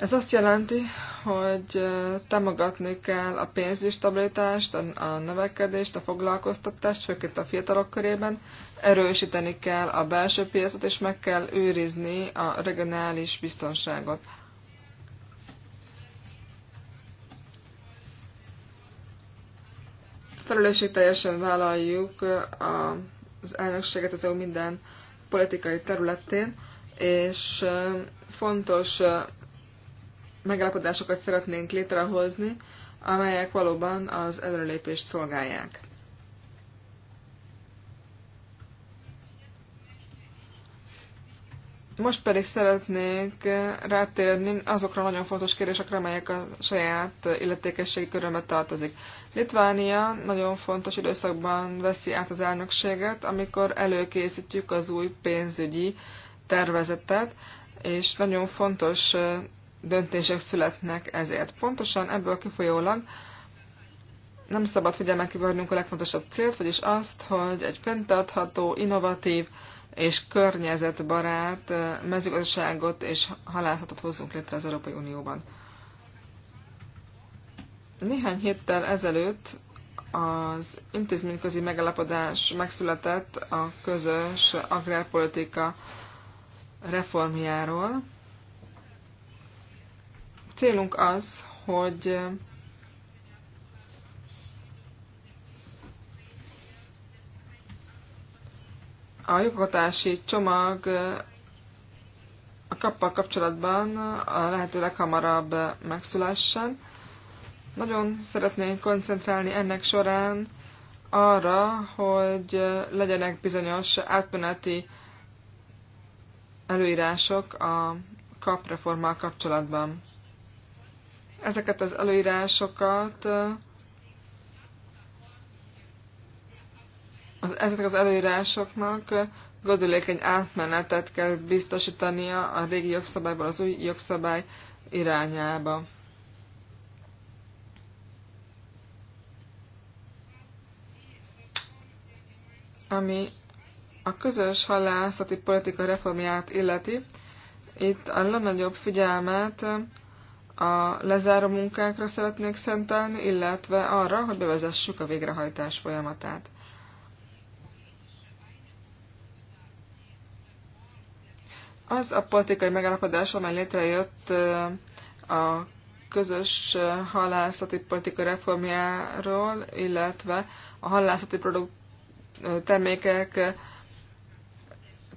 Ez azt jelenti, hogy támogatni kell a pénzügyi stabilitást, a növekedést, a foglalkoztatást, főként a fiatalok körében, erősíteni kell a belső piacot, és meg kell őrizni a regionális biztonságot. teljesen vállaljuk az elnökséget az EU minden politikai területén, és fontos megállapodásokat szeretnénk létrehozni, amelyek valóban az előrelépést szolgálják. Most pedig szeretnék rátérni azokra nagyon fontos kérdésekre, amelyek a saját illetékességi körömet tartozik. Litvánia nagyon fontos időszakban veszi át az elnökséget, amikor előkészítjük az új pénzügyi tervezetet, és nagyon fontos döntések születnek ezért. Pontosan ebből kifolyólag nem szabad figyelmen kivernünk a legfontosabb célt, vagyis azt, hogy egy fenntartható, innovatív és környezetbarát mezőgazdaságot és halászatot hozzunk létre az Európai Unióban. Néhány héttel ezelőtt az intézményközi megállapodás megszületett a közös agrárpolitika reformjáról célunk az, hogy a jogotási csomag a kappal kapcsolatban a lehető leghamarabb megszülessen. Nagyon szeretnénk koncentrálni ennek során arra, hogy legyenek bizonyos átmeneti előírások a kapreformmal kapcsolatban ezeket az előírásokat az, ezeknek az előírásoknak gondolékeny átmenetet kell biztosítania a régi jogszabályból az új jogszabály irányába. Ami a közös halászati politika reformját illeti, itt a legnagyobb figyelmet a lezáró munkákra szeretnék szentelni, illetve arra, hogy bevezessük a végrehajtás folyamatát. Az a politikai megállapodás, amely létrejött a közös halászati politika reformjáról, illetve a halászati produkt termékek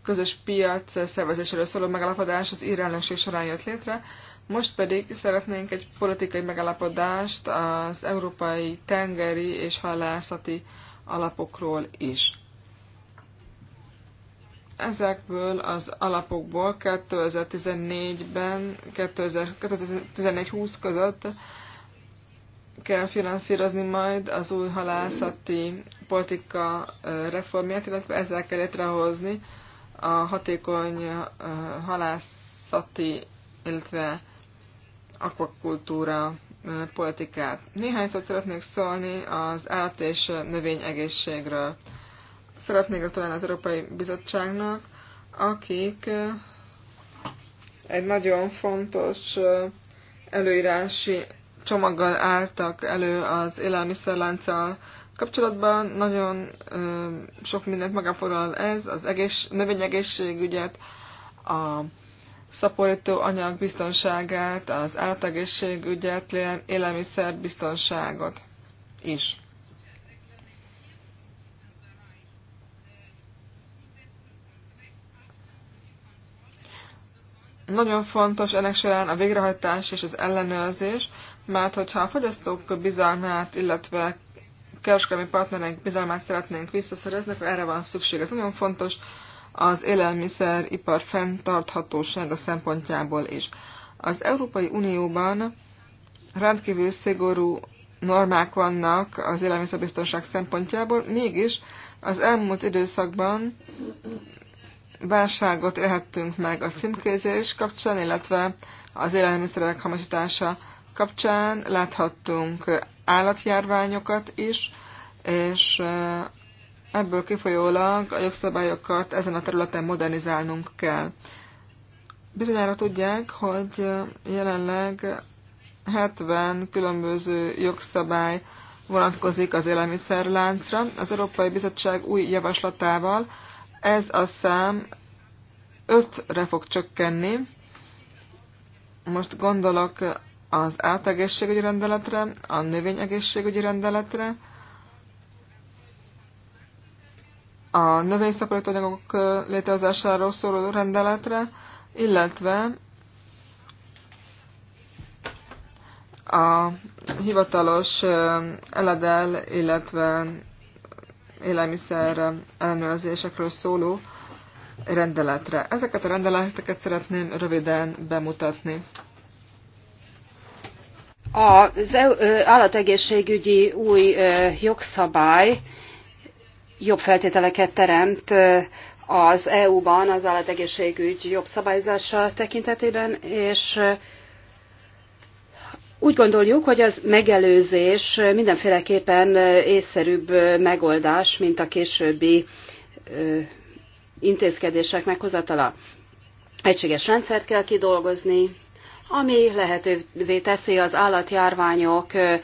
közös piac szervezéséről szóló megállapodás az ír során jött létre. Most pedig szeretnénk egy politikai megállapodást az európai tengeri és halászati alapokról is. Ezekből az alapokból 2014-ben, 2014-20 között kell finanszírozni majd az új halászati politika reformját, illetve ezzel kell létrehozni a hatékony halászati, illetve akvakultúra politikát. Néhány szót szeretnék szólni az állat és növény egészségről. Szeretnék gratulálni az Európai Bizottságnak, akik egy nagyon fontos előírási csomaggal álltak elő az élelmiszerlánccal kapcsolatban. Nagyon sok mindent magáfoglal ez, az egész, növényegészségügyet, a szaporító anyag biztonságát, az állategészségügyet, élelmiszer biztonságot is. Nagyon fontos ennek során a végrehajtás és az ellenőrzés, mert hogyha a fogyasztók bizalmát, illetve kereskedelmi partnerek bizalmát szeretnénk visszaszerezni, erre van szükség. Ez nagyon fontos az élelmiszeripar fenntarthatósága szempontjából is. Az Európai Unióban rendkívül szigorú normák vannak az élelmiszerbiztonság szempontjából, mégis az elmúlt időszakban válságot élhettünk meg a címkézés kapcsán, illetve az élelmiszerek hamisítása kapcsán láthattunk állatjárványokat is, és Ebből kifolyólag a jogszabályokat ezen a területen modernizálnunk kell. Bizonyára tudják, hogy jelenleg 70 különböző jogszabály vonatkozik az élelmiszerláncra. Az Európai Bizottság új javaslatával ez a szám 5-re fog csökkenni. Most gondolok az átegészségügyi rendeletre, a növényegészségügyi rendeletre, a növényszaporító anyagok létrehozásáról szóló rendeletre, illetve a hivatalos eledel, illetve élelmiszer ellenőrzésekről szóló rendeletre. Ezeket a rendeleteket szeretném röviden bemutatni. Az állategészségügyi új jogszabály jobb feltételeket teremt az EU-ban az állategészségügy jobb szabályzása tekintetében, és úgy gondoljuk, hogy az megelőzés mindenféleképpen észszerűbb megoldás, mint a későbbi intézkedések meghozatala. Egységes rendszert kell kidolgozni, ami lehetővé teszi az állatjárványokkal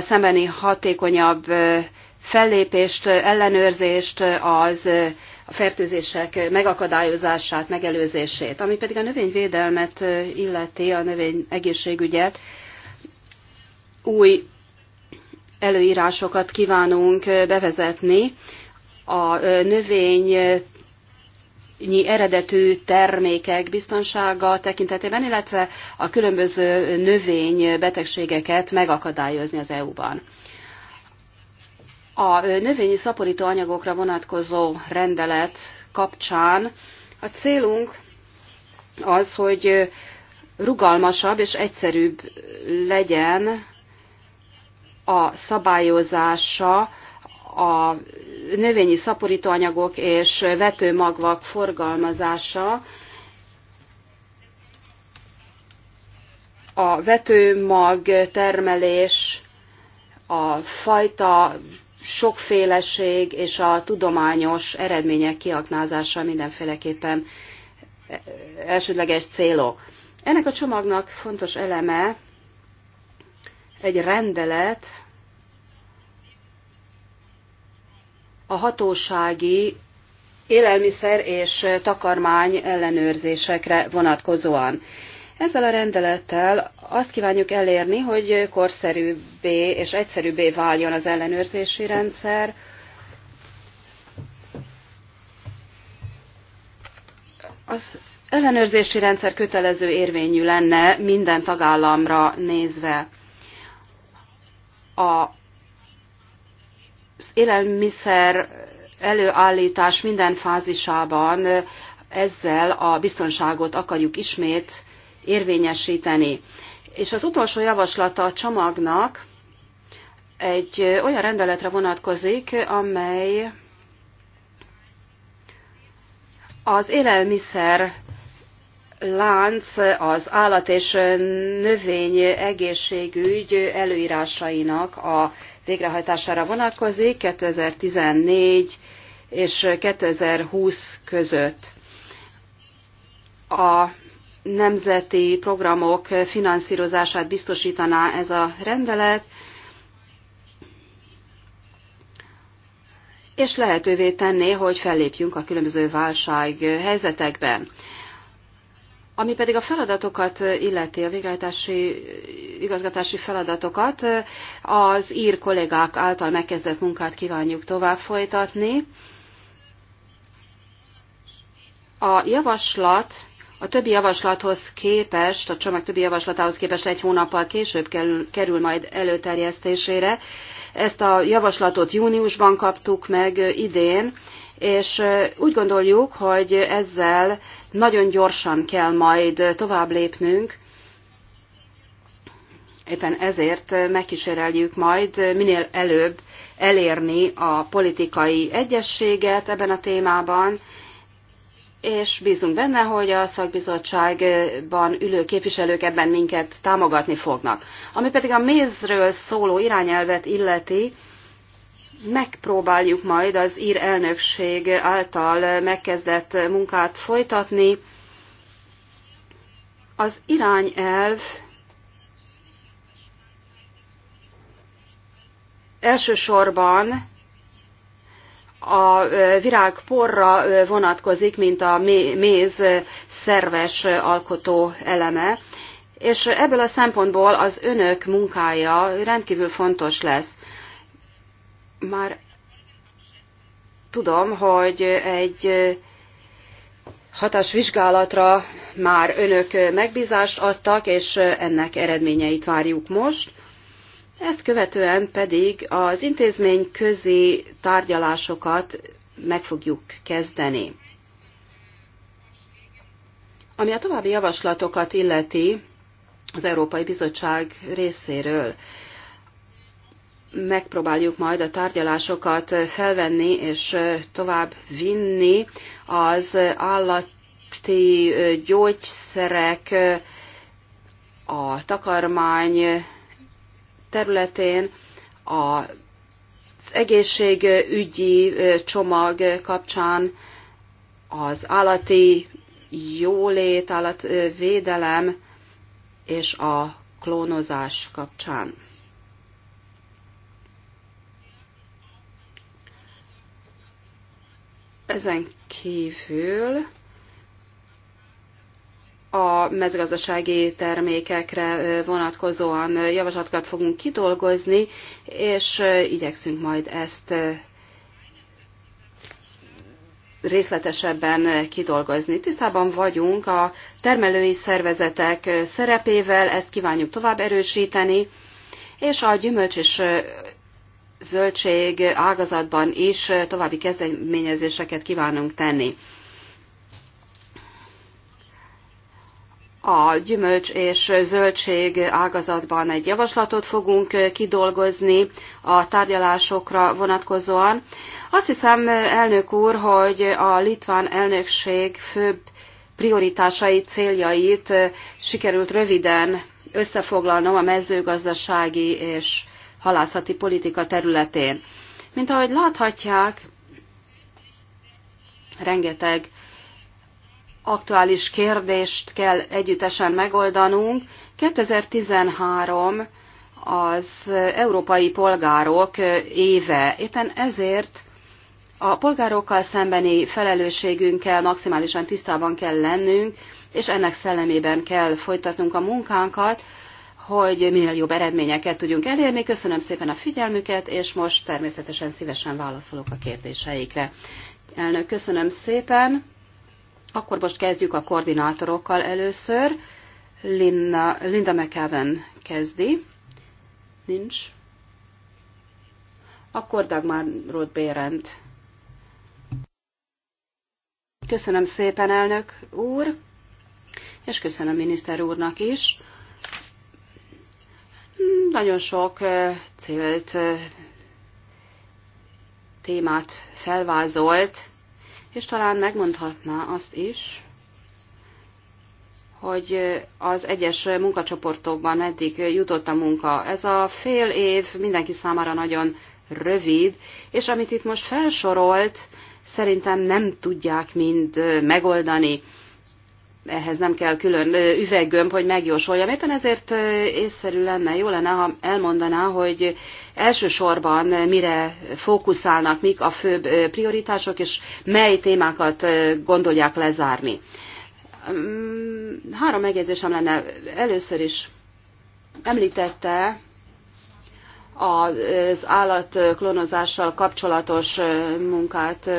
szembeni hatékonyabb fellépést, ellenőrzést, az a fertőzések megakadályozását, megelőzését. Ami pedig a növényvédelmet illeti, a növény egészségügyet, új előírásokat kívánunk bevezetni. A növény eredetű termékek biztonsága tekintetében, illetve a különböző növény betegségeket megakadályozni az EU-ban. A növényi szaporító anyagokra vonatkozó rendelet kapcsán a célunk az, hogy rugalmasabb és egyszerűbb legyen a szabályozása a növényi szaporítóanyagok és vetőmagvak forgalmazása, a vetőmag termelés, a fajta sokféleség és a tudományos eredmények kiaknázása mindenféleképpen elsődleges célok. Ennek a csomagnak fontos eleme egy rendelet a hatósági élelmiszer és takarmány ellenőrzésekre vonatkozóan. Ezzel a rendelettel azt kívánjuk elérni, hogy korszerűbbé és egyszerűbbé váljon az ellenőrzési rendszer, az ellenőrzési rendszer kötelező érvényű lenne minden tagállamra nézve. A az élelmiszer előállítás minden fázisában ezzel a biztonságot akarjuk ismét érvényesíteni. És az utolsó javaslata a csomagnak egy olyan rendeletre vonatkozik, amely az élelmiszer lánc az állat és növény egészségügy előírásainak a végrehajtására vonatkozik 2014 és 2020 között. A nemzeti programok finanszírozását biztosítaná ez a rendelet, és lehetővé tenné, hogy fellépjünk a különböző válság helyzetekben. Ami pedig a feladatokat illeti, a végrehajtási igazgatási feladatokat, az ír kollégák által megkezdett munkát kívánjuk tovább folytatni. A javaslat a többi javaslathoz képest, a csomag többi javaslatához képest egy hónappal később kerül, kerül majd előterjesztésére. Ezt a javaslatot júniusban kaptuk meg idén, és úgy gondoljuk, hogy ezzel nagyon gyorsan kell majd tovább lépnünk, Éppen ezért megkíséreljük majd minél előbb elérni a politikai egyességet ebben a témában, és bízunk benne, hogy a szakbizottságban ülő képviselők ebben minket támogatni fognak. Ami pedig a mézről szóló irányelvet illeti, megpróbáljuk majd az ír elnökség által megkezdett munkát folytatni. Az irányelv elsősorban a virágporra vonatkozik, mint a méz szerves alkotó eleme, és ebből a szempontból az önök munkája rendkívül fontos lesz. Már tudom, hogy egy hatásvizsgálatra már önök megbízást adtak, és ennek eredményeit várjuk most. Ezt követően pedig az intézmény közi tárgyalásokat meg fogjuk kezdeni. Ami a további javaslatokat illeti az Európai Bizottság részéről, megpróbáljuk majd a tárgyalásokat felvenni és tovább vinni az állati gyógyszerek, a takarmány területén, az egészségügyi csomag kapcsán, az állati jólét, állatvédelem és a klónozás kapcsán. Ezen kívül a mezőgazdasági termékekre vonatkozóan javaslatokat fogunk kidolgozni, és igyekszünk majd ezt részletesebben kidolgozni. Tisztában vagyunk a termelői szervezetek szerepével, ezt kívánjuk tovább erősíteni, és a gyümölcs és zöldség ágazatban is további kezdeményezéseket kívánunk tenni. a gyümölcs és zöldség ágazatban egy javaslatot fogunk kidolgozni a tárgyalásokra vonatkozóan. Azt hiszem, elnök úr, hogy a litván elnökség főbb prioritásai, céljait sikerült röviden összefoglalnom a mezőgazdasági és halászati politika területén. Mint ahogy láthatják, rengeteg aktuális kérdést kell együttesen megoldanunk. 2013 az európai polgárok éve. Éppen ezért a polgárokkal szembeni felelősségünkkel maximálisan tisztában kell lennünk, és ennek szellemében kell folytatnunk a munkánkat, hogy minél jobb eredményeket tudjunk elérni. Köszönöm szépen a figyelmüket, és most természetesen szívesen válaszolok a kérdéseikre. Elnök, köszönöm szépen! Akkor most kezdjük a koordinátorokkal először. Linda, Linda McEwen kezdi. Nincs. Akkor Dagmar Roth Bérend. Köszönöm szépen, elnök úr, és köszönöm miniszter úrnak is. Nagyon sok célt, témát felvázolt, és talán megmondhatná azt is, hogy az egyes munkacsoportokban meddig jutott a munka. Ez a fél év mindenki számára nagyon rövid, és amit itt most felsorolt, szerintem nem tudják mind megoldani ehhez nem kell külön üveggömb, hogy megjósoljam. Éppen ezért észszerű lenne, jó lenne, ha elmondaná, hogy elsősorban mire fókuszálnak, mik a főbb prioritások, és mely témákat gondolják lezárni. Három megjegyzésem lenne. Először is említette az állat kapcsolatos munkát,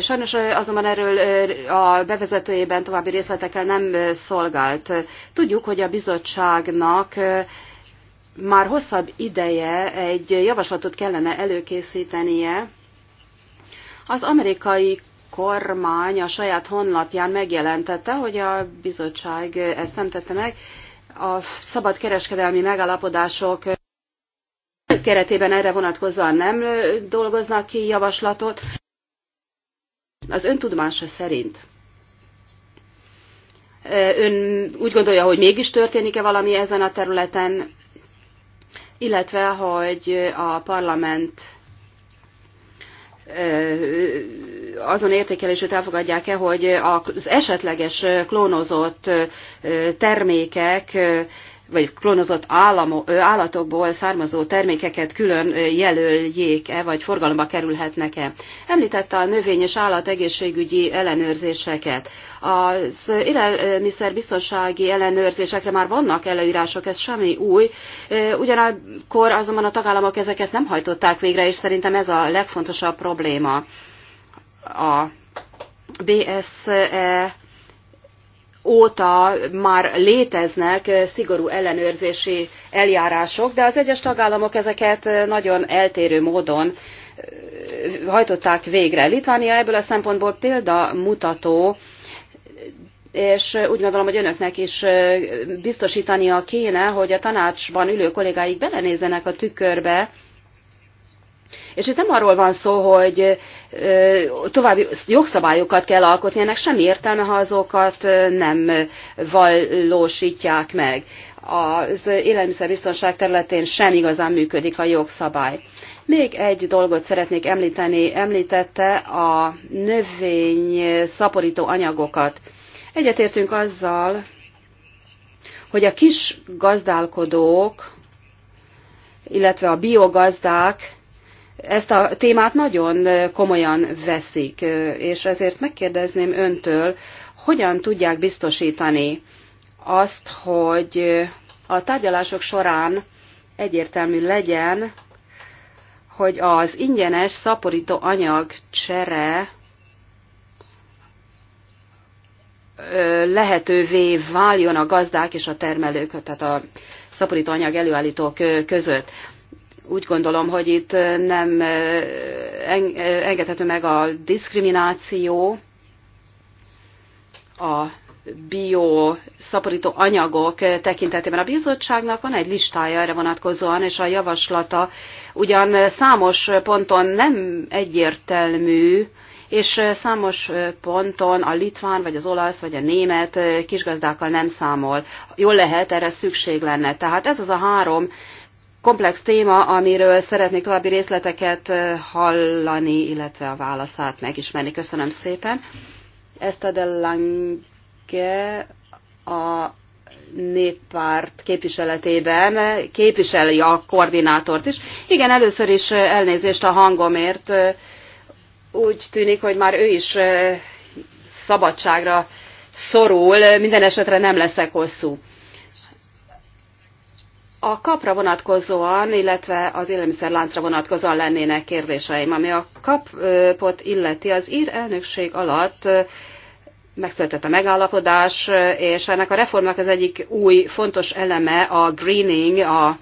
Sajnos azonban erről a bevezetőjében további részletekkel nem szolgált. Tudjuk, hogy a bizottságnak már hosszabb ideje egy javaslatot kellene előkészítenie. Az amerikai kormány a saját honlapján megjelentette, hogy a bizottság ezt nem tette meg. A szabad kereskedelmi megállapodások keretében erre vonatkozóan nem dolgoznak ki javaslatot. Az öntudomása szerint ön úgy gondolja, hogy mégis történik-e valami ezen a területen, illetve hogy a parlament azon értékelését elfogadják-e, hogy az esetleges klónozott termékek vagy klónozott államo, állatokból származó termékeket külön jelöljék-e, vagy forgalomba kerülhetnek-e. Említette a növény és állat egészségügyi ellenőrzéseket. Az élelmiszer biztonsági ellenőrzésekre már vannak előírások, ez semmi új, ugyanakkor azonban a tagállamok ezeket nem hajtották végre, és szerintem ez a legfontosabb probléma. A BSE óta már léteznek szigorú ellenőrzési eljárások, de az egyes tagállamok ezeket nagyon eltérő módon hajtották végre. Litvánia ebből a szempontból példamutató, és úgy gondolom, hogy önöknek is biztosítania kéne, hogy a tanácsban ülő kollégáik belenézzenek a tükörbe, és itt nem arról van szó, hogy további jogszabályokat kell alkotni, ennek semmi értelme, ha azokat nem valósítják meg. Az élelmiszerbiztonság területén sem igazán működik a jogszabály. Még egy dolgot szeretnék említeni, említette a növény szaporító anyagokat. Egyetértünk azzal, hogy a kis gazdálkodók, illetve a biogazdák ezt a témát nagyon komolyan veszik, és ezért megkérdezném öntől, hogyan tudják biztosítani azt, hogy a tárgyalások során egyértelmű legyen, hogy az ingyenes szaporító anyag csere lehetővé váljon a gazdák és a termelők, tehát a szaporító anyag előállítók között. Úgy gondolom, hogy itt nem engedhető meg a diszkrimináció, a bio szaporító anyagok tekintetében. A bizottságnak van egy listája erre vonatkozóan, és a javaslata ugyan számos ponton nem egyértelmű, és számos ponton a litván, vagy az olasz, vagy a német kisgazdákkal nem számol. Jól lehet, erre szükség lenne. Tehát ez az a három komplex téma, amiről szeretnék további részleteket hallani, illetve a válaszát megismerni. Köszönöm szépen. Ezt a Lange a néppárt képviseletében képviseli a koordinátort is. Igen, először is elnézést a hangomért. Úgy tűnik, hogy már ő is szabadságra szorul, minden esetre nem leszek hosszú. A kapra vonatkozóan, illetve az élelmiszerláncra vonatkozóan lennének kérdéseim. Ami a kapot illeti, az ír elnökség alatt megszületett a megállapodás, és ennek a reformnak az egyik új fontos eleme a greening, a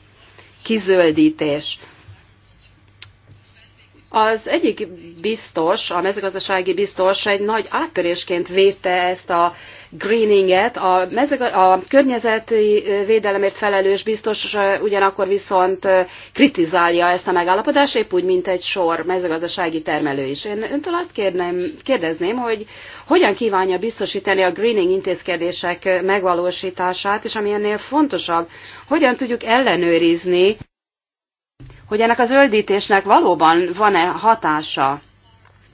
kizöldítés. Az egyik biztos, a mezőgazdasági biztos egy nagy áttörésként védte ezt a greeninget. A, mezőg- a környezeti védelemért felelős biztos ugyanakkor viszont kritizálja ezt a megállapodást, épp úgy, mint egy sor mezőgazdasági termelő is. Én öntől azt kérném, kérdezném, hogy hogyan kívánja biztosítani a greening intézkedések megvalósítását, és ami ennél fontosabb, hogyan tudjuk ellenőrizni, hogy ennek a zöldítésnek valóban van-e hatása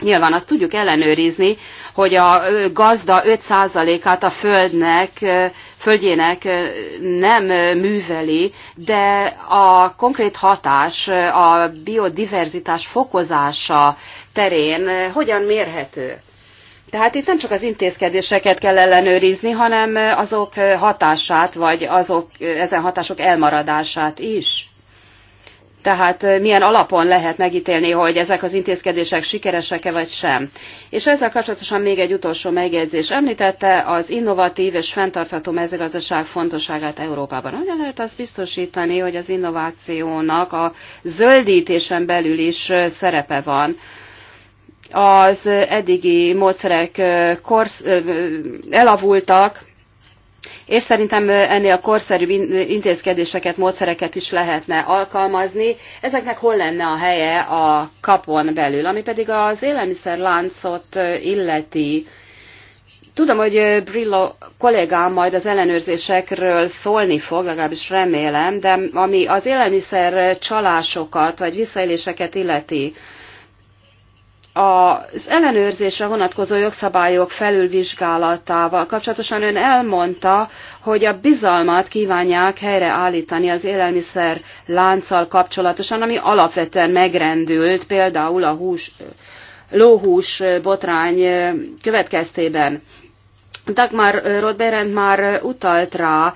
Nyilván azt tudjuk ellenőrizni, hogy a gazda 5%-át a földnek, földjének nem műveli, de a konkrét hatás a biodiverzitás fokozása terén hogyan mérhető? Tehát itt nem csak az intézkedéseket kell ellenőrizni, hanem azok hatását, vagy azok, ezen hatások elmaradását is. Tehát milyen alapon lehet megítélni, hogy ezek az intézkedések sikeresek-e vagy sem. És ezzel kapcsolatosan még egy utolsó megjegyzés. Említette az innovatív és fenntartható mezőgazdaság fontosságát Európában. Hogyan lehet azt biztosítani, hogy az innovációnak a zöldítésen belül is szerepe van? Az eddigi módszerek korsz, elavultak, és szerintem ennél a korszerűbb intézkedéseket, módszereket is lehetne alkalmazni. Ezeknek hol lenne a helye a kapon belül, ami pedig az élelmiszerláncot illeti. Tudom, hogy Brillo kollégám majd az ellenőrzésekről szólni fog, legalábbis remélem, de ami az élelmiszer csalásokat vagy visszaéléseket illeti, az ellenőrzésre vonatkozó jogszabályok felülvizsgálatával kapcsolatosan ön elmondta, hogy a bizalmat kívánják helyreállítani az élelmiszer lánccal kapcsolatosan, ami alapvetően megrendült, például a hús, lóhús botrány következtében. Dagmar Rodberend már utalt rá,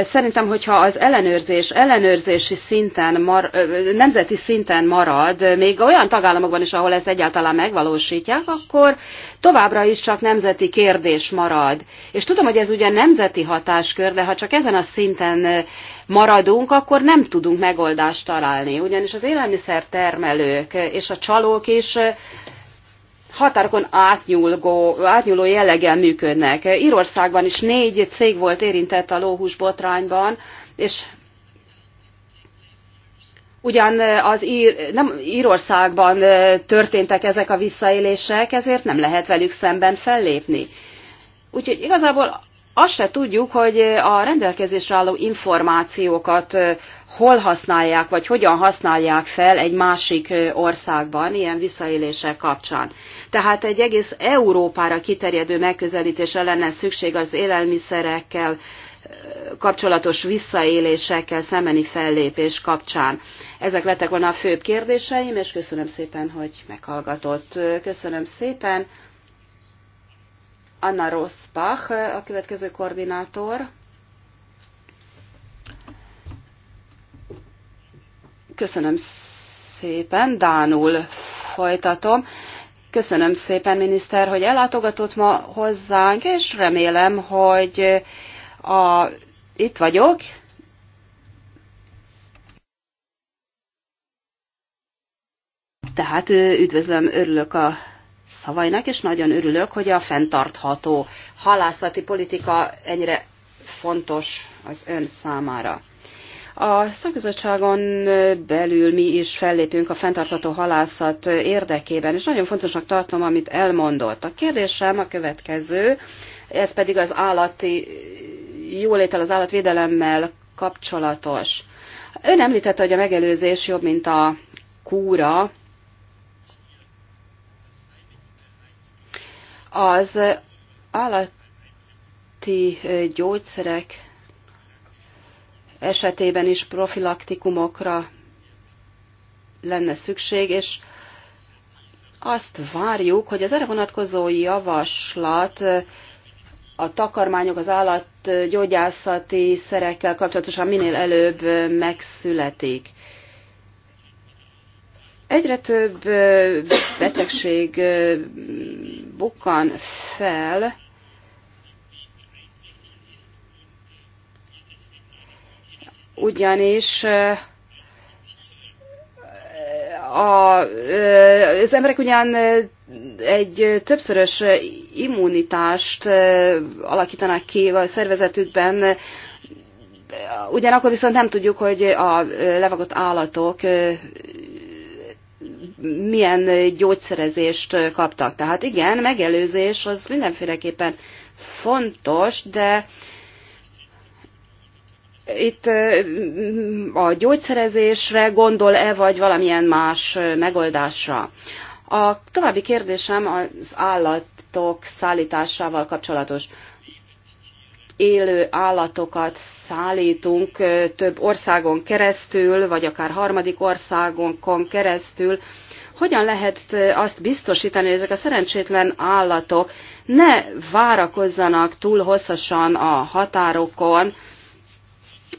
Szerintem, hogyha az ellenőrzés ellenőrzési szinten, mar, nemzeti szinten marad, még olyan tagállamokban is, ahol ezt egyáltalán megvalósítják, akkor továbbra is csak nemzeti kérdés marad. És tudom, hogy ez ugye nemzeti hatáskör, de ha csak ezen a szinten maradunk, akkor nem tudunk megoldást találni. Ugyanis az élelmiszer termelők és a csalók is határokon átnyúló, átnyúló jelleggel működnek. Írországban is négy cég volt érintett a lóhús botrányban, és ugyan az ír, nem Írországban történtek ezek a visszaélések, ezért nem lehet velük szemben fellépni. Úgyhogy igazából azt se tudjuk, hogy eh, a rendelkezésre álló információkat eh, hol használják, vagy hogyan használják fel egy másik eh, országban ilyen visszaélések kapcsán. Tehát egy egész Európára kiterjedő megközelítésre lenne szükség az élelmiszerekkel kapcsolatos visszaélésekkel szembeni fellépés kapcsán. Ezek lettek volna a főbb kérdéseim, és köszönöm szépen, hogy meghallgatott. Köszönöm szépen. Anna Rosbach, a következő koordinátor. Köszönöm szépen, Dánul folytatom. Köszönöm szépen, miniszter, hogy ellátogatott ma hozzánk, és remélem, hogy a, itt vagyok. Tehát üdvözlöm, örülök a szavainak, és nagyon örülök, hogy a fenntartható halászati politika ennyire fontos az ön számára. A szakbizottságon belül mi is fellépünk a fenntartható halászat érdekében, és nagyon fontosnak tartom, amit elmondott. A kérdésem a következő, ez pedig az állati jólétel, az állatvédelemmel kapcsolatos. Ön említette, hogy a megelőzés jobb, mint a kúra, Az állati gyógyszerek esetében is profilaktikumokra lenne szükség, és azt várjuk, hogy az erre vonatkozó javaslat a takarmányok az állatgyógyászati szerekkel kapcsolatosan minél előbb megszületik. Egyre több betegség bukkan fel, ugyanis a, az emberek ugyan egy többszörös immunitást alakítanak ki a szervezetükben, ugyanakkor viszont nem tudjuk, hogy a levágott állatok milyen gyógyszerezést kaptak. Tehát igen, megelőzés az mindenféleképpen fontos, de itt a gyógyszerezésre gondol-e, vagy valamilyen más megoldásra? A további kérdésem az állatok szállításával kapcsolatos. Élő állatokat szállítunk több országon keresztül, vagy akár harmadik országon keresztül hogyan lehet azt biztosítani, hogy ezek a szerencsétlen állatok ne várakozzanak túl hosszasan a határokon,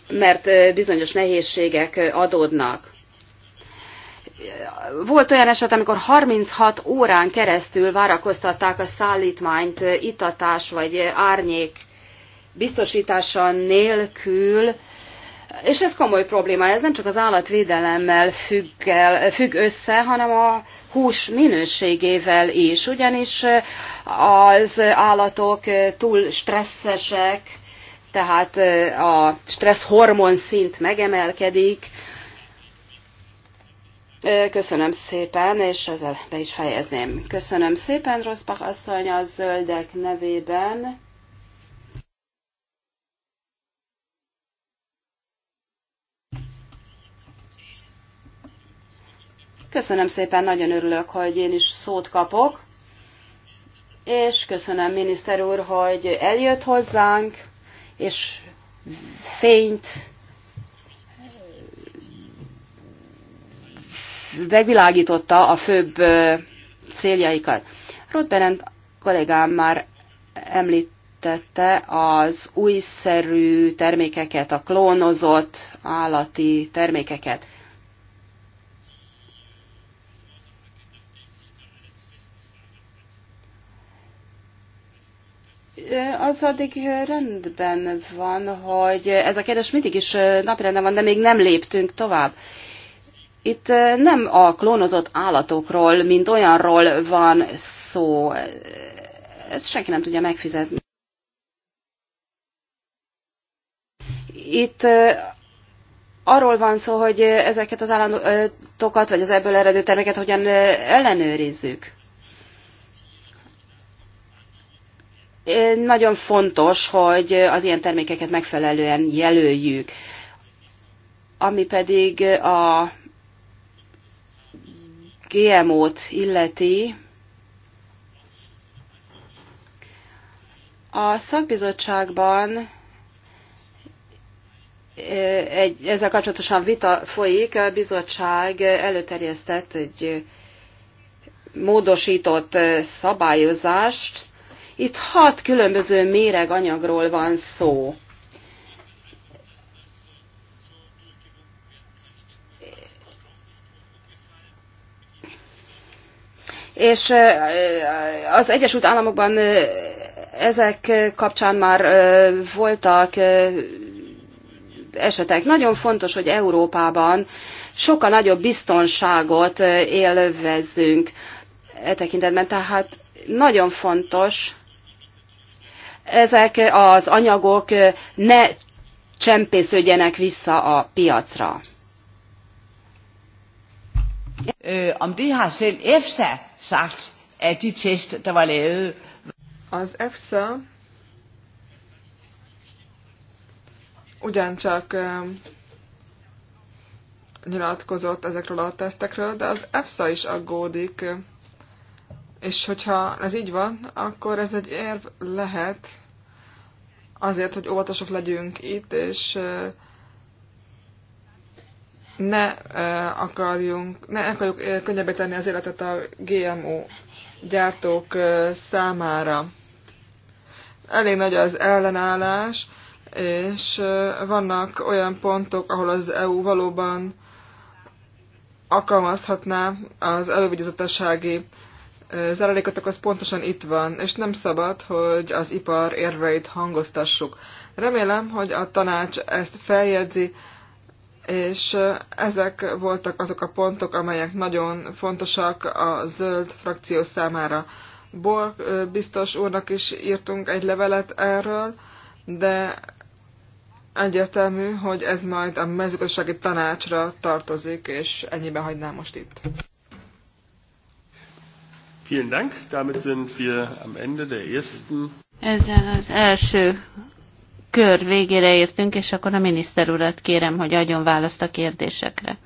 mert bizonyos nehézségek adódnak. Volt olyan eset, amikor 36 órán keresztül várakoztatták a szállítmányt itatás vagy árnyék biztosítása nélkül, és ez komoly probléma, ez nem csak az állatvédelemmel függ, el, függ össze, hanem a hús minőségével is, ugyanis az állatok túl stresszesek, tehát a stressz hormon szint megemelkedik. Köszönöm szépen, és ezzel be is fejezném. Köszönöm szépen, Rosszbach asszony, a zöldek nevében. Köszönöm szépen, nagyon örülök, hogy én is szót kapok, és köszönöm miniszter úr, hogy eljött hozzánk, és fényt megvilágította a főbb céljaikat. Ruth Berend kollégám már említette az újszerű termékeket, a klónozott állati termékeket. az addig rendben van, hogy ez a kérdés mindig is napirenden van, de még nem léptünk tovább. Itt nem a klónozott állatokról, mint olyanról van szó. Ezt senki nem tudja megfizetni. Itt arról van szó, hogy ezeket az állatokat, vagy az ebből eredő terméket hogyan ellenőrizzük. nagyon fontos, hogy az ilyen termékeket megfelelően jelöljük. Ami pedig a GMO-t illeti, a szakbizottságban e, egy, ezzel kapcsolatosan vita folyik, a bizottság előterjesztett egy módosított szabályozást, itt hat különböző méreganyagról van szó. És az Egyesült Államokban ezek kapcsán már voltak esetek. Nagyon fontos, hogy Európában sokkal nagyobb biztonságot élvezzünk e tekintetben. Tehát nagyon fontos, ezek az anyagok ne csempésződjenek vissza a piacra. Om det har selv EFSA sagt, at de test, der var lavet... Az EFSA ugyancsak nyilatkozott ezekről a tesztekről, de az EFSA is aggódik és hogyha ez így van, akkor ez egy érv lehet azért, hogy óvatosak legyünk itt, és ne akarjunk, ne akarjuk könnyebbé tenni az életet a GMO gyártók számára. Elég nagy az ellenállás, és vannak olyan pontok, ahol az EU valóban alkalmazhatná az elővigyazatossági zárulékot, akkor az pontosan itt van, és nem szabad, hogy az ipar érveit hangoztassuk. Remélem, hogy a tanács ezt feljegyzi, és ezek voltak azok a pontok, amelyek nagyon fontosak a zöld frakció számára. Borg biztos úrnak is írtunk egy levelet erről, de egyértelmű, hogy ez majd a mezőgazdasági tanácsra tartozik, és ennyiben hagynám most itt. Vielen Dank. Damit sind wir am Ende der ersten. Ezzel az első kör végére értünk, és akkor a miniszter urat kérem, hogy adjon választ a kérdésekre.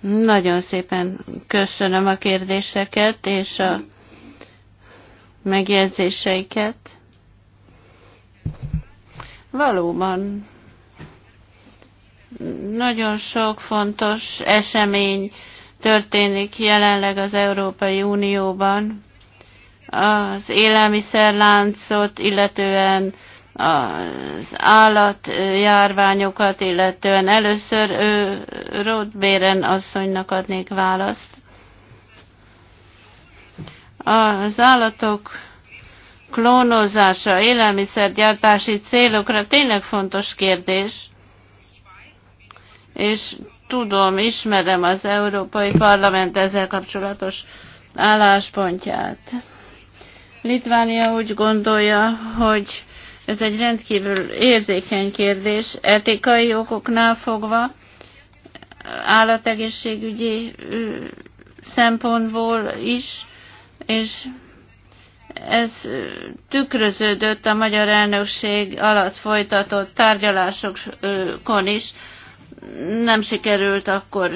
Nagyon szépen köszönöm a kérdéseket és a megjegyzéseiket. Valóban nagyon sok fontos esemény történik jelenleg az Európai Unióban. Az élelmiszerláncot, illetően az állatjárványokat, illetően először ő Rothbéren asszonynak adnék választ. Az állatok klónozása élelmiszergyártási célokra tényleg fontos kérdés és tudom, ismerem az Európai Parlament ezzel kapcsolatos álláspontját. Litvánia úgy gondolja, hogy ez egy rendkívül érzékeny kérdés, etikai okoknál fogva, állategészségügyi szempontból is, és ez tükröződött a magyar elnökség alatt folytatott tárgyalásokon is, nem sikerült akkor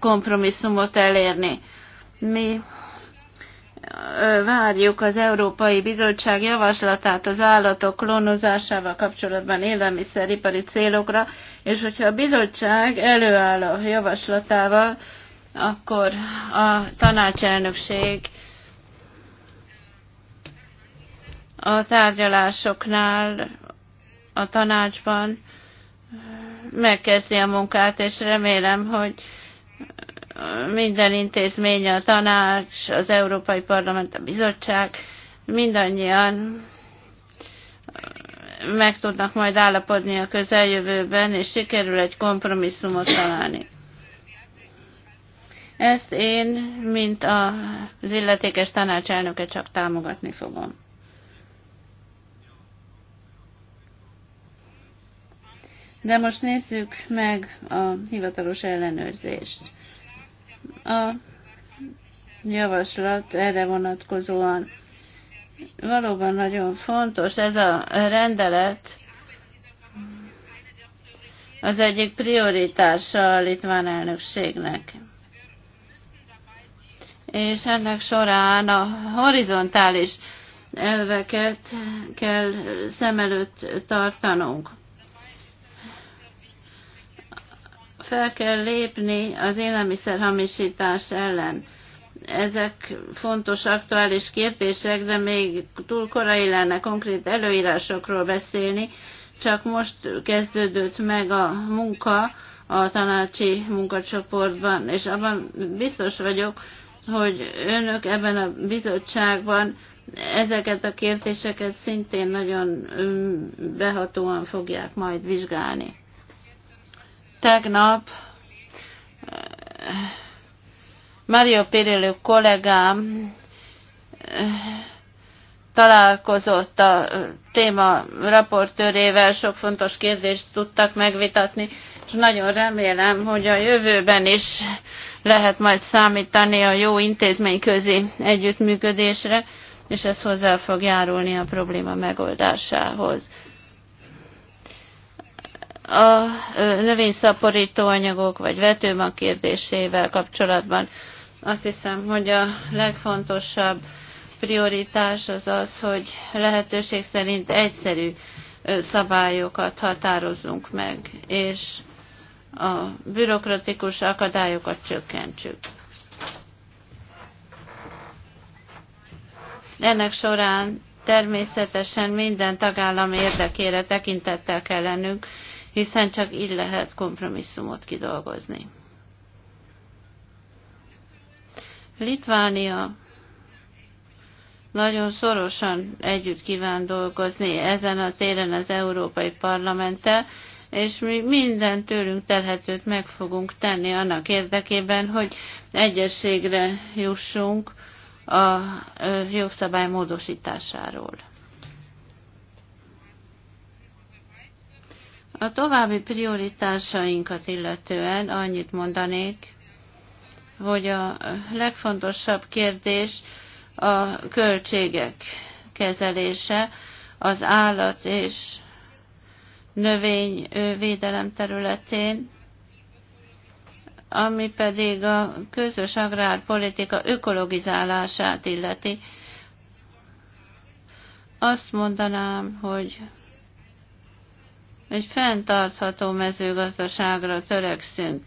kompromisszumot elérni. Mi várjuk az Európai Bizottság javaslatát az állatok klónozásával kapcsolatban élelmiszeripari célokra, és hogyha a bizottság előáll a javaslatával, akkor a tanácselnökség a tárgyalásoknál a tanácsban megkezdi a munkát, és remélem, hogy minden intézmény, a tanács, az Európai Parlament, a bizottság, mindannyian meg tudnak majd állapodni a közeljövőben, és sikerül egy kompromisszumot találni. Ezt én, mint az illetékes tanácselnöke csak támogatni fogom. De most nézzük meg a hivatalos ellenőrzést. A javaslat erre vonatkozóan valóban nagyon fontos. Ez a rendelet az egyik prioritása a litván elnökségnek. És ennek során a horizontális elveket kell szem előtt tartanunk. fel kell lépni az élelmiszerhamisítás ellen. Ezek fontos, aktuális kérdések, de még túl korai lenne konkrét előírásokról beszélni, csak most kezdődött meg a munka a tanácsi munkacsoportban, és abban biztos vagyok, hogy önök ebben a bizottságban ezeket a kérdéseket szintén nagyon behatóan fogják majd vizsgálni. Tegnap eh, Mario Pirillo kollégám eh, találkozott a téma raportőrével, sok fontos kérdést tudtak megvitatni, és nagyon remélem, hogy a jövőben is lehet majd számítani a jó intézményközi együttműködésre, és ez hozzá fog járulni a probléma megoldásához a növényszaporító anyagok vagy vetőmag kérdésével kapcsolatban azt hiszem, hogy a legfontosabb prioritás az az, hogy lehetőség szerint egyszerű szabályokat határozzunk meg, és a bürokratikus akadályokat csökkentsük. Ennek során természetesen minden tagállam érdekére tekintettel kell lennünk, hiszen csak így lehet kompromisszumot kidolgozni. Litvánia nagyon szorosan együtt kíván dolgozni ezen a téren az Európai Parlamenttel, és mi minden tőlünk telhetőt meg fogunk tenni annak érdekében, hogy egyességre jussunk a jogszabály módosításáról. A további prioritásainkat illetően annyit mondanék, hogy a legfontosabb kérdés a költségek kezelése az állat és növényvédelem területén, ami pedig a közös agrárpolitika ökologizálását illeti. Azt mondanám, hogy egy fenntartható mezőgazdaságra törekszünk.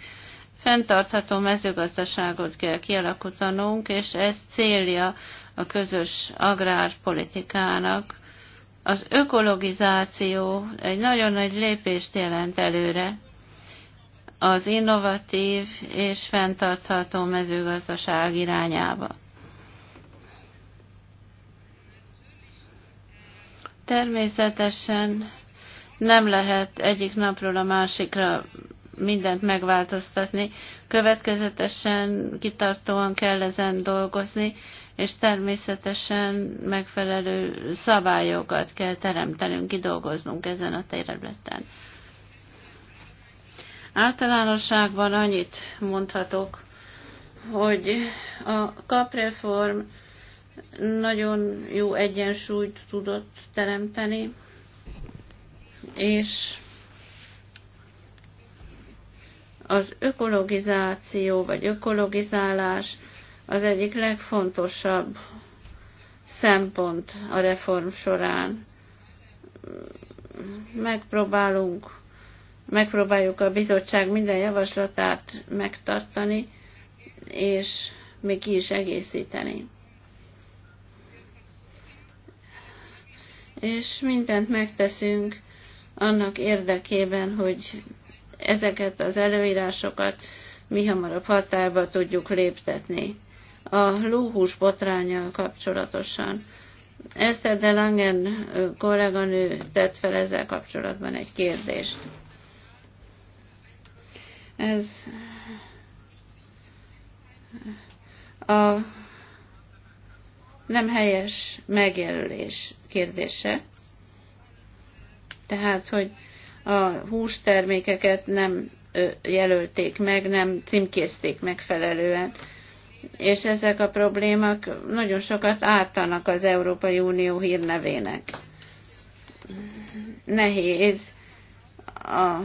Fenntartható mezőgazdaságot kell kialakítanunk, és ez célja a közös agrárpolitikának. Az ökologizáció egy nagyon nagy lépést jelent előre az innovatív és fenntartható mezőgazdaság irányába. Természetesen nem lehet egyik napról a másikra mindent megváltoztatni. Következetesen, kitartóan kell ezen dolgozni, és természetesen megfelelő szabályokat kell teremtenünk, kidolgoznunk ezen a területen. Általánosságban annyit mondhatok, hogy a kapreform nagyon jó egyensúlyt tudott teremteni, és az ökologizáció vagy ökologizálás az egyik legfontosabb szempont a reform során. Megpróbálunk, megpróbáljuk a bizottság minden javaslatát megtartani, és még ki is egészíteni. És mindent megteszünk annak érdekében, hogy ezeket az előírásokat mi hamarabb hatályba tudjuk léptetni. A lóhús botrányjal kapcsolatosan. Eszter de Langen kolléganő tett fel ezzel kapcsolatban egy kérdést. Ez a nem helyes megjelölés kérdése. Tehát, hogy a hústermékeket nem jelölték meg, nem címkézték megfelelően. És ezek a problémák nagyon sokat ártanak az Európai Unió hírnevének. Nehéz a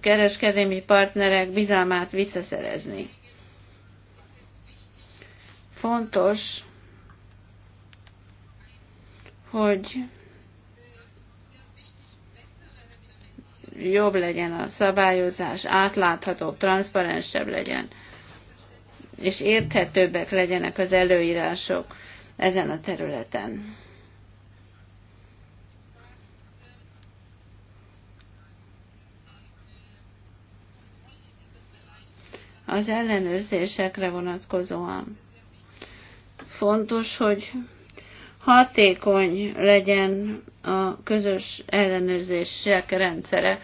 kereskedelmi partnerek bizalmát visszaszerezni. Fontos, hogy jobb legyen a szabályozás, átláthatóbb, transzparensebb legyen, és érthetőbbek legyenek az előírások ezen a területen. Az ellenőrzésekre vonatkozóan fontos, hogy hatékony legyen a közös ellenőrzések rendszere.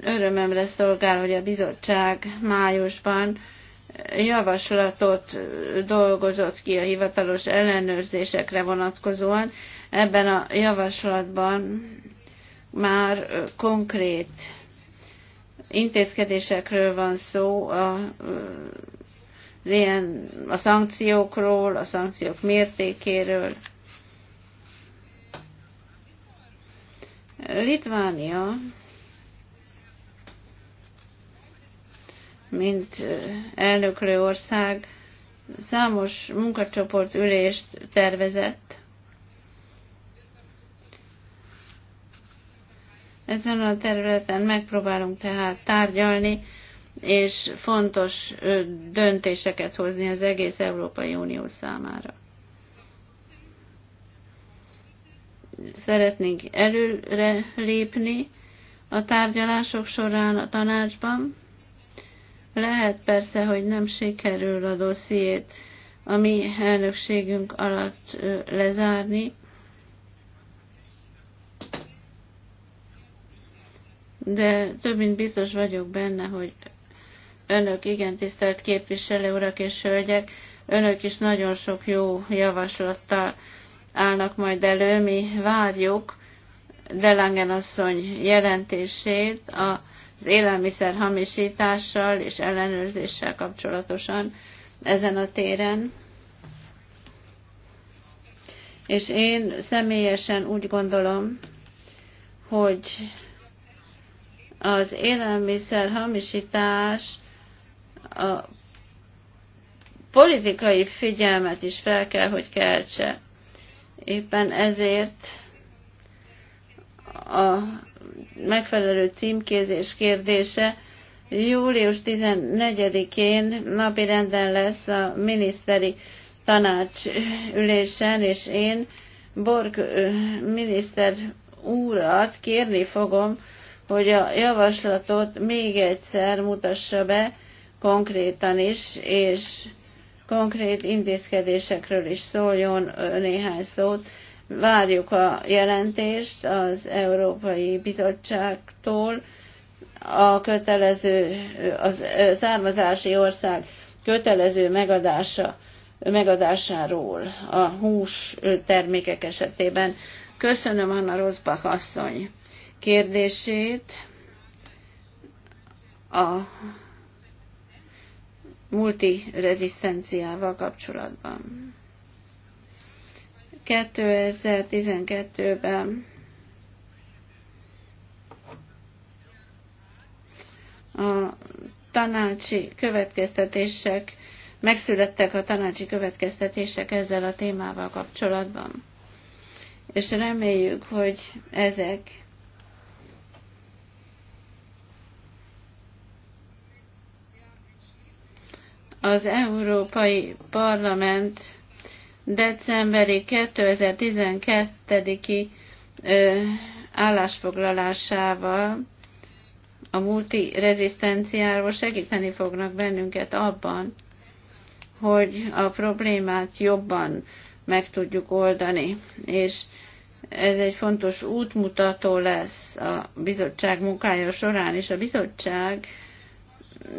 Örömemre szolgál, hogy a bizottság májusban javaslatot dolgozott ki a hivatalos ellenőrzésekre vonatkozóan. Ebben a javaslatban már konkrét intézkedésekről van szó, a, az ilyen, a szankciókról, a szankciók mértékéről, Litvánia, mint elnöklő ország, számos munkacsoport ülést tervezett. Ezen a területen megpróbálunk tehát tárgyalni, és fontos döntéseket hozni az egész Európai Unió számára. szeretnénk előre lépni a tárgyalások során a tanácsban. Lehet persze, hogy nem sikerül a dossziét a mi elnökségünk alatt lezárni, de több mint biztos vagyok benne, hogy önök, igen tisztelt képviselő urak és hölgyek, önök is nagyon sok jó javaslattal állnak majd elő, mi várjuk Delangen asszony jelentését az élelmiszer hamisítással és ellenőrzéssel kapcsolatosan ezen a téren. És én személyesen úgy gondolom, hogy az élelmiszer hamisítás a politikai figyelmet is fel kell, hogy keltse. Éppen ezért a megfelelő címkézés kérdése július 14-én napirenden lesz a miniszteri tanács ülésen, és én Borg miniszter úrat kérni fogom, hogy a javaslatot még egyszer mutassa be konkrétan is, és konkrét intézkedésekről is szóljon néhány szót. Várjuk a jelentést az Európai Bizottságtól, a kötelező, az származási ország kötelező megadása, megadásáról a hús termékek esetében. Köszönöm Anna Rosbach asszony kérdését. A multirezisztenciával kapcsolatban. 2012-ben a tanácsi következtetések, megszülettek a tanácsi következtetések ezzel a témával kapcsolatban. És reméljük, hogy ezek Az Európai Parlament decemberi 2012-i állásfoglalásával a multirezisztenciáról segíteni fognak bennünket abban, hogy a problémát jobban meg tudjuk oldani, és ez egy fontos útmutató lesz a bizottság munkája során, és a bizottság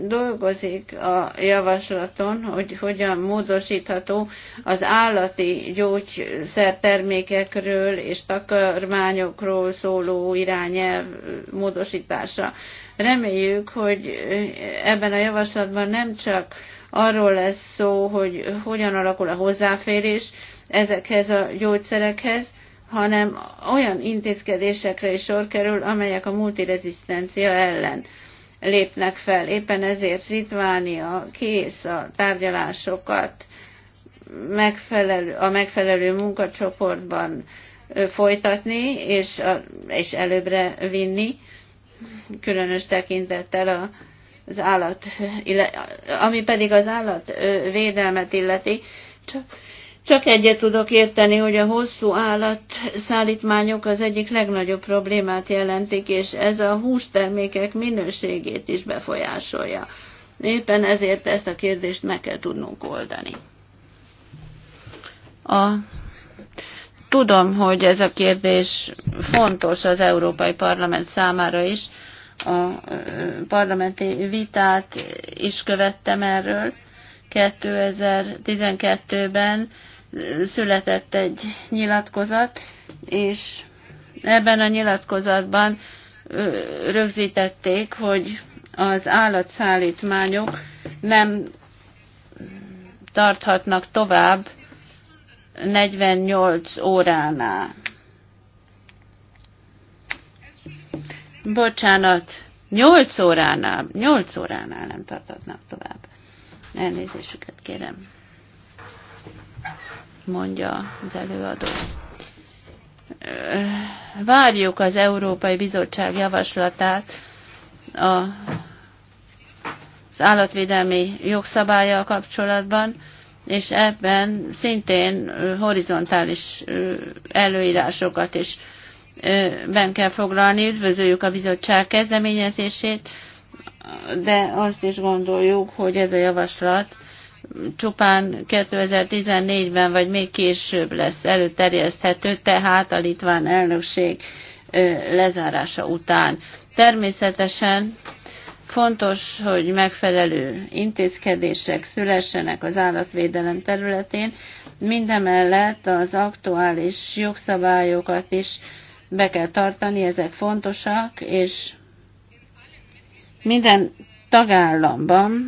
dolgozik a javaslaton, hogy hogyan módosítható az állati gyógyszertermékekről és takarmányokról szóló irányelv módosítása. Reméljük, hogy ebben a javaslatban nem csak arról lesz szó, hogy hogyan alakul a hozzáférés ezekhez a gyógyszerekhez, hanem olyan intézkedésekre is sor kerül, amelyek a multirezisztencia ellen lépnek fel. Éppen ezért Litvánia kész a tárgyalásokat megfelelő, a megfelelő munkacsoportban folytatni és, a, és előbbre vinni, különös tekintettel a, az állat, ami pedig az állatvédelmet illeti, csak csak egyet tudok érteni, hogy a hosszú állatszállítmányok az egyik legnagyobb problémát jelentik, és ez a hústermékek minőségét is befolyásolja. Éppen ezért ezt a kérdést meg kell tudnunk oldani. A tudom, hogy ez a kérdés fontos az Európai Parlament számára is. A parlamenti vitát is követtem erről 2012-ben, született egy nyilatkozat, és ebben a nyilatkozatban rögzítették, hogy az állatszállítmányok nem tarthatnak tovább 48 óránál. Bocsánat, 8 óránál, 8 óránál nem tarthatnak tovább. Elnézésüket kérem mondja az előadó. Várjuk az Európai Bizottság javaslatát a, az állatvédelmi jogszabálya kapcsolatban, és ebben szintén horizontális előírásokat is ben kell foglalni. Üdvözöljük a bizottság kezdeményezését, de azt is gondoljuk, hogy ez a javaslat csupán 2014-ben vagy még később lesz előterjeszthető, tehát a litván elnökség lezárása után. Természetesen fontos, hogy megfelelő intézkedések szülessenek az állatvédelem területén, mindemellett az aktuális jogszabályokat is be kell tartani, ezek fontosak, és minden tagállamban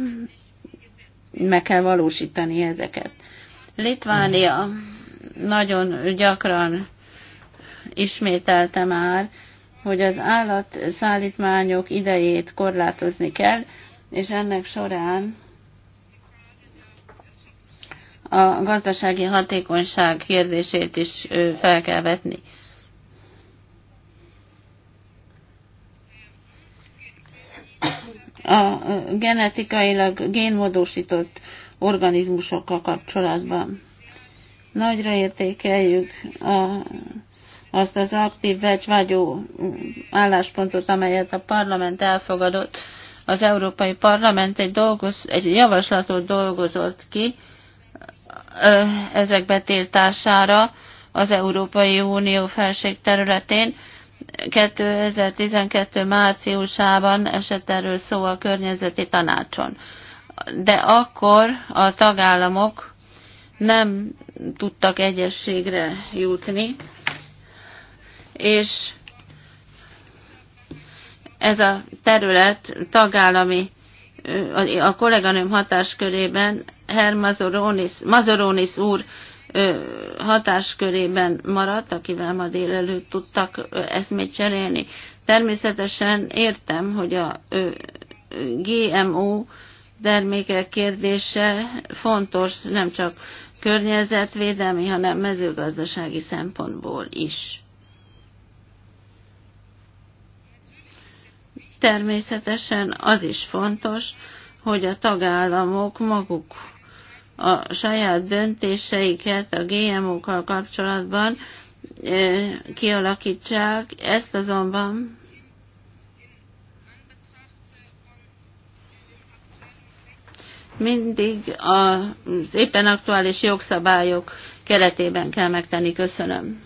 meg kell valósítani ezeket. Litvánia nagyon gyakran ismételte már, hogy az állatszállítmányok idejét korlátozni kell, és ennek során a gazdasági hatékonyság kérdését is fel kell vetni. a genetikailag génmódosított organizmusokkal kapcsolatban. Nagyra értékeljük a, azt az aktív becsvágyó álláspontot, amelyet a parlament elfogadott. Az Európai Parlament egy, dolgoz, egy javaslatot dolgozott ki ezek betiltására az Európai Unió felség területén, 2012. márciusában esett erről szó a környezeti tanácson. De akkor a tagállamok nem tudtak egyességre jutni, és ez a terület tagállami, a kolléganőm hatáskörében Herr Mazoronis, Mazoronis úr hatáskörében maradt, akivel ma délelőtt tudtak eszmét cserélni. Természetesen értem, hogy a GMO termékek kérdése fontos nem csak környezetvédelmi, hanem mezőgazdasági szempontból is. Természetesen az is fontos, hogy a tagállamok maguk a saját döntéseiket a GMO-kkal kapcsolatban kialakítsák, ezt azonban mindig az éppen aktuális jogszabályok keretében kell megtenni. Köszönöm.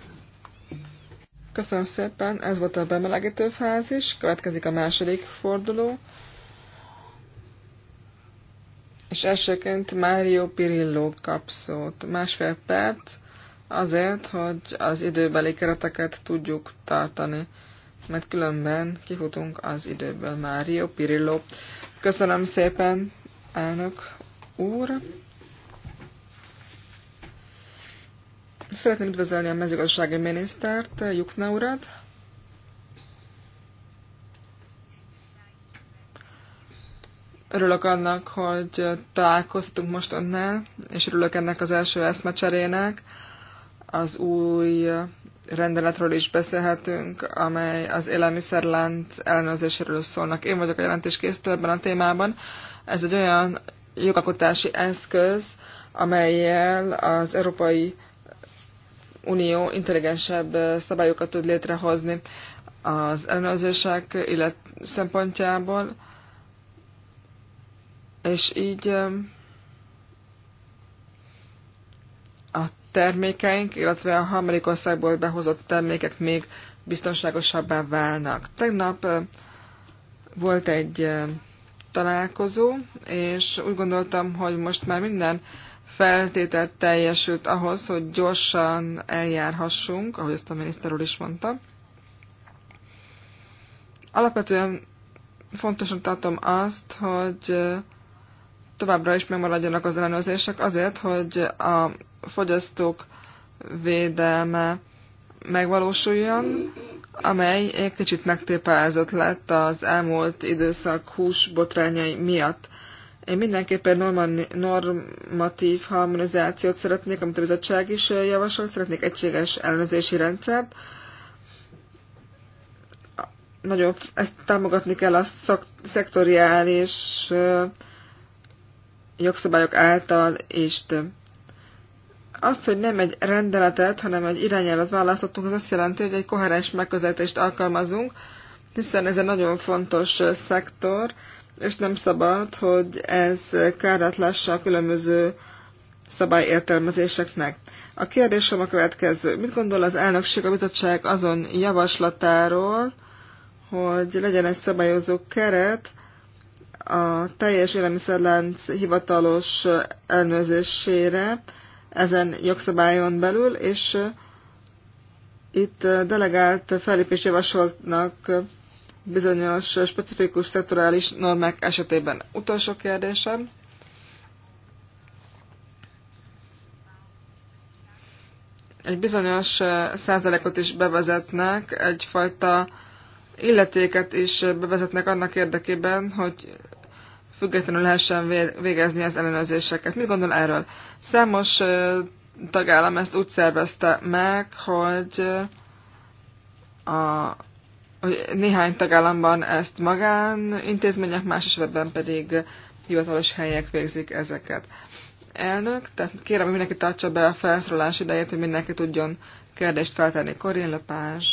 Köszönöm szépen, ez volt a bemelegítő fázis, következik a második forduló. És elsőként Mário Pirillo kap szót. Másfél perc azért, hogy az időbeli kereteket tudjuk tartani, mert különben kifutunk az időből. Mário Pirillo. Köszönöm szépen, elnök úr. Szeretném üdvözölni a mezőgazdasági minisztert, Jukna urat. Örülök annak, hogy találkoztunk most önnel, és örülök ennek az első eszmecserének. Az új rendeletről is beszélhetünk, amely az élelmiszerlánc ellenőrzéséről szólnak. Én vagyok a jelentéskészítő ebben a témában. Ez egy olyan jogalkotási eszköz, amelyel az Európai Unió intelligensebb szabályokat tud létrehozni az ellenőrzések illet szempontjából és így a termékeink, illetve a harmadik országból behozott termékek még biztonságosabbá válnak. Tegnap volt egy találkozó, és úgy gondoltam, hogy most már minden feltételt teljesült ahhoz, hogy gyorsan eljárhassunk, ahogy azt a miniszter úr is mondta. Alapvetően fontosan tartom azt, hogy továbbra is megmaradjanak az ellenőrzések azért, hogy a fogyasztók védelme megvalósuljon, amely egy kicsit megtépázott lett az elmúlt időszak hús botrányai miatt. Én mindenképpen normatív harmonizációt szeretnék, amit a bizottság is javasolt, szeretnék egységes ellenőrzési rendszert. Nagyon ezt támogatni kell a szak, szektoriális jogszabályok által és azt, hogy nem egy rendeletet, hanem egy irányelvet választottunk, az azt jelenti, hogy egy koherens megközelítést alkalmazunk, hiszen ez egy nagyon fontos szektor, és nem szabad, hogy ez kárát lássa a különböző szabályértelmezéseknek. A kérdésem a következő. Mit gondol az elnökség a bizottság azon javaslatáról, hogy legyen egy szabályozó keret, a teljes élelmiszerlánc hivatalos elnőzésére ezen jogszabályon belül, és uh, itt uh, delegált fellépés javasoltnak bizonyos specifikus szektorális normák esetében. Utolsó kérdésem. Egy bizonyos uh, százalékot is bevezetnek, egyfajta illetéket is bevezetnek annak érdekében, hogy függetlenül lehessen végezni az ellenőrzéseket. Mit gondol erről? Számos tagállam ezt úgy szervezte meg, hogy, a, hogy néhány tagállamban ezt magán intézmények, más esetben pedig hivatalos helyek végzik ezeket. Elnök, tehát kérem, hogy mindenki tartsa be a felszólalás idejét, hogy mindenki tudjon kérdést feltenni. Korin Lepázs.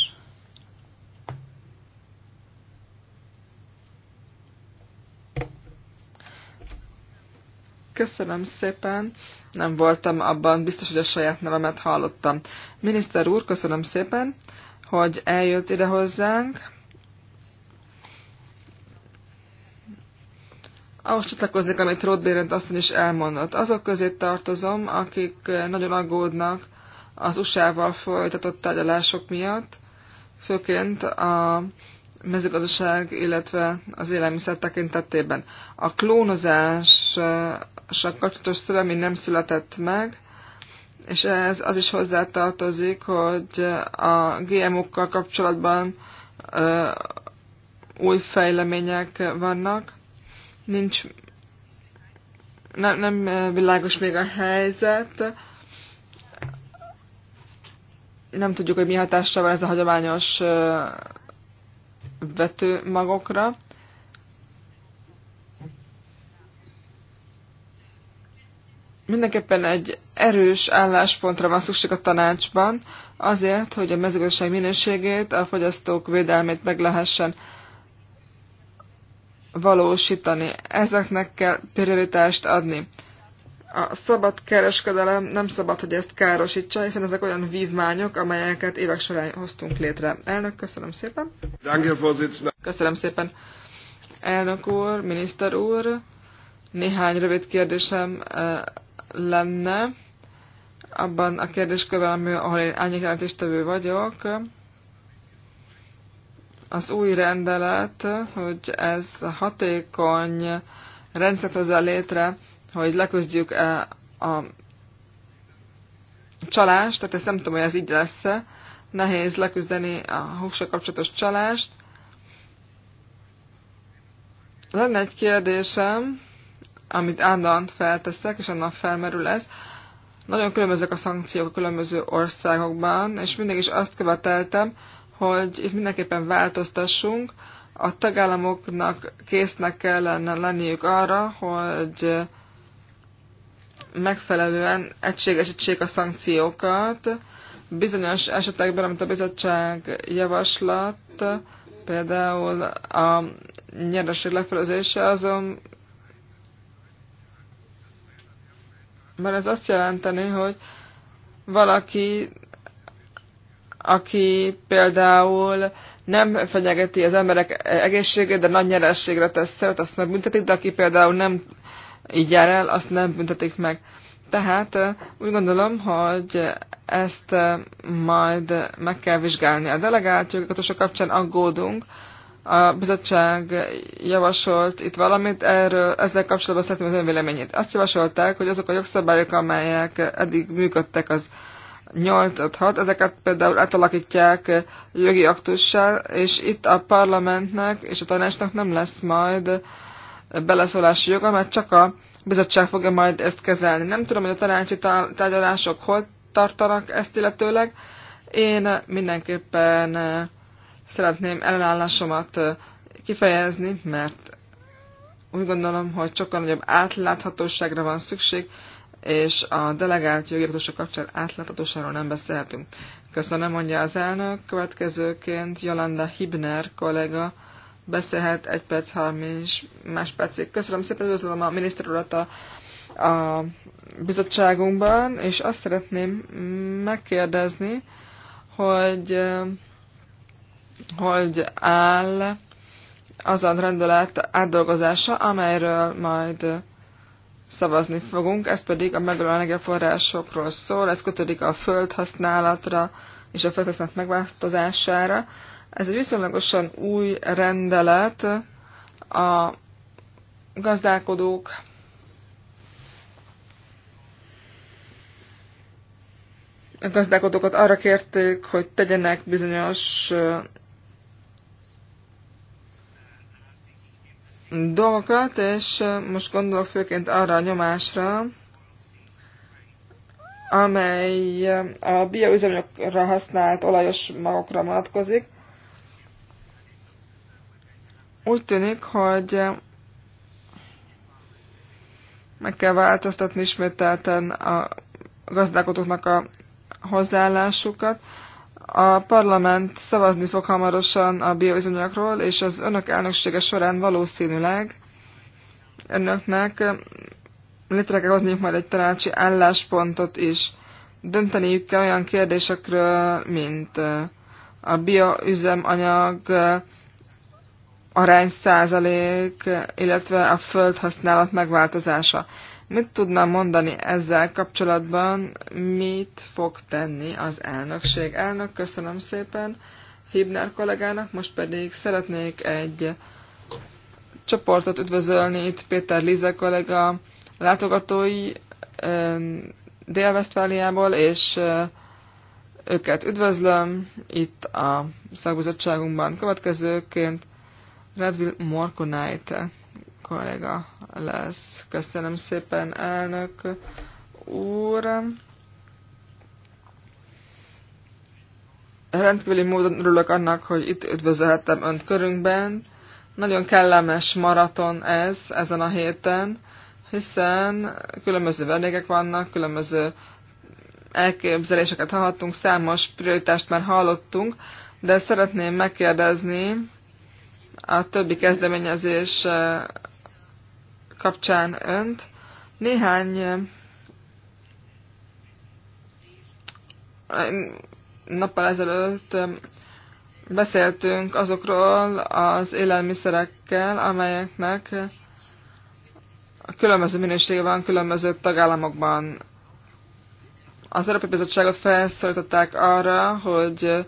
Köszönöm szépen. Nem voltam abban biztos, hogy a saját nevemet hallottam. Miniszter úr, köszönöm szépen, hogy eljött ide hozzánk. Ahhoz csatlakoznék, amit Rodbérent Bérend is elmondott. Azok közé tartozom, akik nagyon aggódnak az USA-val folytatott tárgyalások miatt, főként a mezőgazdaság, illetve az élelmiszer tekintetében. A a kapcsolatos szöveg még nem született meg, és ez az is hozzátartozik, hogy a GMO-kkal kapcsolatban ö, új fejlemények vannak. Nincs, nem, nem világos még a helyzet. Nem tudjuk, hogy mi hatással van ez a hagyományos vetőmagokra. Mindenképpen egy erős álláspontra van szükség a tanácsban, azért, hogy a mezőgazdaság minőségét, a fogyasztók védelmét meg lehessen valósítani. Ezeknek kell prioritást adni. A szabad kereskedelem nem szabad, hogy ezt károsítsa, hiszen ezek olyan vívmányok, amelyeket évek során hoztunk létre. Elnök, köszönöm szépen. Köszönöm szépen. Elnök úr, miniszter úr, néhány rövid kérdésem eh, lenne abban a kérdéskörben, ahol én árnyékjelentéstevő vagyok, az új rendelet, hogy ez hatékony rendszert hozzá létre hogy leküzdjük -e a csalást, tehát ezt nem tudom, hogy ez így lesz-e, nehéz leküzdeni a húsa kapcsolatos csalást. Lenne egy kérdésem, amit állandóan felteszek, és annak felmerül ez. Nagyon különbözők a szankciók a különböző országokban, és mindig is azt követeltem, hogy itt mindenképpen változtassunk. A tagállamoknak késznek kellene lenniük arra, hogy megfelelően egységesítsék a szankciókat. Bizonyos esetekben, amit a bizottság javaslat, például a nyereség lefelezése, azon mert ez azt jelenteni, hogy valaki, aki például nem fenyegeti az emberek egészségét, de nagy nyerességre tesz szert, azt megbüntetik, de aki például nem így jár el, azt nem büntetik meg. Tehát úgy gondolom, hogy ezt majd meg kell vizsgálni. A delegált jogokatosa kapcsán aggódunk. A bizottság javasolt itt valamit, erről ezzel kapcsolatban szeretném az önvéleményét. Azt javasolták, hogy azok a jogszabályok, amelyek eddig működtek, az 8-6, ezeket például átalakítják jogi aktussal, és itt a parlamentnek és a tanácsnak nem lesz majd beleszólási joga, mert csak a bizottság fogja majd ezt kezelni. Nem tudom, hogy a tanácsi tárgyalások hol tartanak ezt illetőleg. Én mindenképpen szeretném ellenállásomat kifejezni, mert úgy gondolom, hogy sokkal nagyobb átláthatóságra van szükség, és a delegált jogirtosok kapcsán átláthatóságról nem beszélhetünk. Köszönöm, mondja az elnök. Következőként Jolanda Hibner kollega beszélhet egy perc, 30 máspercig. Köszönöm szépen, üdvözlöm a miniszter urat a, a bizottságunkban, és azt szeretném megkérdezni, hogy hogy áll az a rendelet átdolgozása, amelyről majd szavazni fogunk, ez pedig a megújuló energiaforrásokról szól, ez kötődik a földhasználatra és a földhasználat megváltozására, ez egy viszonylagosan új rendelet. A gazdálkodók a gazdálkodókat arra kérték, hogy tegyenek bizonyos dolgokat, és most gondolok főként arra a nyomásra, amely a bioüzemanyagokra használt olajos magokra vonatkozik. Úgy tűnik, hogy meg kell változtatni ismételten a gazdálkodóknak a hozzáállásukat. A parlament szavazni fog hamarosan a bioüzemanyagról, és az önök elnöksége során valószínűleg önöknek létre kell hozniuk majd egy tanácsi álláspontot is. Dönteniük kell olyan kérdésekről, mint a bioüzemanyag arány százalék, illetve a földhasználat megváltozása. Mit tudna mondani ezzel kapcsolatban, mit fog tenni az elnökség? Elnök, köszönöm szépen Hibner kollégának, most pedig szeretnék egy csoportot üdvözölni, itt Péter Lize kollega látogatói Dél-Vesztfáliából, és őket üdvözlöm itt a szakbizottságunkban következőként. Redville Morkonájte kollega lesz. Köszönöm szépen, elnök úr. Rendkívüli módon örülök annak, hogy itt üdvözölhettem önt körünkben. Nagyon kellemes maraton ez ezen a héten, hiszen különböző vendégek vannak, különböző elképzeléseket hallhattunk, számos prioritást már hallottunk, de szeretném megkérdezni, a többi kezdeményezés eh, kapcsán önt. Néhány eh, nappal ezelőtt eh, beszéltünk azokról az élelmiszerekkel, amelyeknek különböző minősége van különböző tagállamokban. Az Európai Bizottságot felszólították arra, hogy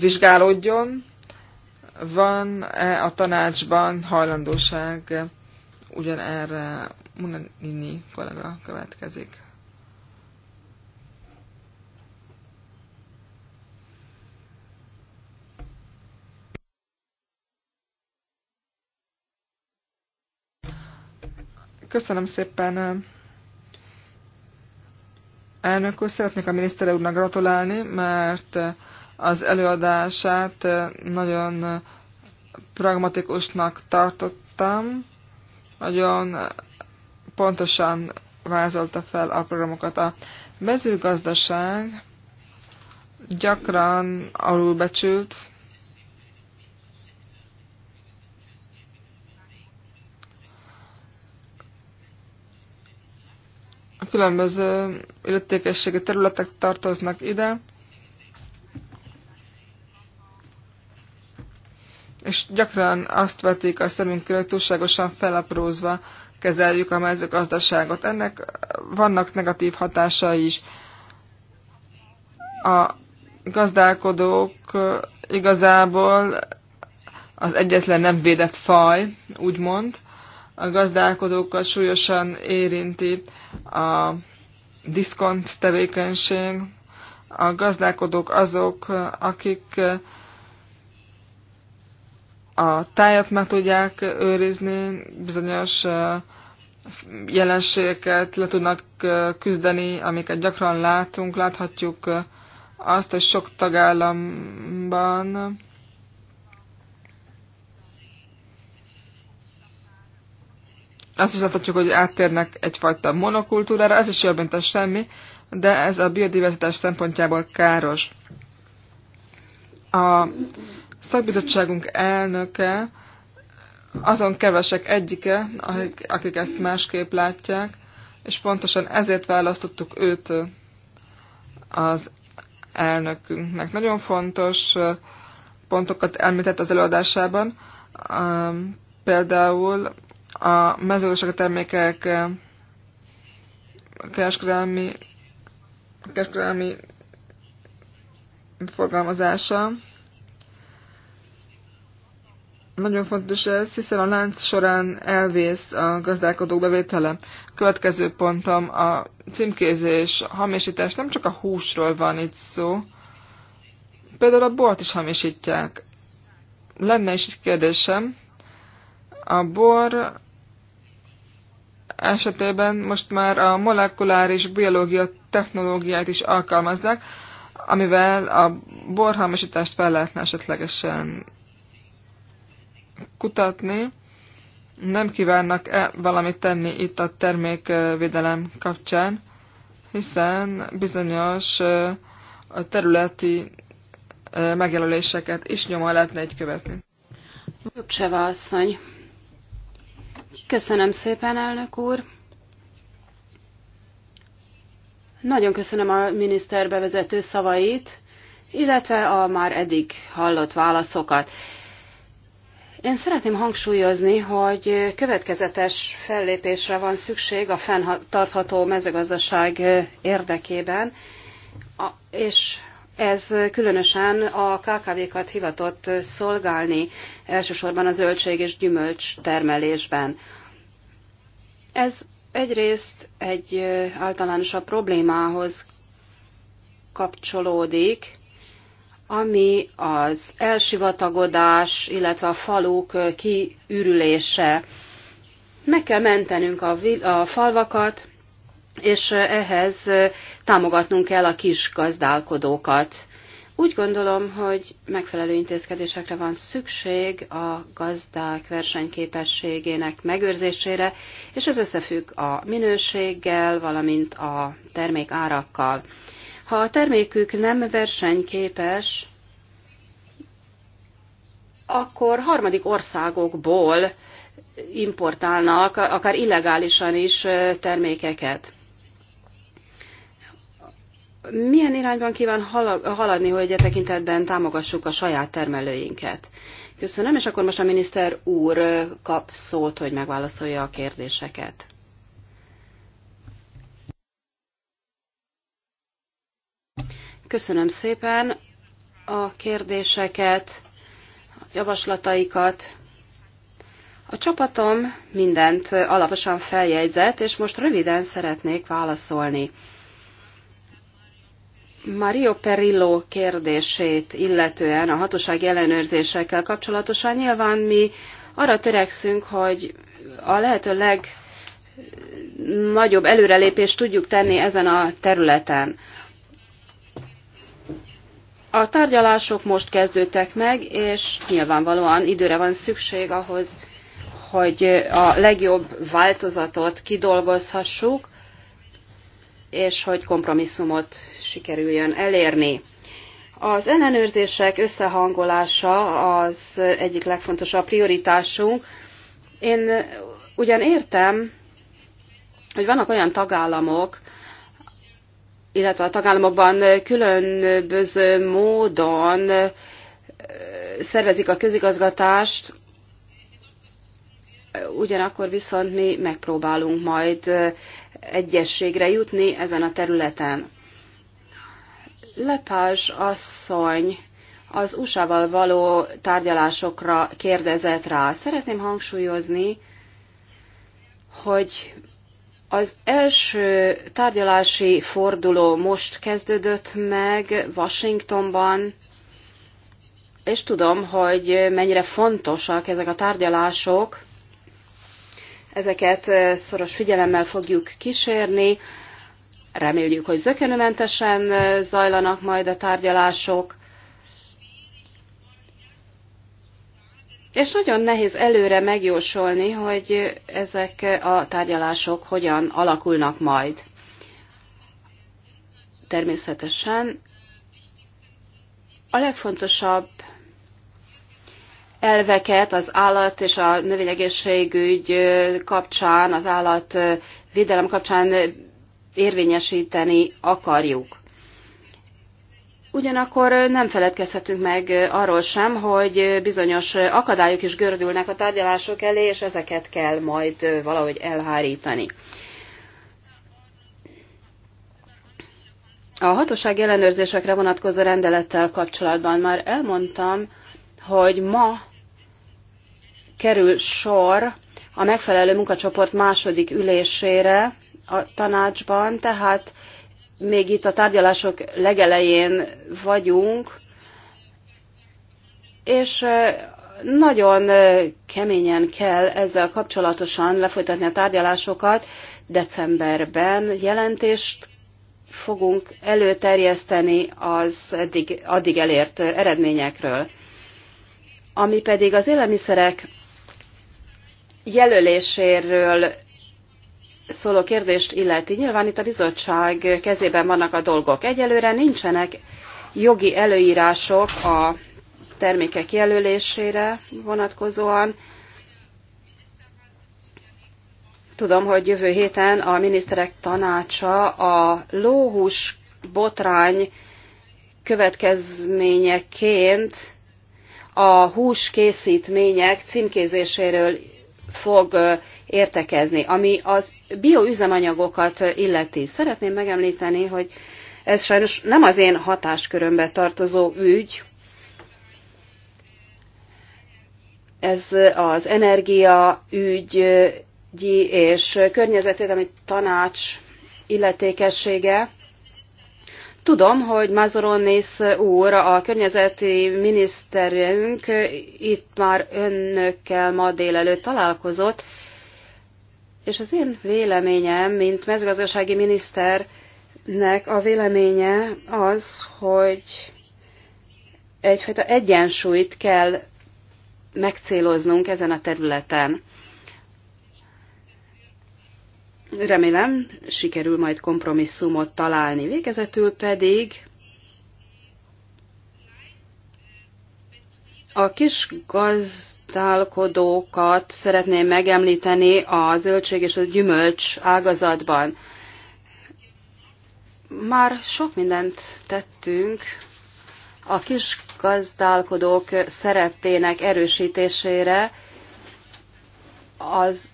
vizsgálódjon, van-e a tanácsban hajlandóság ugyanerre Munanini kollega következik? Köszönöm szépen. Elnök úr, szeretnék a miniszter úrnak gratulálni, mert az előadását nagyon pragmatikusnak tartottam, nagyon pontosan vázolta fel a programokat. A mezőgazdaság gyakran alulbecsült, a különböző illetékességi területek tartoznak ide, és gyakran azt vetik a szemünk hogy túlságosan felaprózva kezeljük a mezőgazdaságot. Ennek vannak negatív hatásai is. A gazdálkodók igazából az egyetlen nem védett faj, úgymond. A gazdálkodókat súlyosan érinti a diszkont tevékenység. A gazdálkodók azok, akik a tájat meg tudják őrizni, bizonyos jelenségeket le tudnak küzdeni, amiket gyakran látunk. Láthatjuk azt, hogy sok tagállamban azt is láthatjuk, hogy áttérnek egyfajta monokultúrára, ez is jobb, mint a semmi, de ez a biodiverzitás szempontjából káros. A Szakbizottságunk elnöke azon kevesek egyike, akik, akik ezt másképp látják, és pontosan ezért választottuk őt az elnökünknek. Nagyon fontos pontokat említett az előadásában, um, például a mezőgazdasági termékek kereskedelmi, kereskedelmi forgalmazása, nagyon fontos ez, hiszen a lánc során elvész a gazdálkodók bevétele. Következő pontom a címkézés, hamisítás. Nem csak a húsról van itt szó, például a bort is hamisítják. Lenne is egy kérdésem. A bor esetében most már a molekuláris biológia technológiát is alkalmazzák, amivel a borhamisítást fel lehetne esetlegesen kutatni, nem kívánnak-e valamit tenni itt a termékvédelem kapcsán, hiszen bizonyos a területi megjelöléseket is nyoma lehetne egy követni. Jutseva asszony. Köszönöm szépen, elnök úr. Nagyon köszönöm a miniszter bevezető szavait, illetve a már eddig hallott válaszokat. Én szeretném hangsúlyozni, hogy következetes fellépésre van szükség a fenntartható mezőgazdaság érdekében, és ez különösen a KKV-kat hivatott szolgálni, elsősorban a zöldség és gyümölcs termelésben. Ez egyrészt egy általánosabb problémához kapcsolódik, ami az elsivatagodás, illetve a faluk kiürülése. Meg kell mentenünk a, a falvakat, és ehhez támogatnunk kell a kis gazdálkodókat. Úgy gondolom, hogy megfelelő intézkedésekre van szükség a gazdák versenyképességének megőrzésére, és ez összefügg a minőséggel, valamint a termék árakkal. Ha a termékük nem versenyképes, akkor harmadik országokból importálnak, akár illegálisan is termékeket. Milyen irányban kíván haladni, hogy e tekintetben támogassuk a saját termelőinket? Köszönöm, és akkor most a miniszter úr kap szót, hogy megválaszolja a kérdéseket. Köszönöm szépen a kérdéseket, a javaslataikat. A csapatom mindent alaposan feljegyzett, és most röviden szeretnék válaszolni. Mario Perillo kérdését illetően a hatóság ellenőrzésekkel kapcsolatosan nyilván mi arra törekszünk, hogy a lehető legnagyobb előrelépést tudjuk tenni ezen a területen. A tárgyalások most kezdődtek meg, és nyilvánvalóan időre van szükség ahhoz, hogy a legjobb változatot kidolgozhassuk, és hogy kompromisszumot sikerüljön elérni. Az ellenőrzések összehangolása az egyik legfontosabb prioritásunk. Én ugyan értem, hogy vannak olyan tagállamok, illetve a tagállamokban különböző módon szervezik a közigazgatást, ugyanakkor viszont mi megpróbálunk majd egyességre jutni ezen a területen. Lepázs asszony az USA-val való tárgyalásokra kérdezett rá. Szeretném hangsúlyozni, hogy az első tárgyalási forduló most kezdődött meg Washingtonban, és tudom, hogy mennyire fontosak ezek a tárgyalások. Ezeket eh, szoros figyelemmel fogjuk kísérni. Reméljük, hogy zökenőmentesen eh, zajlanak majd a tárgyalások. És nagyon nehéz előre megjósolni, hogy ezek a tárgyalások hogyan alakulnak majd. Természetesen a legfontosabb elveket az állat és a növényegészségügy kapcsán, az állat védelem kapcsán érvényesíteni akarjuk. Ugyanakkor nem feledkezhetünk meg arról sem, hogy bizonyos akadályok is gördülnek a tárgyalások elé, és ezeket kell majd valahogy elhárítani. A hatóság ellenőrzésekre vonatkozó rendelettel kapcsolatban már elmondtam, hogy ma kerül sor a megfelelő munkacsoport második ülésére a tanácsban, tehát még itt a tárgyalások legelején vagyunk, és nagyon keményen kell ezzel kapcsolatosan lefolytatni a tárgyalásokat. Decemberben jelentést fogunk előterjeszteni az eddig, addig elért eredményekről. Ami pedig az élelmiszerek jelöléséről szóló kérdést illeti, nyilván itt a bizottság kezében vannak a dolgok. Egyelőre nincsenek jogi előírások a termékek jelölésére vonatkozóan. Tudom, hogy jövő héten a miniszterek tanácsa a lóhús botrány következményeként a hús készítmények címkézéséről fog értekezni. Ami az bioüzemanyagokat illeti, szeretném megemlíteni, hogy ez sajnos nem az én hatáskörömbe tartozó ügy, ez az energia ügyi és környezetvédelmi tanács illetékessége. Tudom, hogy Mazoronis úr, a környezeti miniszterünk itt már önökkel ma délelőtt találkozott, és az én véleményem, mint mezőgazdasági miniszternek a véleménye az, hogy egyfajta egyensúlyt kell megcéloznunk ezen a területen. Remélem, sikerül majd kompromisszumot találni. Végezetül pedig a kis gaz gazdálkodókat szeretném megemlíteni a zöldség és a gyümölcs ágazatban. Már sok mindent tettünk a kis gazdálkodók szerepének erősítésére, az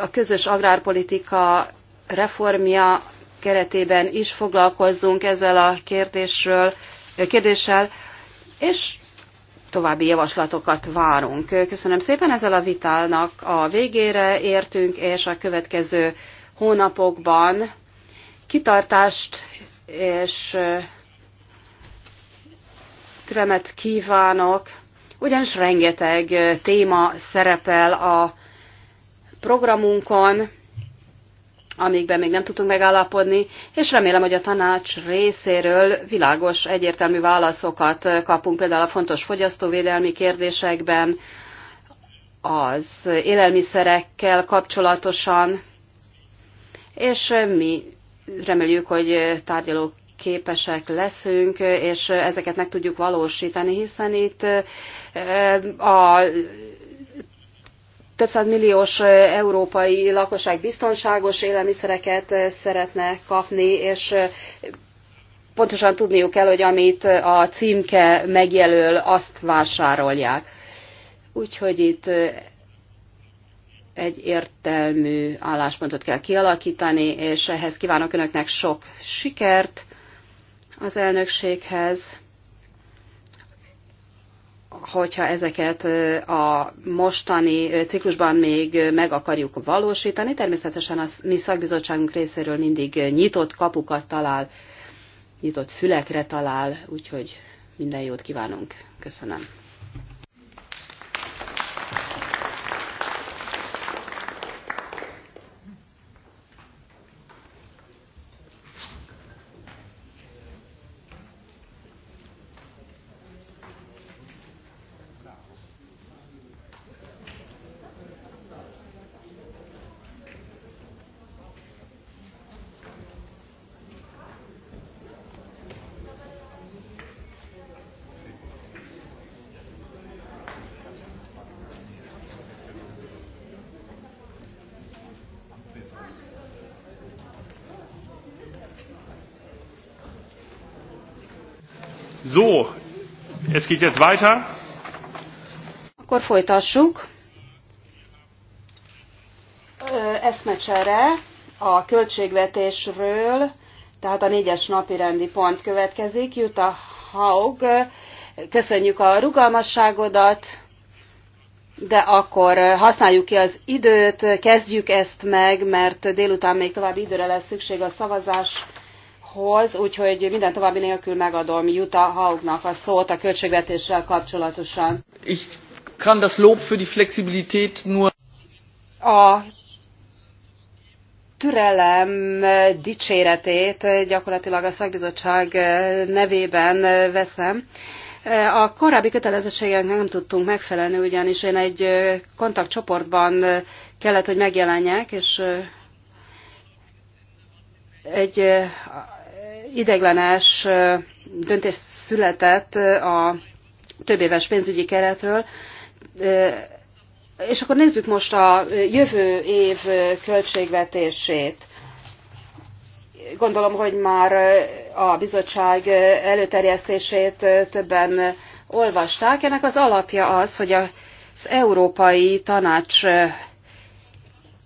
a közös agrárpolitika reformja keretében is foglalkozzunk ezzel a kérdésről, kérdéssel, és további javaslatokat várunk. Köszönöm szépen ezzel a vitának a végére értünk, és a következő hónapokban kitartást és türemet kívánok, ugyanis rengeteg téma szerepel a programunkon, amikben még nem tudtunk megállapodni, és remélem, hogy a tanács részéről világos, egyértelmű válaszokat kapunk, például a fontos fogyasztóvédelmi kérdésekben, az élelmiszerekkel kapcsolatosan, és mi reméljük, hogy tárgyalók képesek leszünk, és ezeket meg tudjuk valósítani, hiszen itt a több milliós európai lakosság biztonságos élelmiszereket szeretne kapni, és pontosan tudniuk kell, hogy amit a címke megjelöl, azt vásárolják. Úgyhogy itt egy értelmű álláspontot kell kialakítani, és ehhez kívánok Önöknek sok sikert az elnökséghez hogyha ezeket a mostani ciklusban még meg akarjuk valósítani, természetesen a mi szakbizottságunk részéről mindig nyitott kapukat talál, nyitott fülekre talál, úgyhogy minden jót kívánunk. Köszönöm. Es geht jetzt weiter. Akkor folytassuk. Eszmecsere a költségvetésről, tehát a négyes napi rendi pont következik. Jutta Haug, köszönjük a rugalmasságodat, de akkor használjuk ki az időt, kezdjük ezt meg, mert délután még további időre lesz szükség a szavazás hoz, úgyhogy minden további nélkül megadom Jutta Haugnak a szót a költségvetéssel kapcsolatosan. Ich kann das Lob für die Flexibilität nur a türelem dicséretét gyakorlatilag a szakbizottság nevében veszem. A korábbi kötelezettségeknek nem tudtunk megfelelni, ugyanis én egy kontaktcsoportban kellett, hogy megjelenjek, és egy ideglenes döntés született a több éves pénzügyi keretről, és akkor nézzük most a jövő év költségvetését. Gondolom, hogy már a bizottság előterjesztését többen olvasták. Ennek az alapja az, hogy az Európai Tanács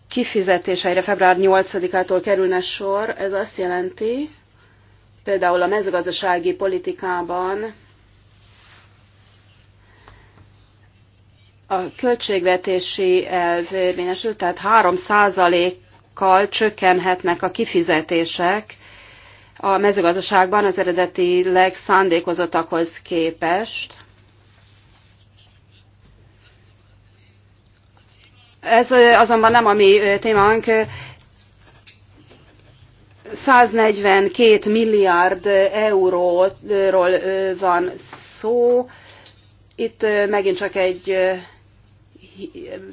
kifizetéseire február 8-ától kerülne sor. Ez azt jelenti, például a mezőgazdasági politikában a költségvetési elv érvényesül, tehát 3%-kal csökkenhetnek a kifizetések a mezőgazdaságban az eredeti szándékozottakhoz képest. Ez azonban nem a mi témánk, 142 milliárd euróról van szó. Itt megint csak egy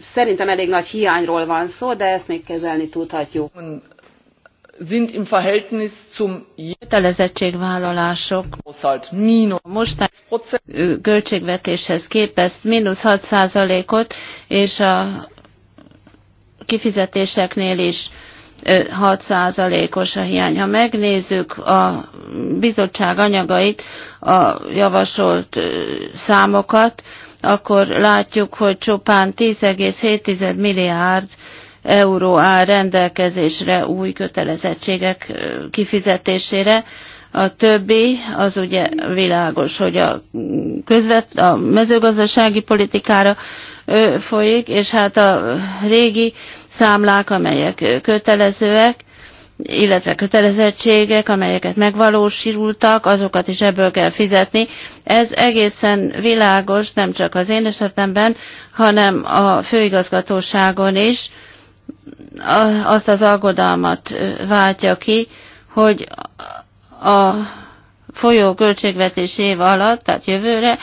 szerintem elég nagy hiányról van szó, de ezt még kezelni tudhatjuk. Sind im Verhältnis zum kötelezettségvállalások a mostani költségvetéshez képest mínusz 6 százalékot, és a kifizetéseknél is 6%-os a hiány. Ha megnézzük a bizottság anyagait, a javasolt számokat, akkor látjuk, hogy csupán 10,7 milliárd euró áll rendelkezésre új kötelezettségek kifizetésére. A többi az ugye világos, hogy a, közvet, a mezőgazdasági politikára folyik, és hát a régi számlák, amelyek kötelezőek, illetve kötelezettségek, amelyeket megvalósultak, azokat is ebből kell fizetni. Ez egészen világos, nem csak az én esetemben, hanem a főigazgatóságon is azt az aggodalmat váltja ki, hogy a folyó költségvetés év alatt, tehát jövőre,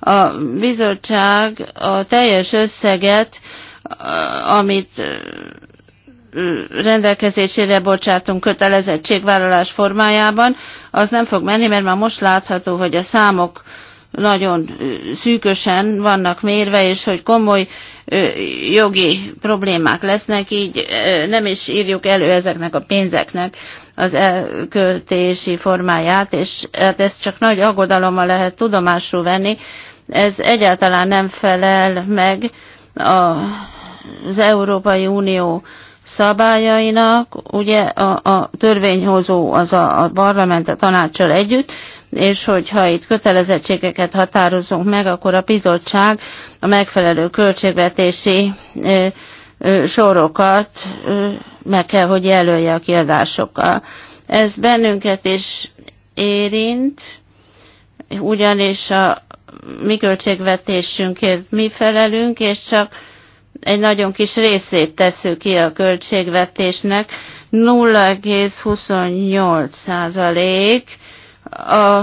a bizottság a teljes összeget amit rendelkezésére bocsátunk kötelezettségvállalás formájában, az nem fog menni, mert már most látható, hogy a számok nagyon szűkösen vannak mérve, és hogy komoly jogi problémák lesznek, így nem is írjuk elő ezeknek a pénzeknek az elköltési formáját, és hát ezt csak nagy aggodalommal lehet tudomásul venni. Ez egyáltalán nem felel meg a az Európai Unió szabályainak, ugye a, a törvényhozó az a, a parlament a tanácssal együtt, és hogyha itt kötelezettségeket határozunk meg, akkor a bizottság a megfelelő költségvetési ö, ö, sorokat ö, meg kell, hogy jelölje a kiadásokkal. Ez bennünket is érint, ugyanis a mi költségvetésünkért mi felelünk, és csak egy nagyon kis részét tesszük ki a költségvetésnek, 0,28 százalék a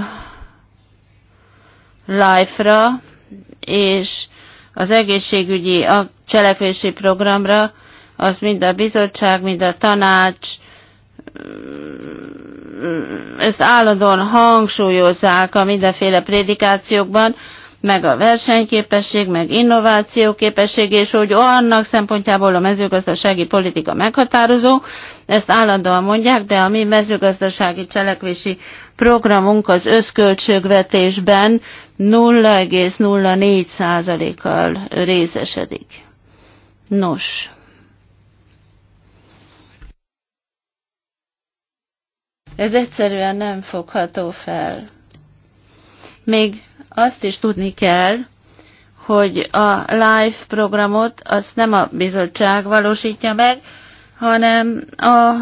LIFE-ra és az egészségügyi a cselekvési programra, az mind a bizottság, mind a tanács, mm, mm, ezt állandóan hangsúlyozzák a mindenféle prédikációkban, meg a versenyképesség, meg innováció képesség, és hogy annak szempontjából a mezőgazdasági politika meghatározó, ezt állandóan mondják, de a mi mezőgazdasági cselekvési programunk az összköltségvetésben 0,04%-kal részesedik. Nos, Ez egyszerűen nem fogható fel. Még azt is tudni kell, hogy a live programot azt nem a bizottság valósítja meg, hanem a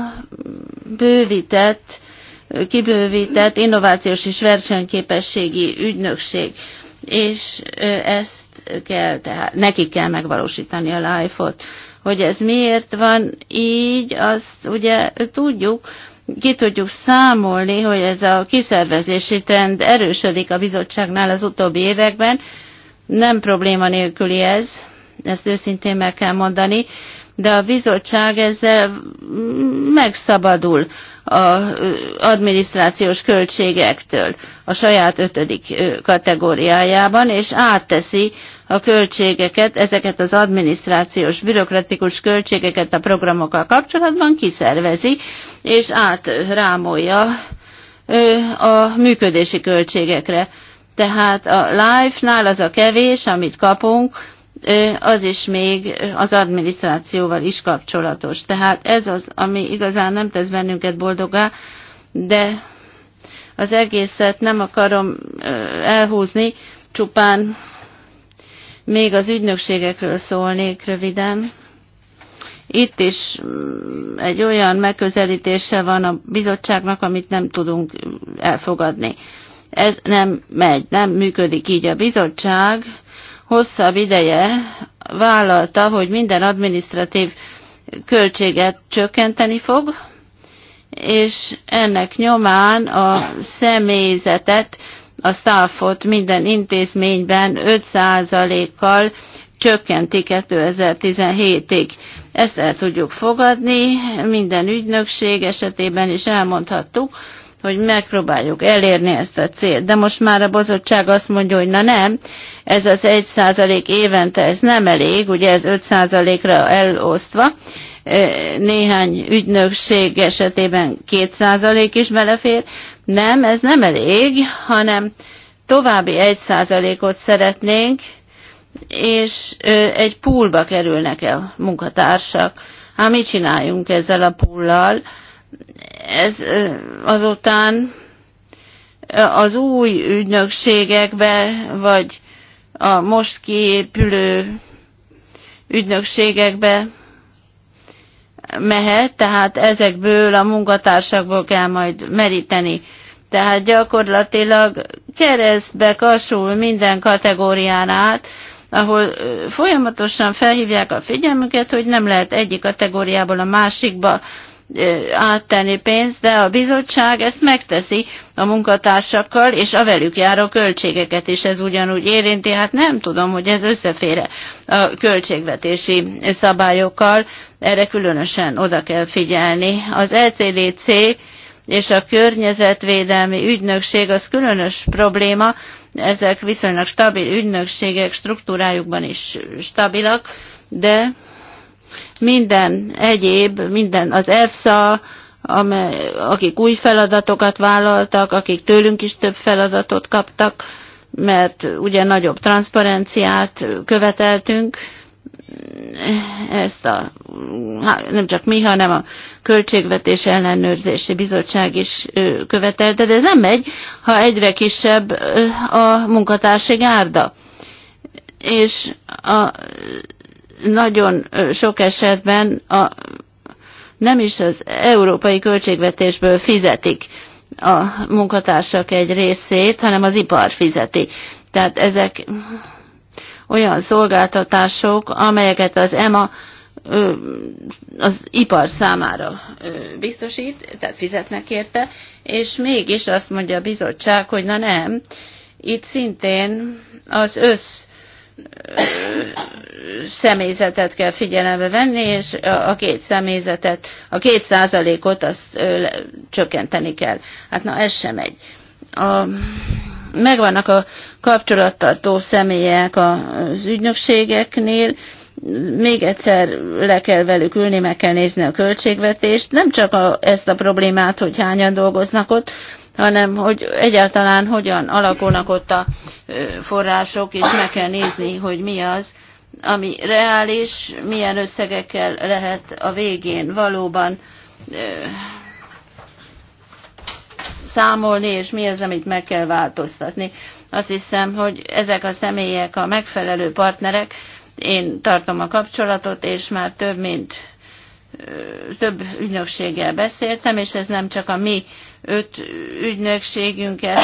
bővített, kibővített innovációs és versenyképességi ügynökség. És ezt kell, tehát neki kell megvalósítani a live-ot. Hogy ez miért van így, azt ugye tudjuk, ki tudjuk számolni, hogy ez a kiszervezési trend erősödik a bizottságnál az utóbbi években. Nem probléma nélküli ez, ezt őszintén meg kell mondani, de a bizottság ezzel megszabadul az adminisztrációs költségektől a saját ötödik kategóriájában, és átteszi a költségeket, ezeket az adminisztrációs, bürokratikus költségeket a programokkal kapcsolatban kiszervezi, és átrámolja a működési költségekre. Tehát a life nál az a kevés, amit kapunk, az is még az adminisztrációval is kapcsolatos. Tehát ez az, ami igazán nem tesz bennünket boldogá, de az egészet nem akarom elhúzni, csupán még az ügynökségekről szólnék röviden. Itt is mm, egy olyan megközelítése van a bizottságnak, amit nem tudunk elfogadni. Ez nem megy, nem működik így a bizottság hosszabb ideje vállalta, hogy minden adminisztratív költséget csökkenteni fog, és ennek nyomán a személyzetet, a staffot minden intézményben 5%-kal csökkenti 2017-ig. Ezt el tudjuk fogadni, minden ügynökség esetében is elmondhattuk, hogy megpróbáljuk elérni ezt a célt. De most már a bozottság azt mondja, hogy na nem, ez az 1% évente, ez nem elég, ugye ez 5 százalékra elosztva, e, néhány ügynökség esetében 2% is belefér. Nem, ez nem elég, hanem további 1 százalékot szeretnénk, és egy poolba kerülnek el munkatársak. Hát mit csináljunk ezzel a pullal? Ez azután az új ügynökségekbe, vagy a most kiépülő ügynökségekbe mehet, tehát ezekből a munkatársakból kell majd meríteni. Tehát gyakorlatilag keresztbe kasul minden kategórián át, ahol folyamatosan felhívják a figyelmüket, hogy nem lehet egyik kategóriából a másikba áttenni pénzt, de a bizottság ezt megteszi a munkatársakkal, és a velük járó költségeket is ez ugyanúgy érinti. Hát nem tudom, hogy ez összefére a költségvetési szabályokkal, erre különösen oda kell figyelni. Az LCDC e és a környezetvédelmi ügynökség az különös probléma, ezek viszonylag stabil ügynökségek, struktúrájukban is stabilak, de minden egyéb, minden az EFSA, amely, akik új feladatokat vállaltak, akik tőlünk is több feladatot kaptak, mert ugye nagyobb transzparenciát követeltünk, ezt a, nem csak mi, hanem a Költségvetés Ellenőrzési Bizottság is követelte, de ez nem megy, ha egyre kisebb a munkatársi gárda. És a nagyon sok esetben a, nem is az európai költségvetésből fizetik a munkatársak egy részét, hanem az ipar fizeti. Tehát ezek olyan szolgáltatások, amelyeket az EMA az ipar számára biztosít, tehát fizetnek érte, és mégis azt mondja a bizottság, hogy na nem, itt szintén az össz személyzetet kell figyelembe venni, és a két személyzetet, a két százalékot azt csökkenteni kell. Hát na ez sem egy. A, megvannak a kapcsolattartó személyek az ügynökségeknél, még egyszer le kell velük ülni, meg kell nézni a költségvetést, nem csak a, ezt a problémát, hogy hányan dolgoznak ott, hanem hogy egyáltalán hogyan alakulnak ott a források, és meg kell nézni, hogy mi az, ami reális, milyen összegekkel lehet a végén valóban számolni, és mi az, amit meg kell változtatni. Azt hiszem, hogy ezek a személyek a megfelelő partnerek, én tartom a kapcsolatot, és már több mint több ügynökséggel beszéltem, és ez nem csak a mi öt ügynökségünket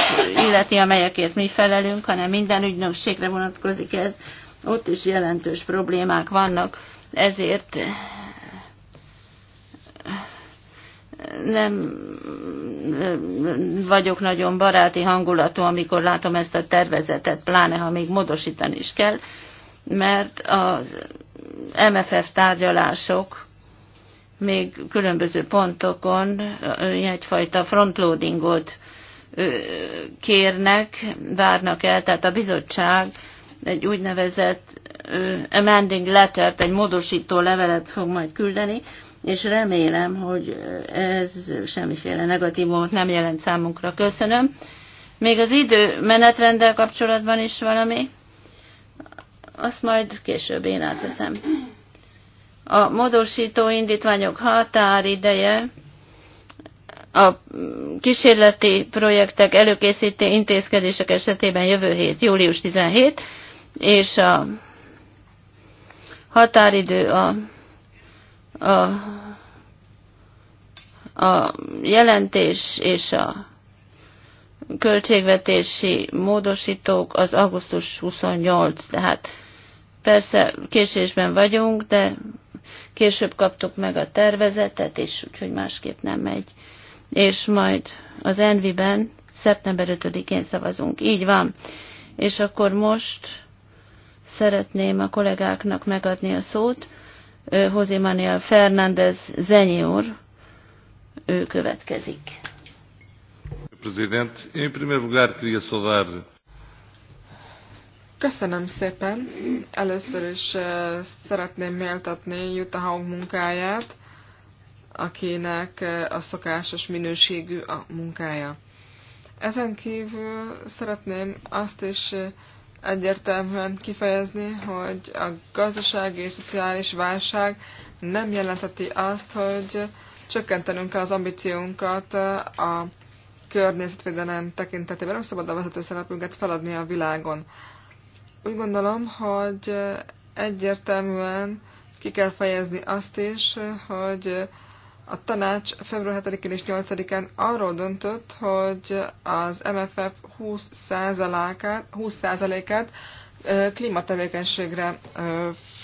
illeti, amelyekért mi felelünk, hanem minden ügynökségre vonatkozik ez. Ott is jelentős problémák vannak, ezért nem vagyok nagyon baráti hangulatú, amikor látom ezt a tervezetet, pláne ha még módosítani is kell, mert az MFF tárgyalások még különböző pontokon egyfajta frontloadingot kérnek, várnak el, tehát a bizottság egy úgynevezett amending lettert, egy módosító levelet fog majd küldeni, és remélem, hogy ez semmiféle negatívumot nem jelent számunkra. Köszönöm. Még az idő menetrenddel kapcsolatban is valami? Azt majd később én átveszem. A módosító indítványok határideje a kísérleti projektek előkészítő intézkedések esetében jövő hét, július 17, és a határidő a, a, a jelentés és a költségvetési módosítók az augusztus 28, tehát persze késésben vagyunk, de Később kaptuk meg a tervezetet, és úgyhogy másképp nem megy. És majd az Envi-ben szeptember 5-én szavazunk. Így van. És akkor most szeretném a kollégáknak megadni a szót. Hozi Manuel Fernández Zenyúr, ő következik. Presidente, em primeiro lugar queria saudar Köszönöm szépen. Először is szeretném méltatni Jutta Haug munkáját, akinek a szokásos minőségű a munkája. Ezen kívül szeretném azt is egyértelműen kifejezni, hogy a gazdasági és szociális válság nem jelentheti azt, hogy csökkentenünk kell az ambíciónkat a környezetvédelem tekintetében. Nem szabad a vezető szerepünket feladni a világon úgy gondolom, hogy egyértelműen ki kell fejezni azt is, hogy a tanács február 7-én és 8-án arról döntött, hogy az MFF 20%-át 20 klímatevékenységre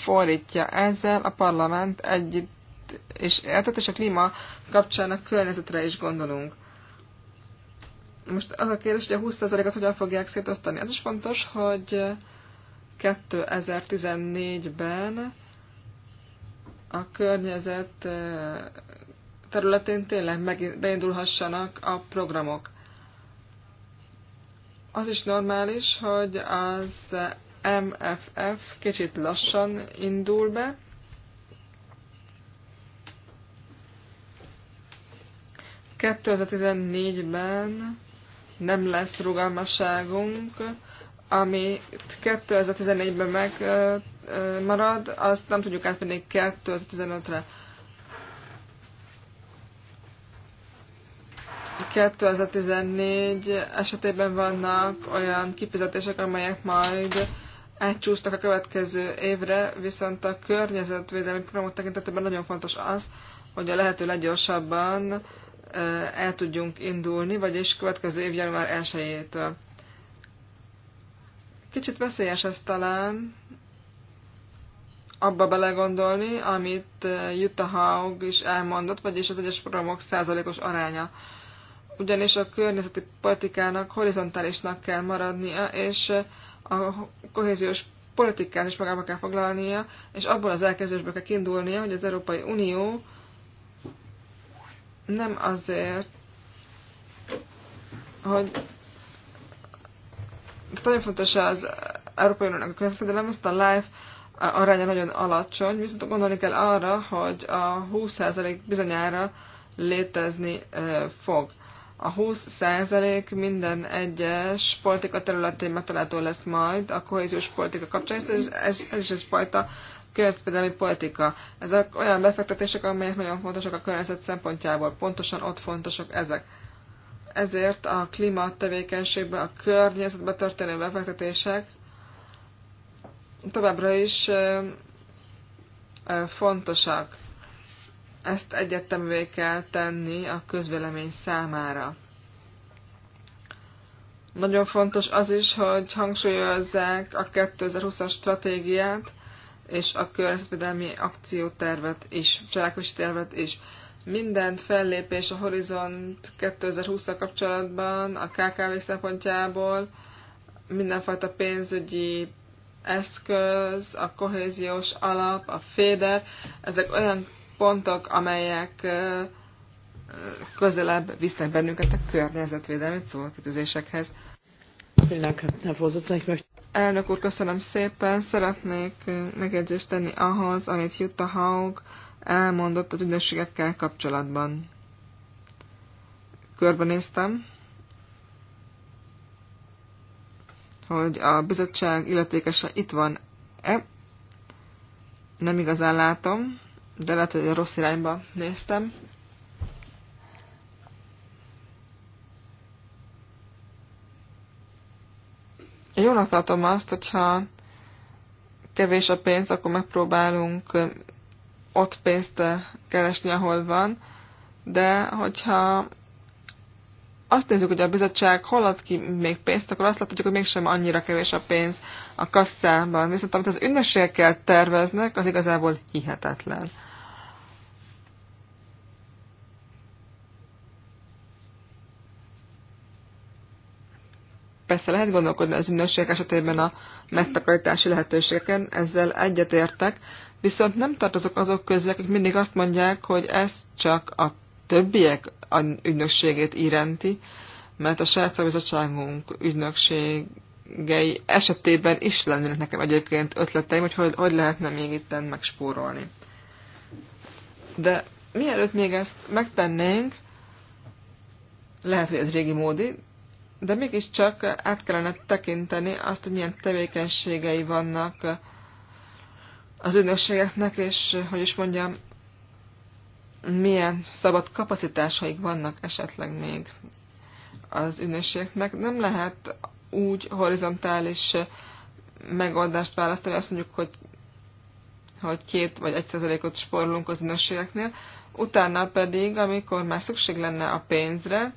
fordítja. Ezzel a parlament együtt és értett, és a klíma kapcsán a környezetre is gondolunk. Most az a kérdés, hogy a 20%-at hogyan fogják szétosztani. Ez is fontos, hogy 2014-ben a környezet eh, területén tényleg beindulhassanak a programok. Az is normális, hogy az MFF kicsit lassan indul be, ben nem lesz rugalmasságunk, amit 2014-ben megmarad, azt nem tudjuk átvenni 2015-re. 2014 esetében vannak olyan kifizetések, amelyek majd átcsúsztak a következő évre, viszont a környezetvédelmi programok tekintetében nagyon fontos az, hogy a lehető leggyorsabban el tudjunk indulni, vagyis következő év január 1-től. Kicsit veszélyes ez talán abba belegondolni, amit eh, Jutta Haug is elmondott, vagyis az egyes programok százalékos aránya. Ugyanis a környezeti politikának horizontálisnak kell maradnia, és eh, a kohéziós politikát is magába kell foglalnia, és abból az elkezdésből kell kiindulnia, hogy az Európai Unió nem azért, hogy tehát nagyon fontos az Európai Uniónak a környezetvédelem, azt a life aránya nagyon alacsony, viszont gondolni kell arra, hogy a 20% bizonyára létezni fog. A 20% minden egyes politika területén megtalálható lesz majd a kohéziós politika kapcsán, ez, ez, ez is egyfajta környezetvédelmi politika. Ezek olyan befektetések, amelyek nagyon fontosak a környezet szempontjából. Pontosan ott fontosak ezek ezért a klímatevékenységbe, a környezetbe történő befektetések továbbra is fontosak. Ezt egyetemvé kell tenni a közvélemény számára. Nagyon fontos az is, hogy hangsúlyozzák a 2020-as stratégiát és a környezetvédelmi akciótervet is, cselekvési tervet is mindent fellépés a Horizont 2020-a kapcsolatban, a KKV szempontjából, mindenfajta pénzügyi eszköz, a kohéziós alap, a féder, ezek olyan pontok, amelyek közelebb visznek bennünket a környezetvédelmi szóvalkítőzésekhez. Elnök úr, köszönöm szépen. Szeretnék megjegyzést tenni ahhoz, amit Jutta Haug elmondott az ügynökségekkel kapcsolatban. Körbenéztem, hogy a bizottság illetékese itt van-e. Nem igazán látom, de lehet, hogy a rossz irányba néztem. Jónak tartom azt, hogyha kevés a pénz, akkor megpróbálunk ott pénzt eh, keresni, ahol van, de hogyha azt nézzük, hogy a bizottság hol ad ki még pénzt, akkor azt látjuk, hogy mégsem annyira kevés a pénz a kasszában. Viszont amit az ünnepségekkel terveznek, az igazából hihetetlen. Persze lehet gondolkodni az ünnepségek esetében a megtakarítási lehetőségeken, ezzel egyetértek, Viszont nem tartozok azok közé, akik mindig azt mondják, hogy ez csak a többiek a ügynökségét irenti, mert a saját szakbizottságunk ügynökségei esetében is lennének nekem egyébként ötleteim, hogy hogy, hogy lehetne még itt megspórolni. De mielőtt még ezt megtennénk, lehet, hogy ez régi módi, de mégiscsak át kellene tekinteni azt, hogy milyen tevékenységei vannak az ügynökségeknek, és hogy is mondjam, milyen szabad kapacitásaik vannak esetleg még az ügynökségeknek. Nem lehet úgy horizontális megoldást választani, azt mondjuk, hogy, hogy két vagy egy százalékot sporolunk az ügynökségeknél, utána pedig, amikor már szükség lenne a pénzre,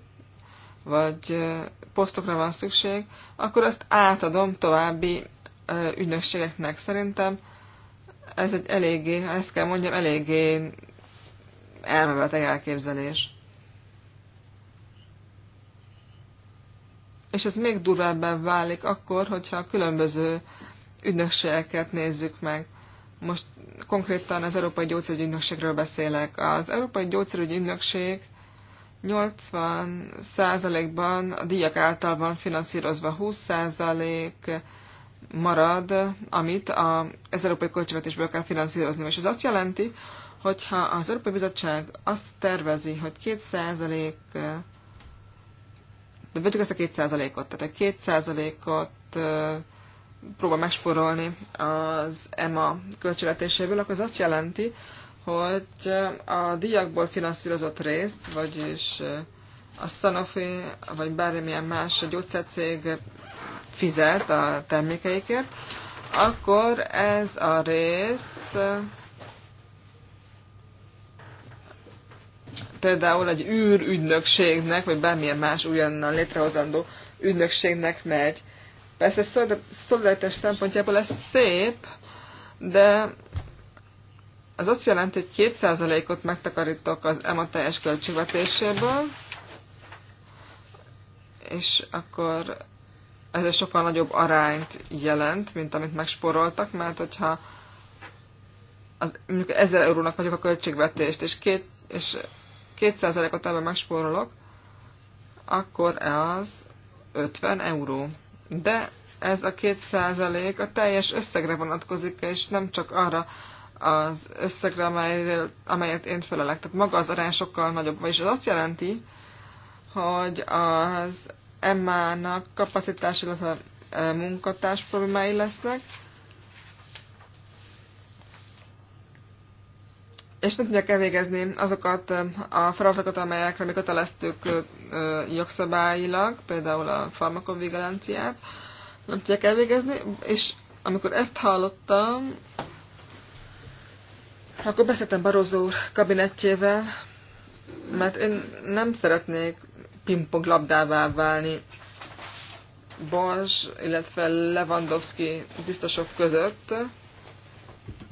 vagy posztokra van szükség, akkor azt átadom további ügynökségeknek. Szerintem ez egy eléggé, ha ezt kell mondjam, eléggé elmebeteg elképzelés. És ez még durvábban válik akkor, hogyha a különböző ügynökségeket nézzük meg. Most konkrétan az Európai Gyógyszerügyi Ügynökségről beszélek. Az Európai Gyógyszerügyi Ügynökség 80%-ban a díjak által van finanszírozva, 20% marad, amit a, az európai költségvetésből kell finanszírozni. És ez azt jelenti, hogyha az Európai Bizottság azt tervezi, hogy 2% de vegyük ezt a 2%-ot, tehát a 2%-ot próbál megsporolni az EMA költségvetéséből, akkor ez azt jelenti, hogy a díjakból finanszírozott részt, vagyis a Sanofi, vagy bármilyen más gyógyszercég fizet a termékeikért, akkor ez a rész például egy űrügynökségnek, vagy bármilyen más újonnan létrehozandó ügynökségnek megy. Persze szolidaritás szempontjából ez szép, de az azt jelenti, hogy 2%-ot megtakarítok az EMA teljes költségvetéséből, és akkor ez egy sokkal nagyobb arányt jelent, mint amit megsporoltak, mert hogyha az, mondjuk 1000 eurónak vagyok a költségvetést, és, két, és 2%-ot ebben megsporolok, akkor az 50 euró. De ez a 2% a teljes összegre vonatkozik, és nem csak arra az összegre, amelyről, amelyet én felelek. Tehát maga az arány sokkal nagyobb. Vagyis az azt jelenti, hogy az Emma-nak kapacitás, illetve e, munkatárs problémái lesznek. És nem tudják elvégezni azokat e, a feladatokat, amelyekre mi köteleztük e, jogszabályilag, például a farmakovigilanciát, nem tudják elvégezni, és amikor ezt hallottam, akkor beszéltem Barozó kabinettjével, mert én nem szeretnék labdává válni Bors, illetve Lewandowski biztosok között,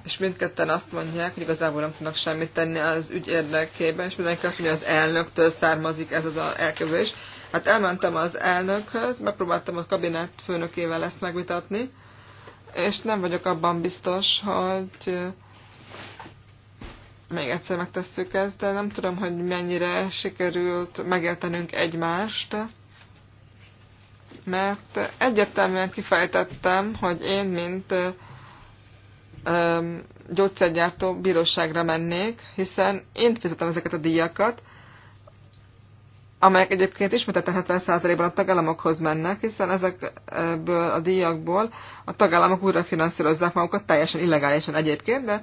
és mindketten azt mondják, hogy igazából nem tudnak semmit tenni az ügy érdekében, és mindenki azt mondja, hogy az elnöktől származik ez az elkövés. Hát elmentem az elnökhöz, megpróbáltam a kabinett főnökével ezt megvitatni, és nem vagyok abban biztos, hogy még egyszer megtesszük ezt, de nem tudom, hogy mennyire sikerült megértenünk egymást, mert egyértelműen kifejtettem, hogy én, mint gyógyszergyártó bíróságra mennék, hiszen én fizetem ezeket a díjakat, amelyek egyébként ismételten 70%-ban a tagállamokhoz mennek, hiszen ezekből a díjakból a tagállamok újra finanszírozzák magukat, teljesen illegálisan egyébként, de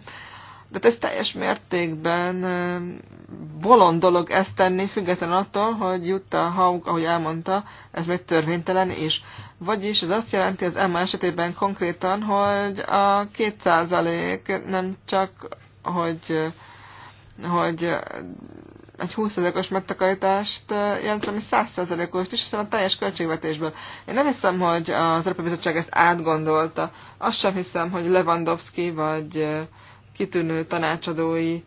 de ez teljes mértékben bolond dolog ezt tenni, független attól, hogy Jutta Haug, ahogy elmondta, ez még törvénytelen is. Vagyis ez azt jelenti az EMA esetében konkrétan, hogy a 2% nem csak, hogy, hogy egy 20%-os megtakarítást jelent, ami 100 os is, hiszen a teljes költségvetésből. Én nem hiszem, hogy az Európai Bizottság ezt átgondolta. Azt sem hiszem, hogy Lewandowski vagy kitűnő tanácsadói,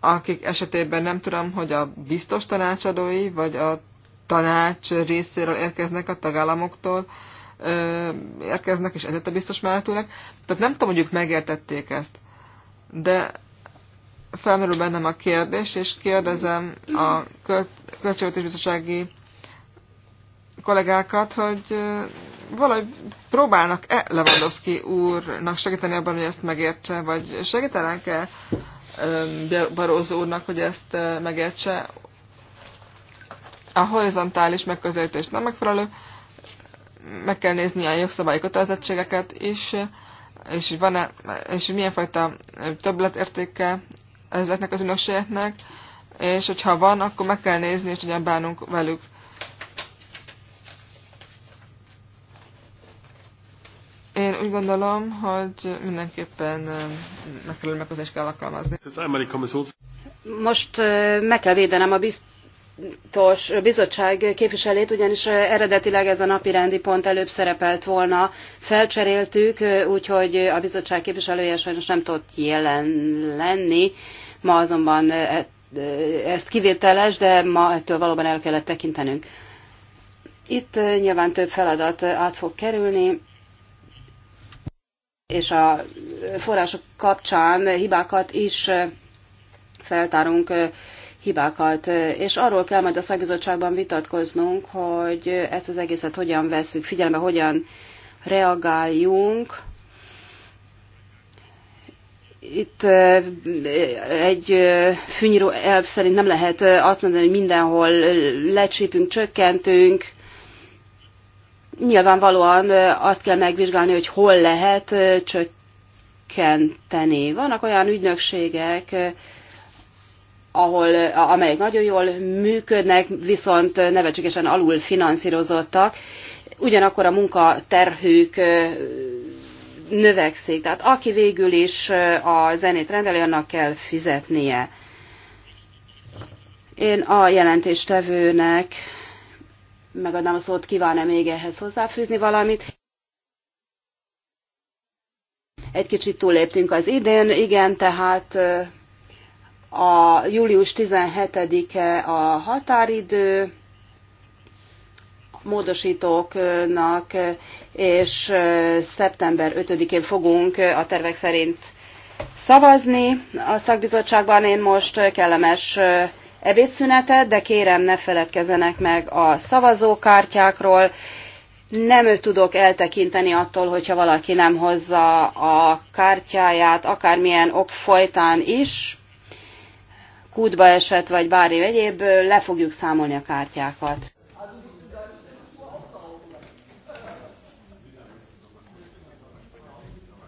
akik esetében nem tudom, hogy a biztos tanácsadói, vagy a tanács részéről érkeznek a tagállamoktól, érkeznek, és ezért a biztos mellettőnek. Tehát nem tudom, hogy ők megértették ezt. De felmerül bennem a kérdés, és kérdezem a köl költségvetés bizottsági kollégákat, hogy valahogy próbálnak-e Lewandowski úrnak segíteni abban, hogy ezt megértse, vagy segítenek-e Barózó úrnak, hogy ezt megértse? A horizontális megközelítés nem megfelelő, meg kell nézni a jogszabályi kötelezettségeket is, és, van-e, és milyen fajta többletértéke ezeknek az ünökségeknek, és hogyha van, akkor meg kell nézni, és hogyan bánunk velük. úgy gondolom, hogy mindenképpen megfelelő megközést kell alkalmazni. Most meg kell védenem a biztos bizottság képviselét, ugyanis eredetileg ez a napi rendi pont előbb szerepelt volna. Felcseréltük, úgyhogy a bizottság képviselője sajnos nem tudott jelen lenni. Ma azonban e, ezt kivételes, de ma ettől valóban el kellett tekintenünk. Itt nyilván több feladat át fog kerülni, és a források kapcsán hibákat is feltárunk hibákat, és arról kell majd a szakbizottságban vitatkoznunk, hogy ezt az egészet hogyan veszük figyelembe, hogyan reagáljunk. Itt egy fűnyíró elv szerint nem lehet azt mondani, hogy mindenhol lecsípünk, csökkentünk, nyilvánvalóan azt kell megvizsgálni, hogy hol lehet csökkenteni. Vannak olyan ügynökségek, ahol, amelyek nagyon jól működnek, viszont nevetségesen alul finanszírozottak, ugyanakkor a munkaterhők növekszik. Tehát aki végül is a zenét rendeli, annak kell fizetnie. Én a jelentéstevőnek megadnám a szót, kíván-e még ehhez hozzáfűzni valamit? Egy kicsit túléptünk az idén, igen, tehát a július 17-e a határidő, módosítóknak, és szeptember 5-én fogunk a tervek szerint szavazni a szakbizottságban. Én most kellemes ebédszünetet, de kérem ne feledkezzenek meg a szavazókártyákról. Nem tudok eltekinteni attól, hogyha valaki nem hozza a kártyáját, akármilyen ok folytán is, kútba esett, vagy bármi egyéb, le fogjuk számolni a kártyákat.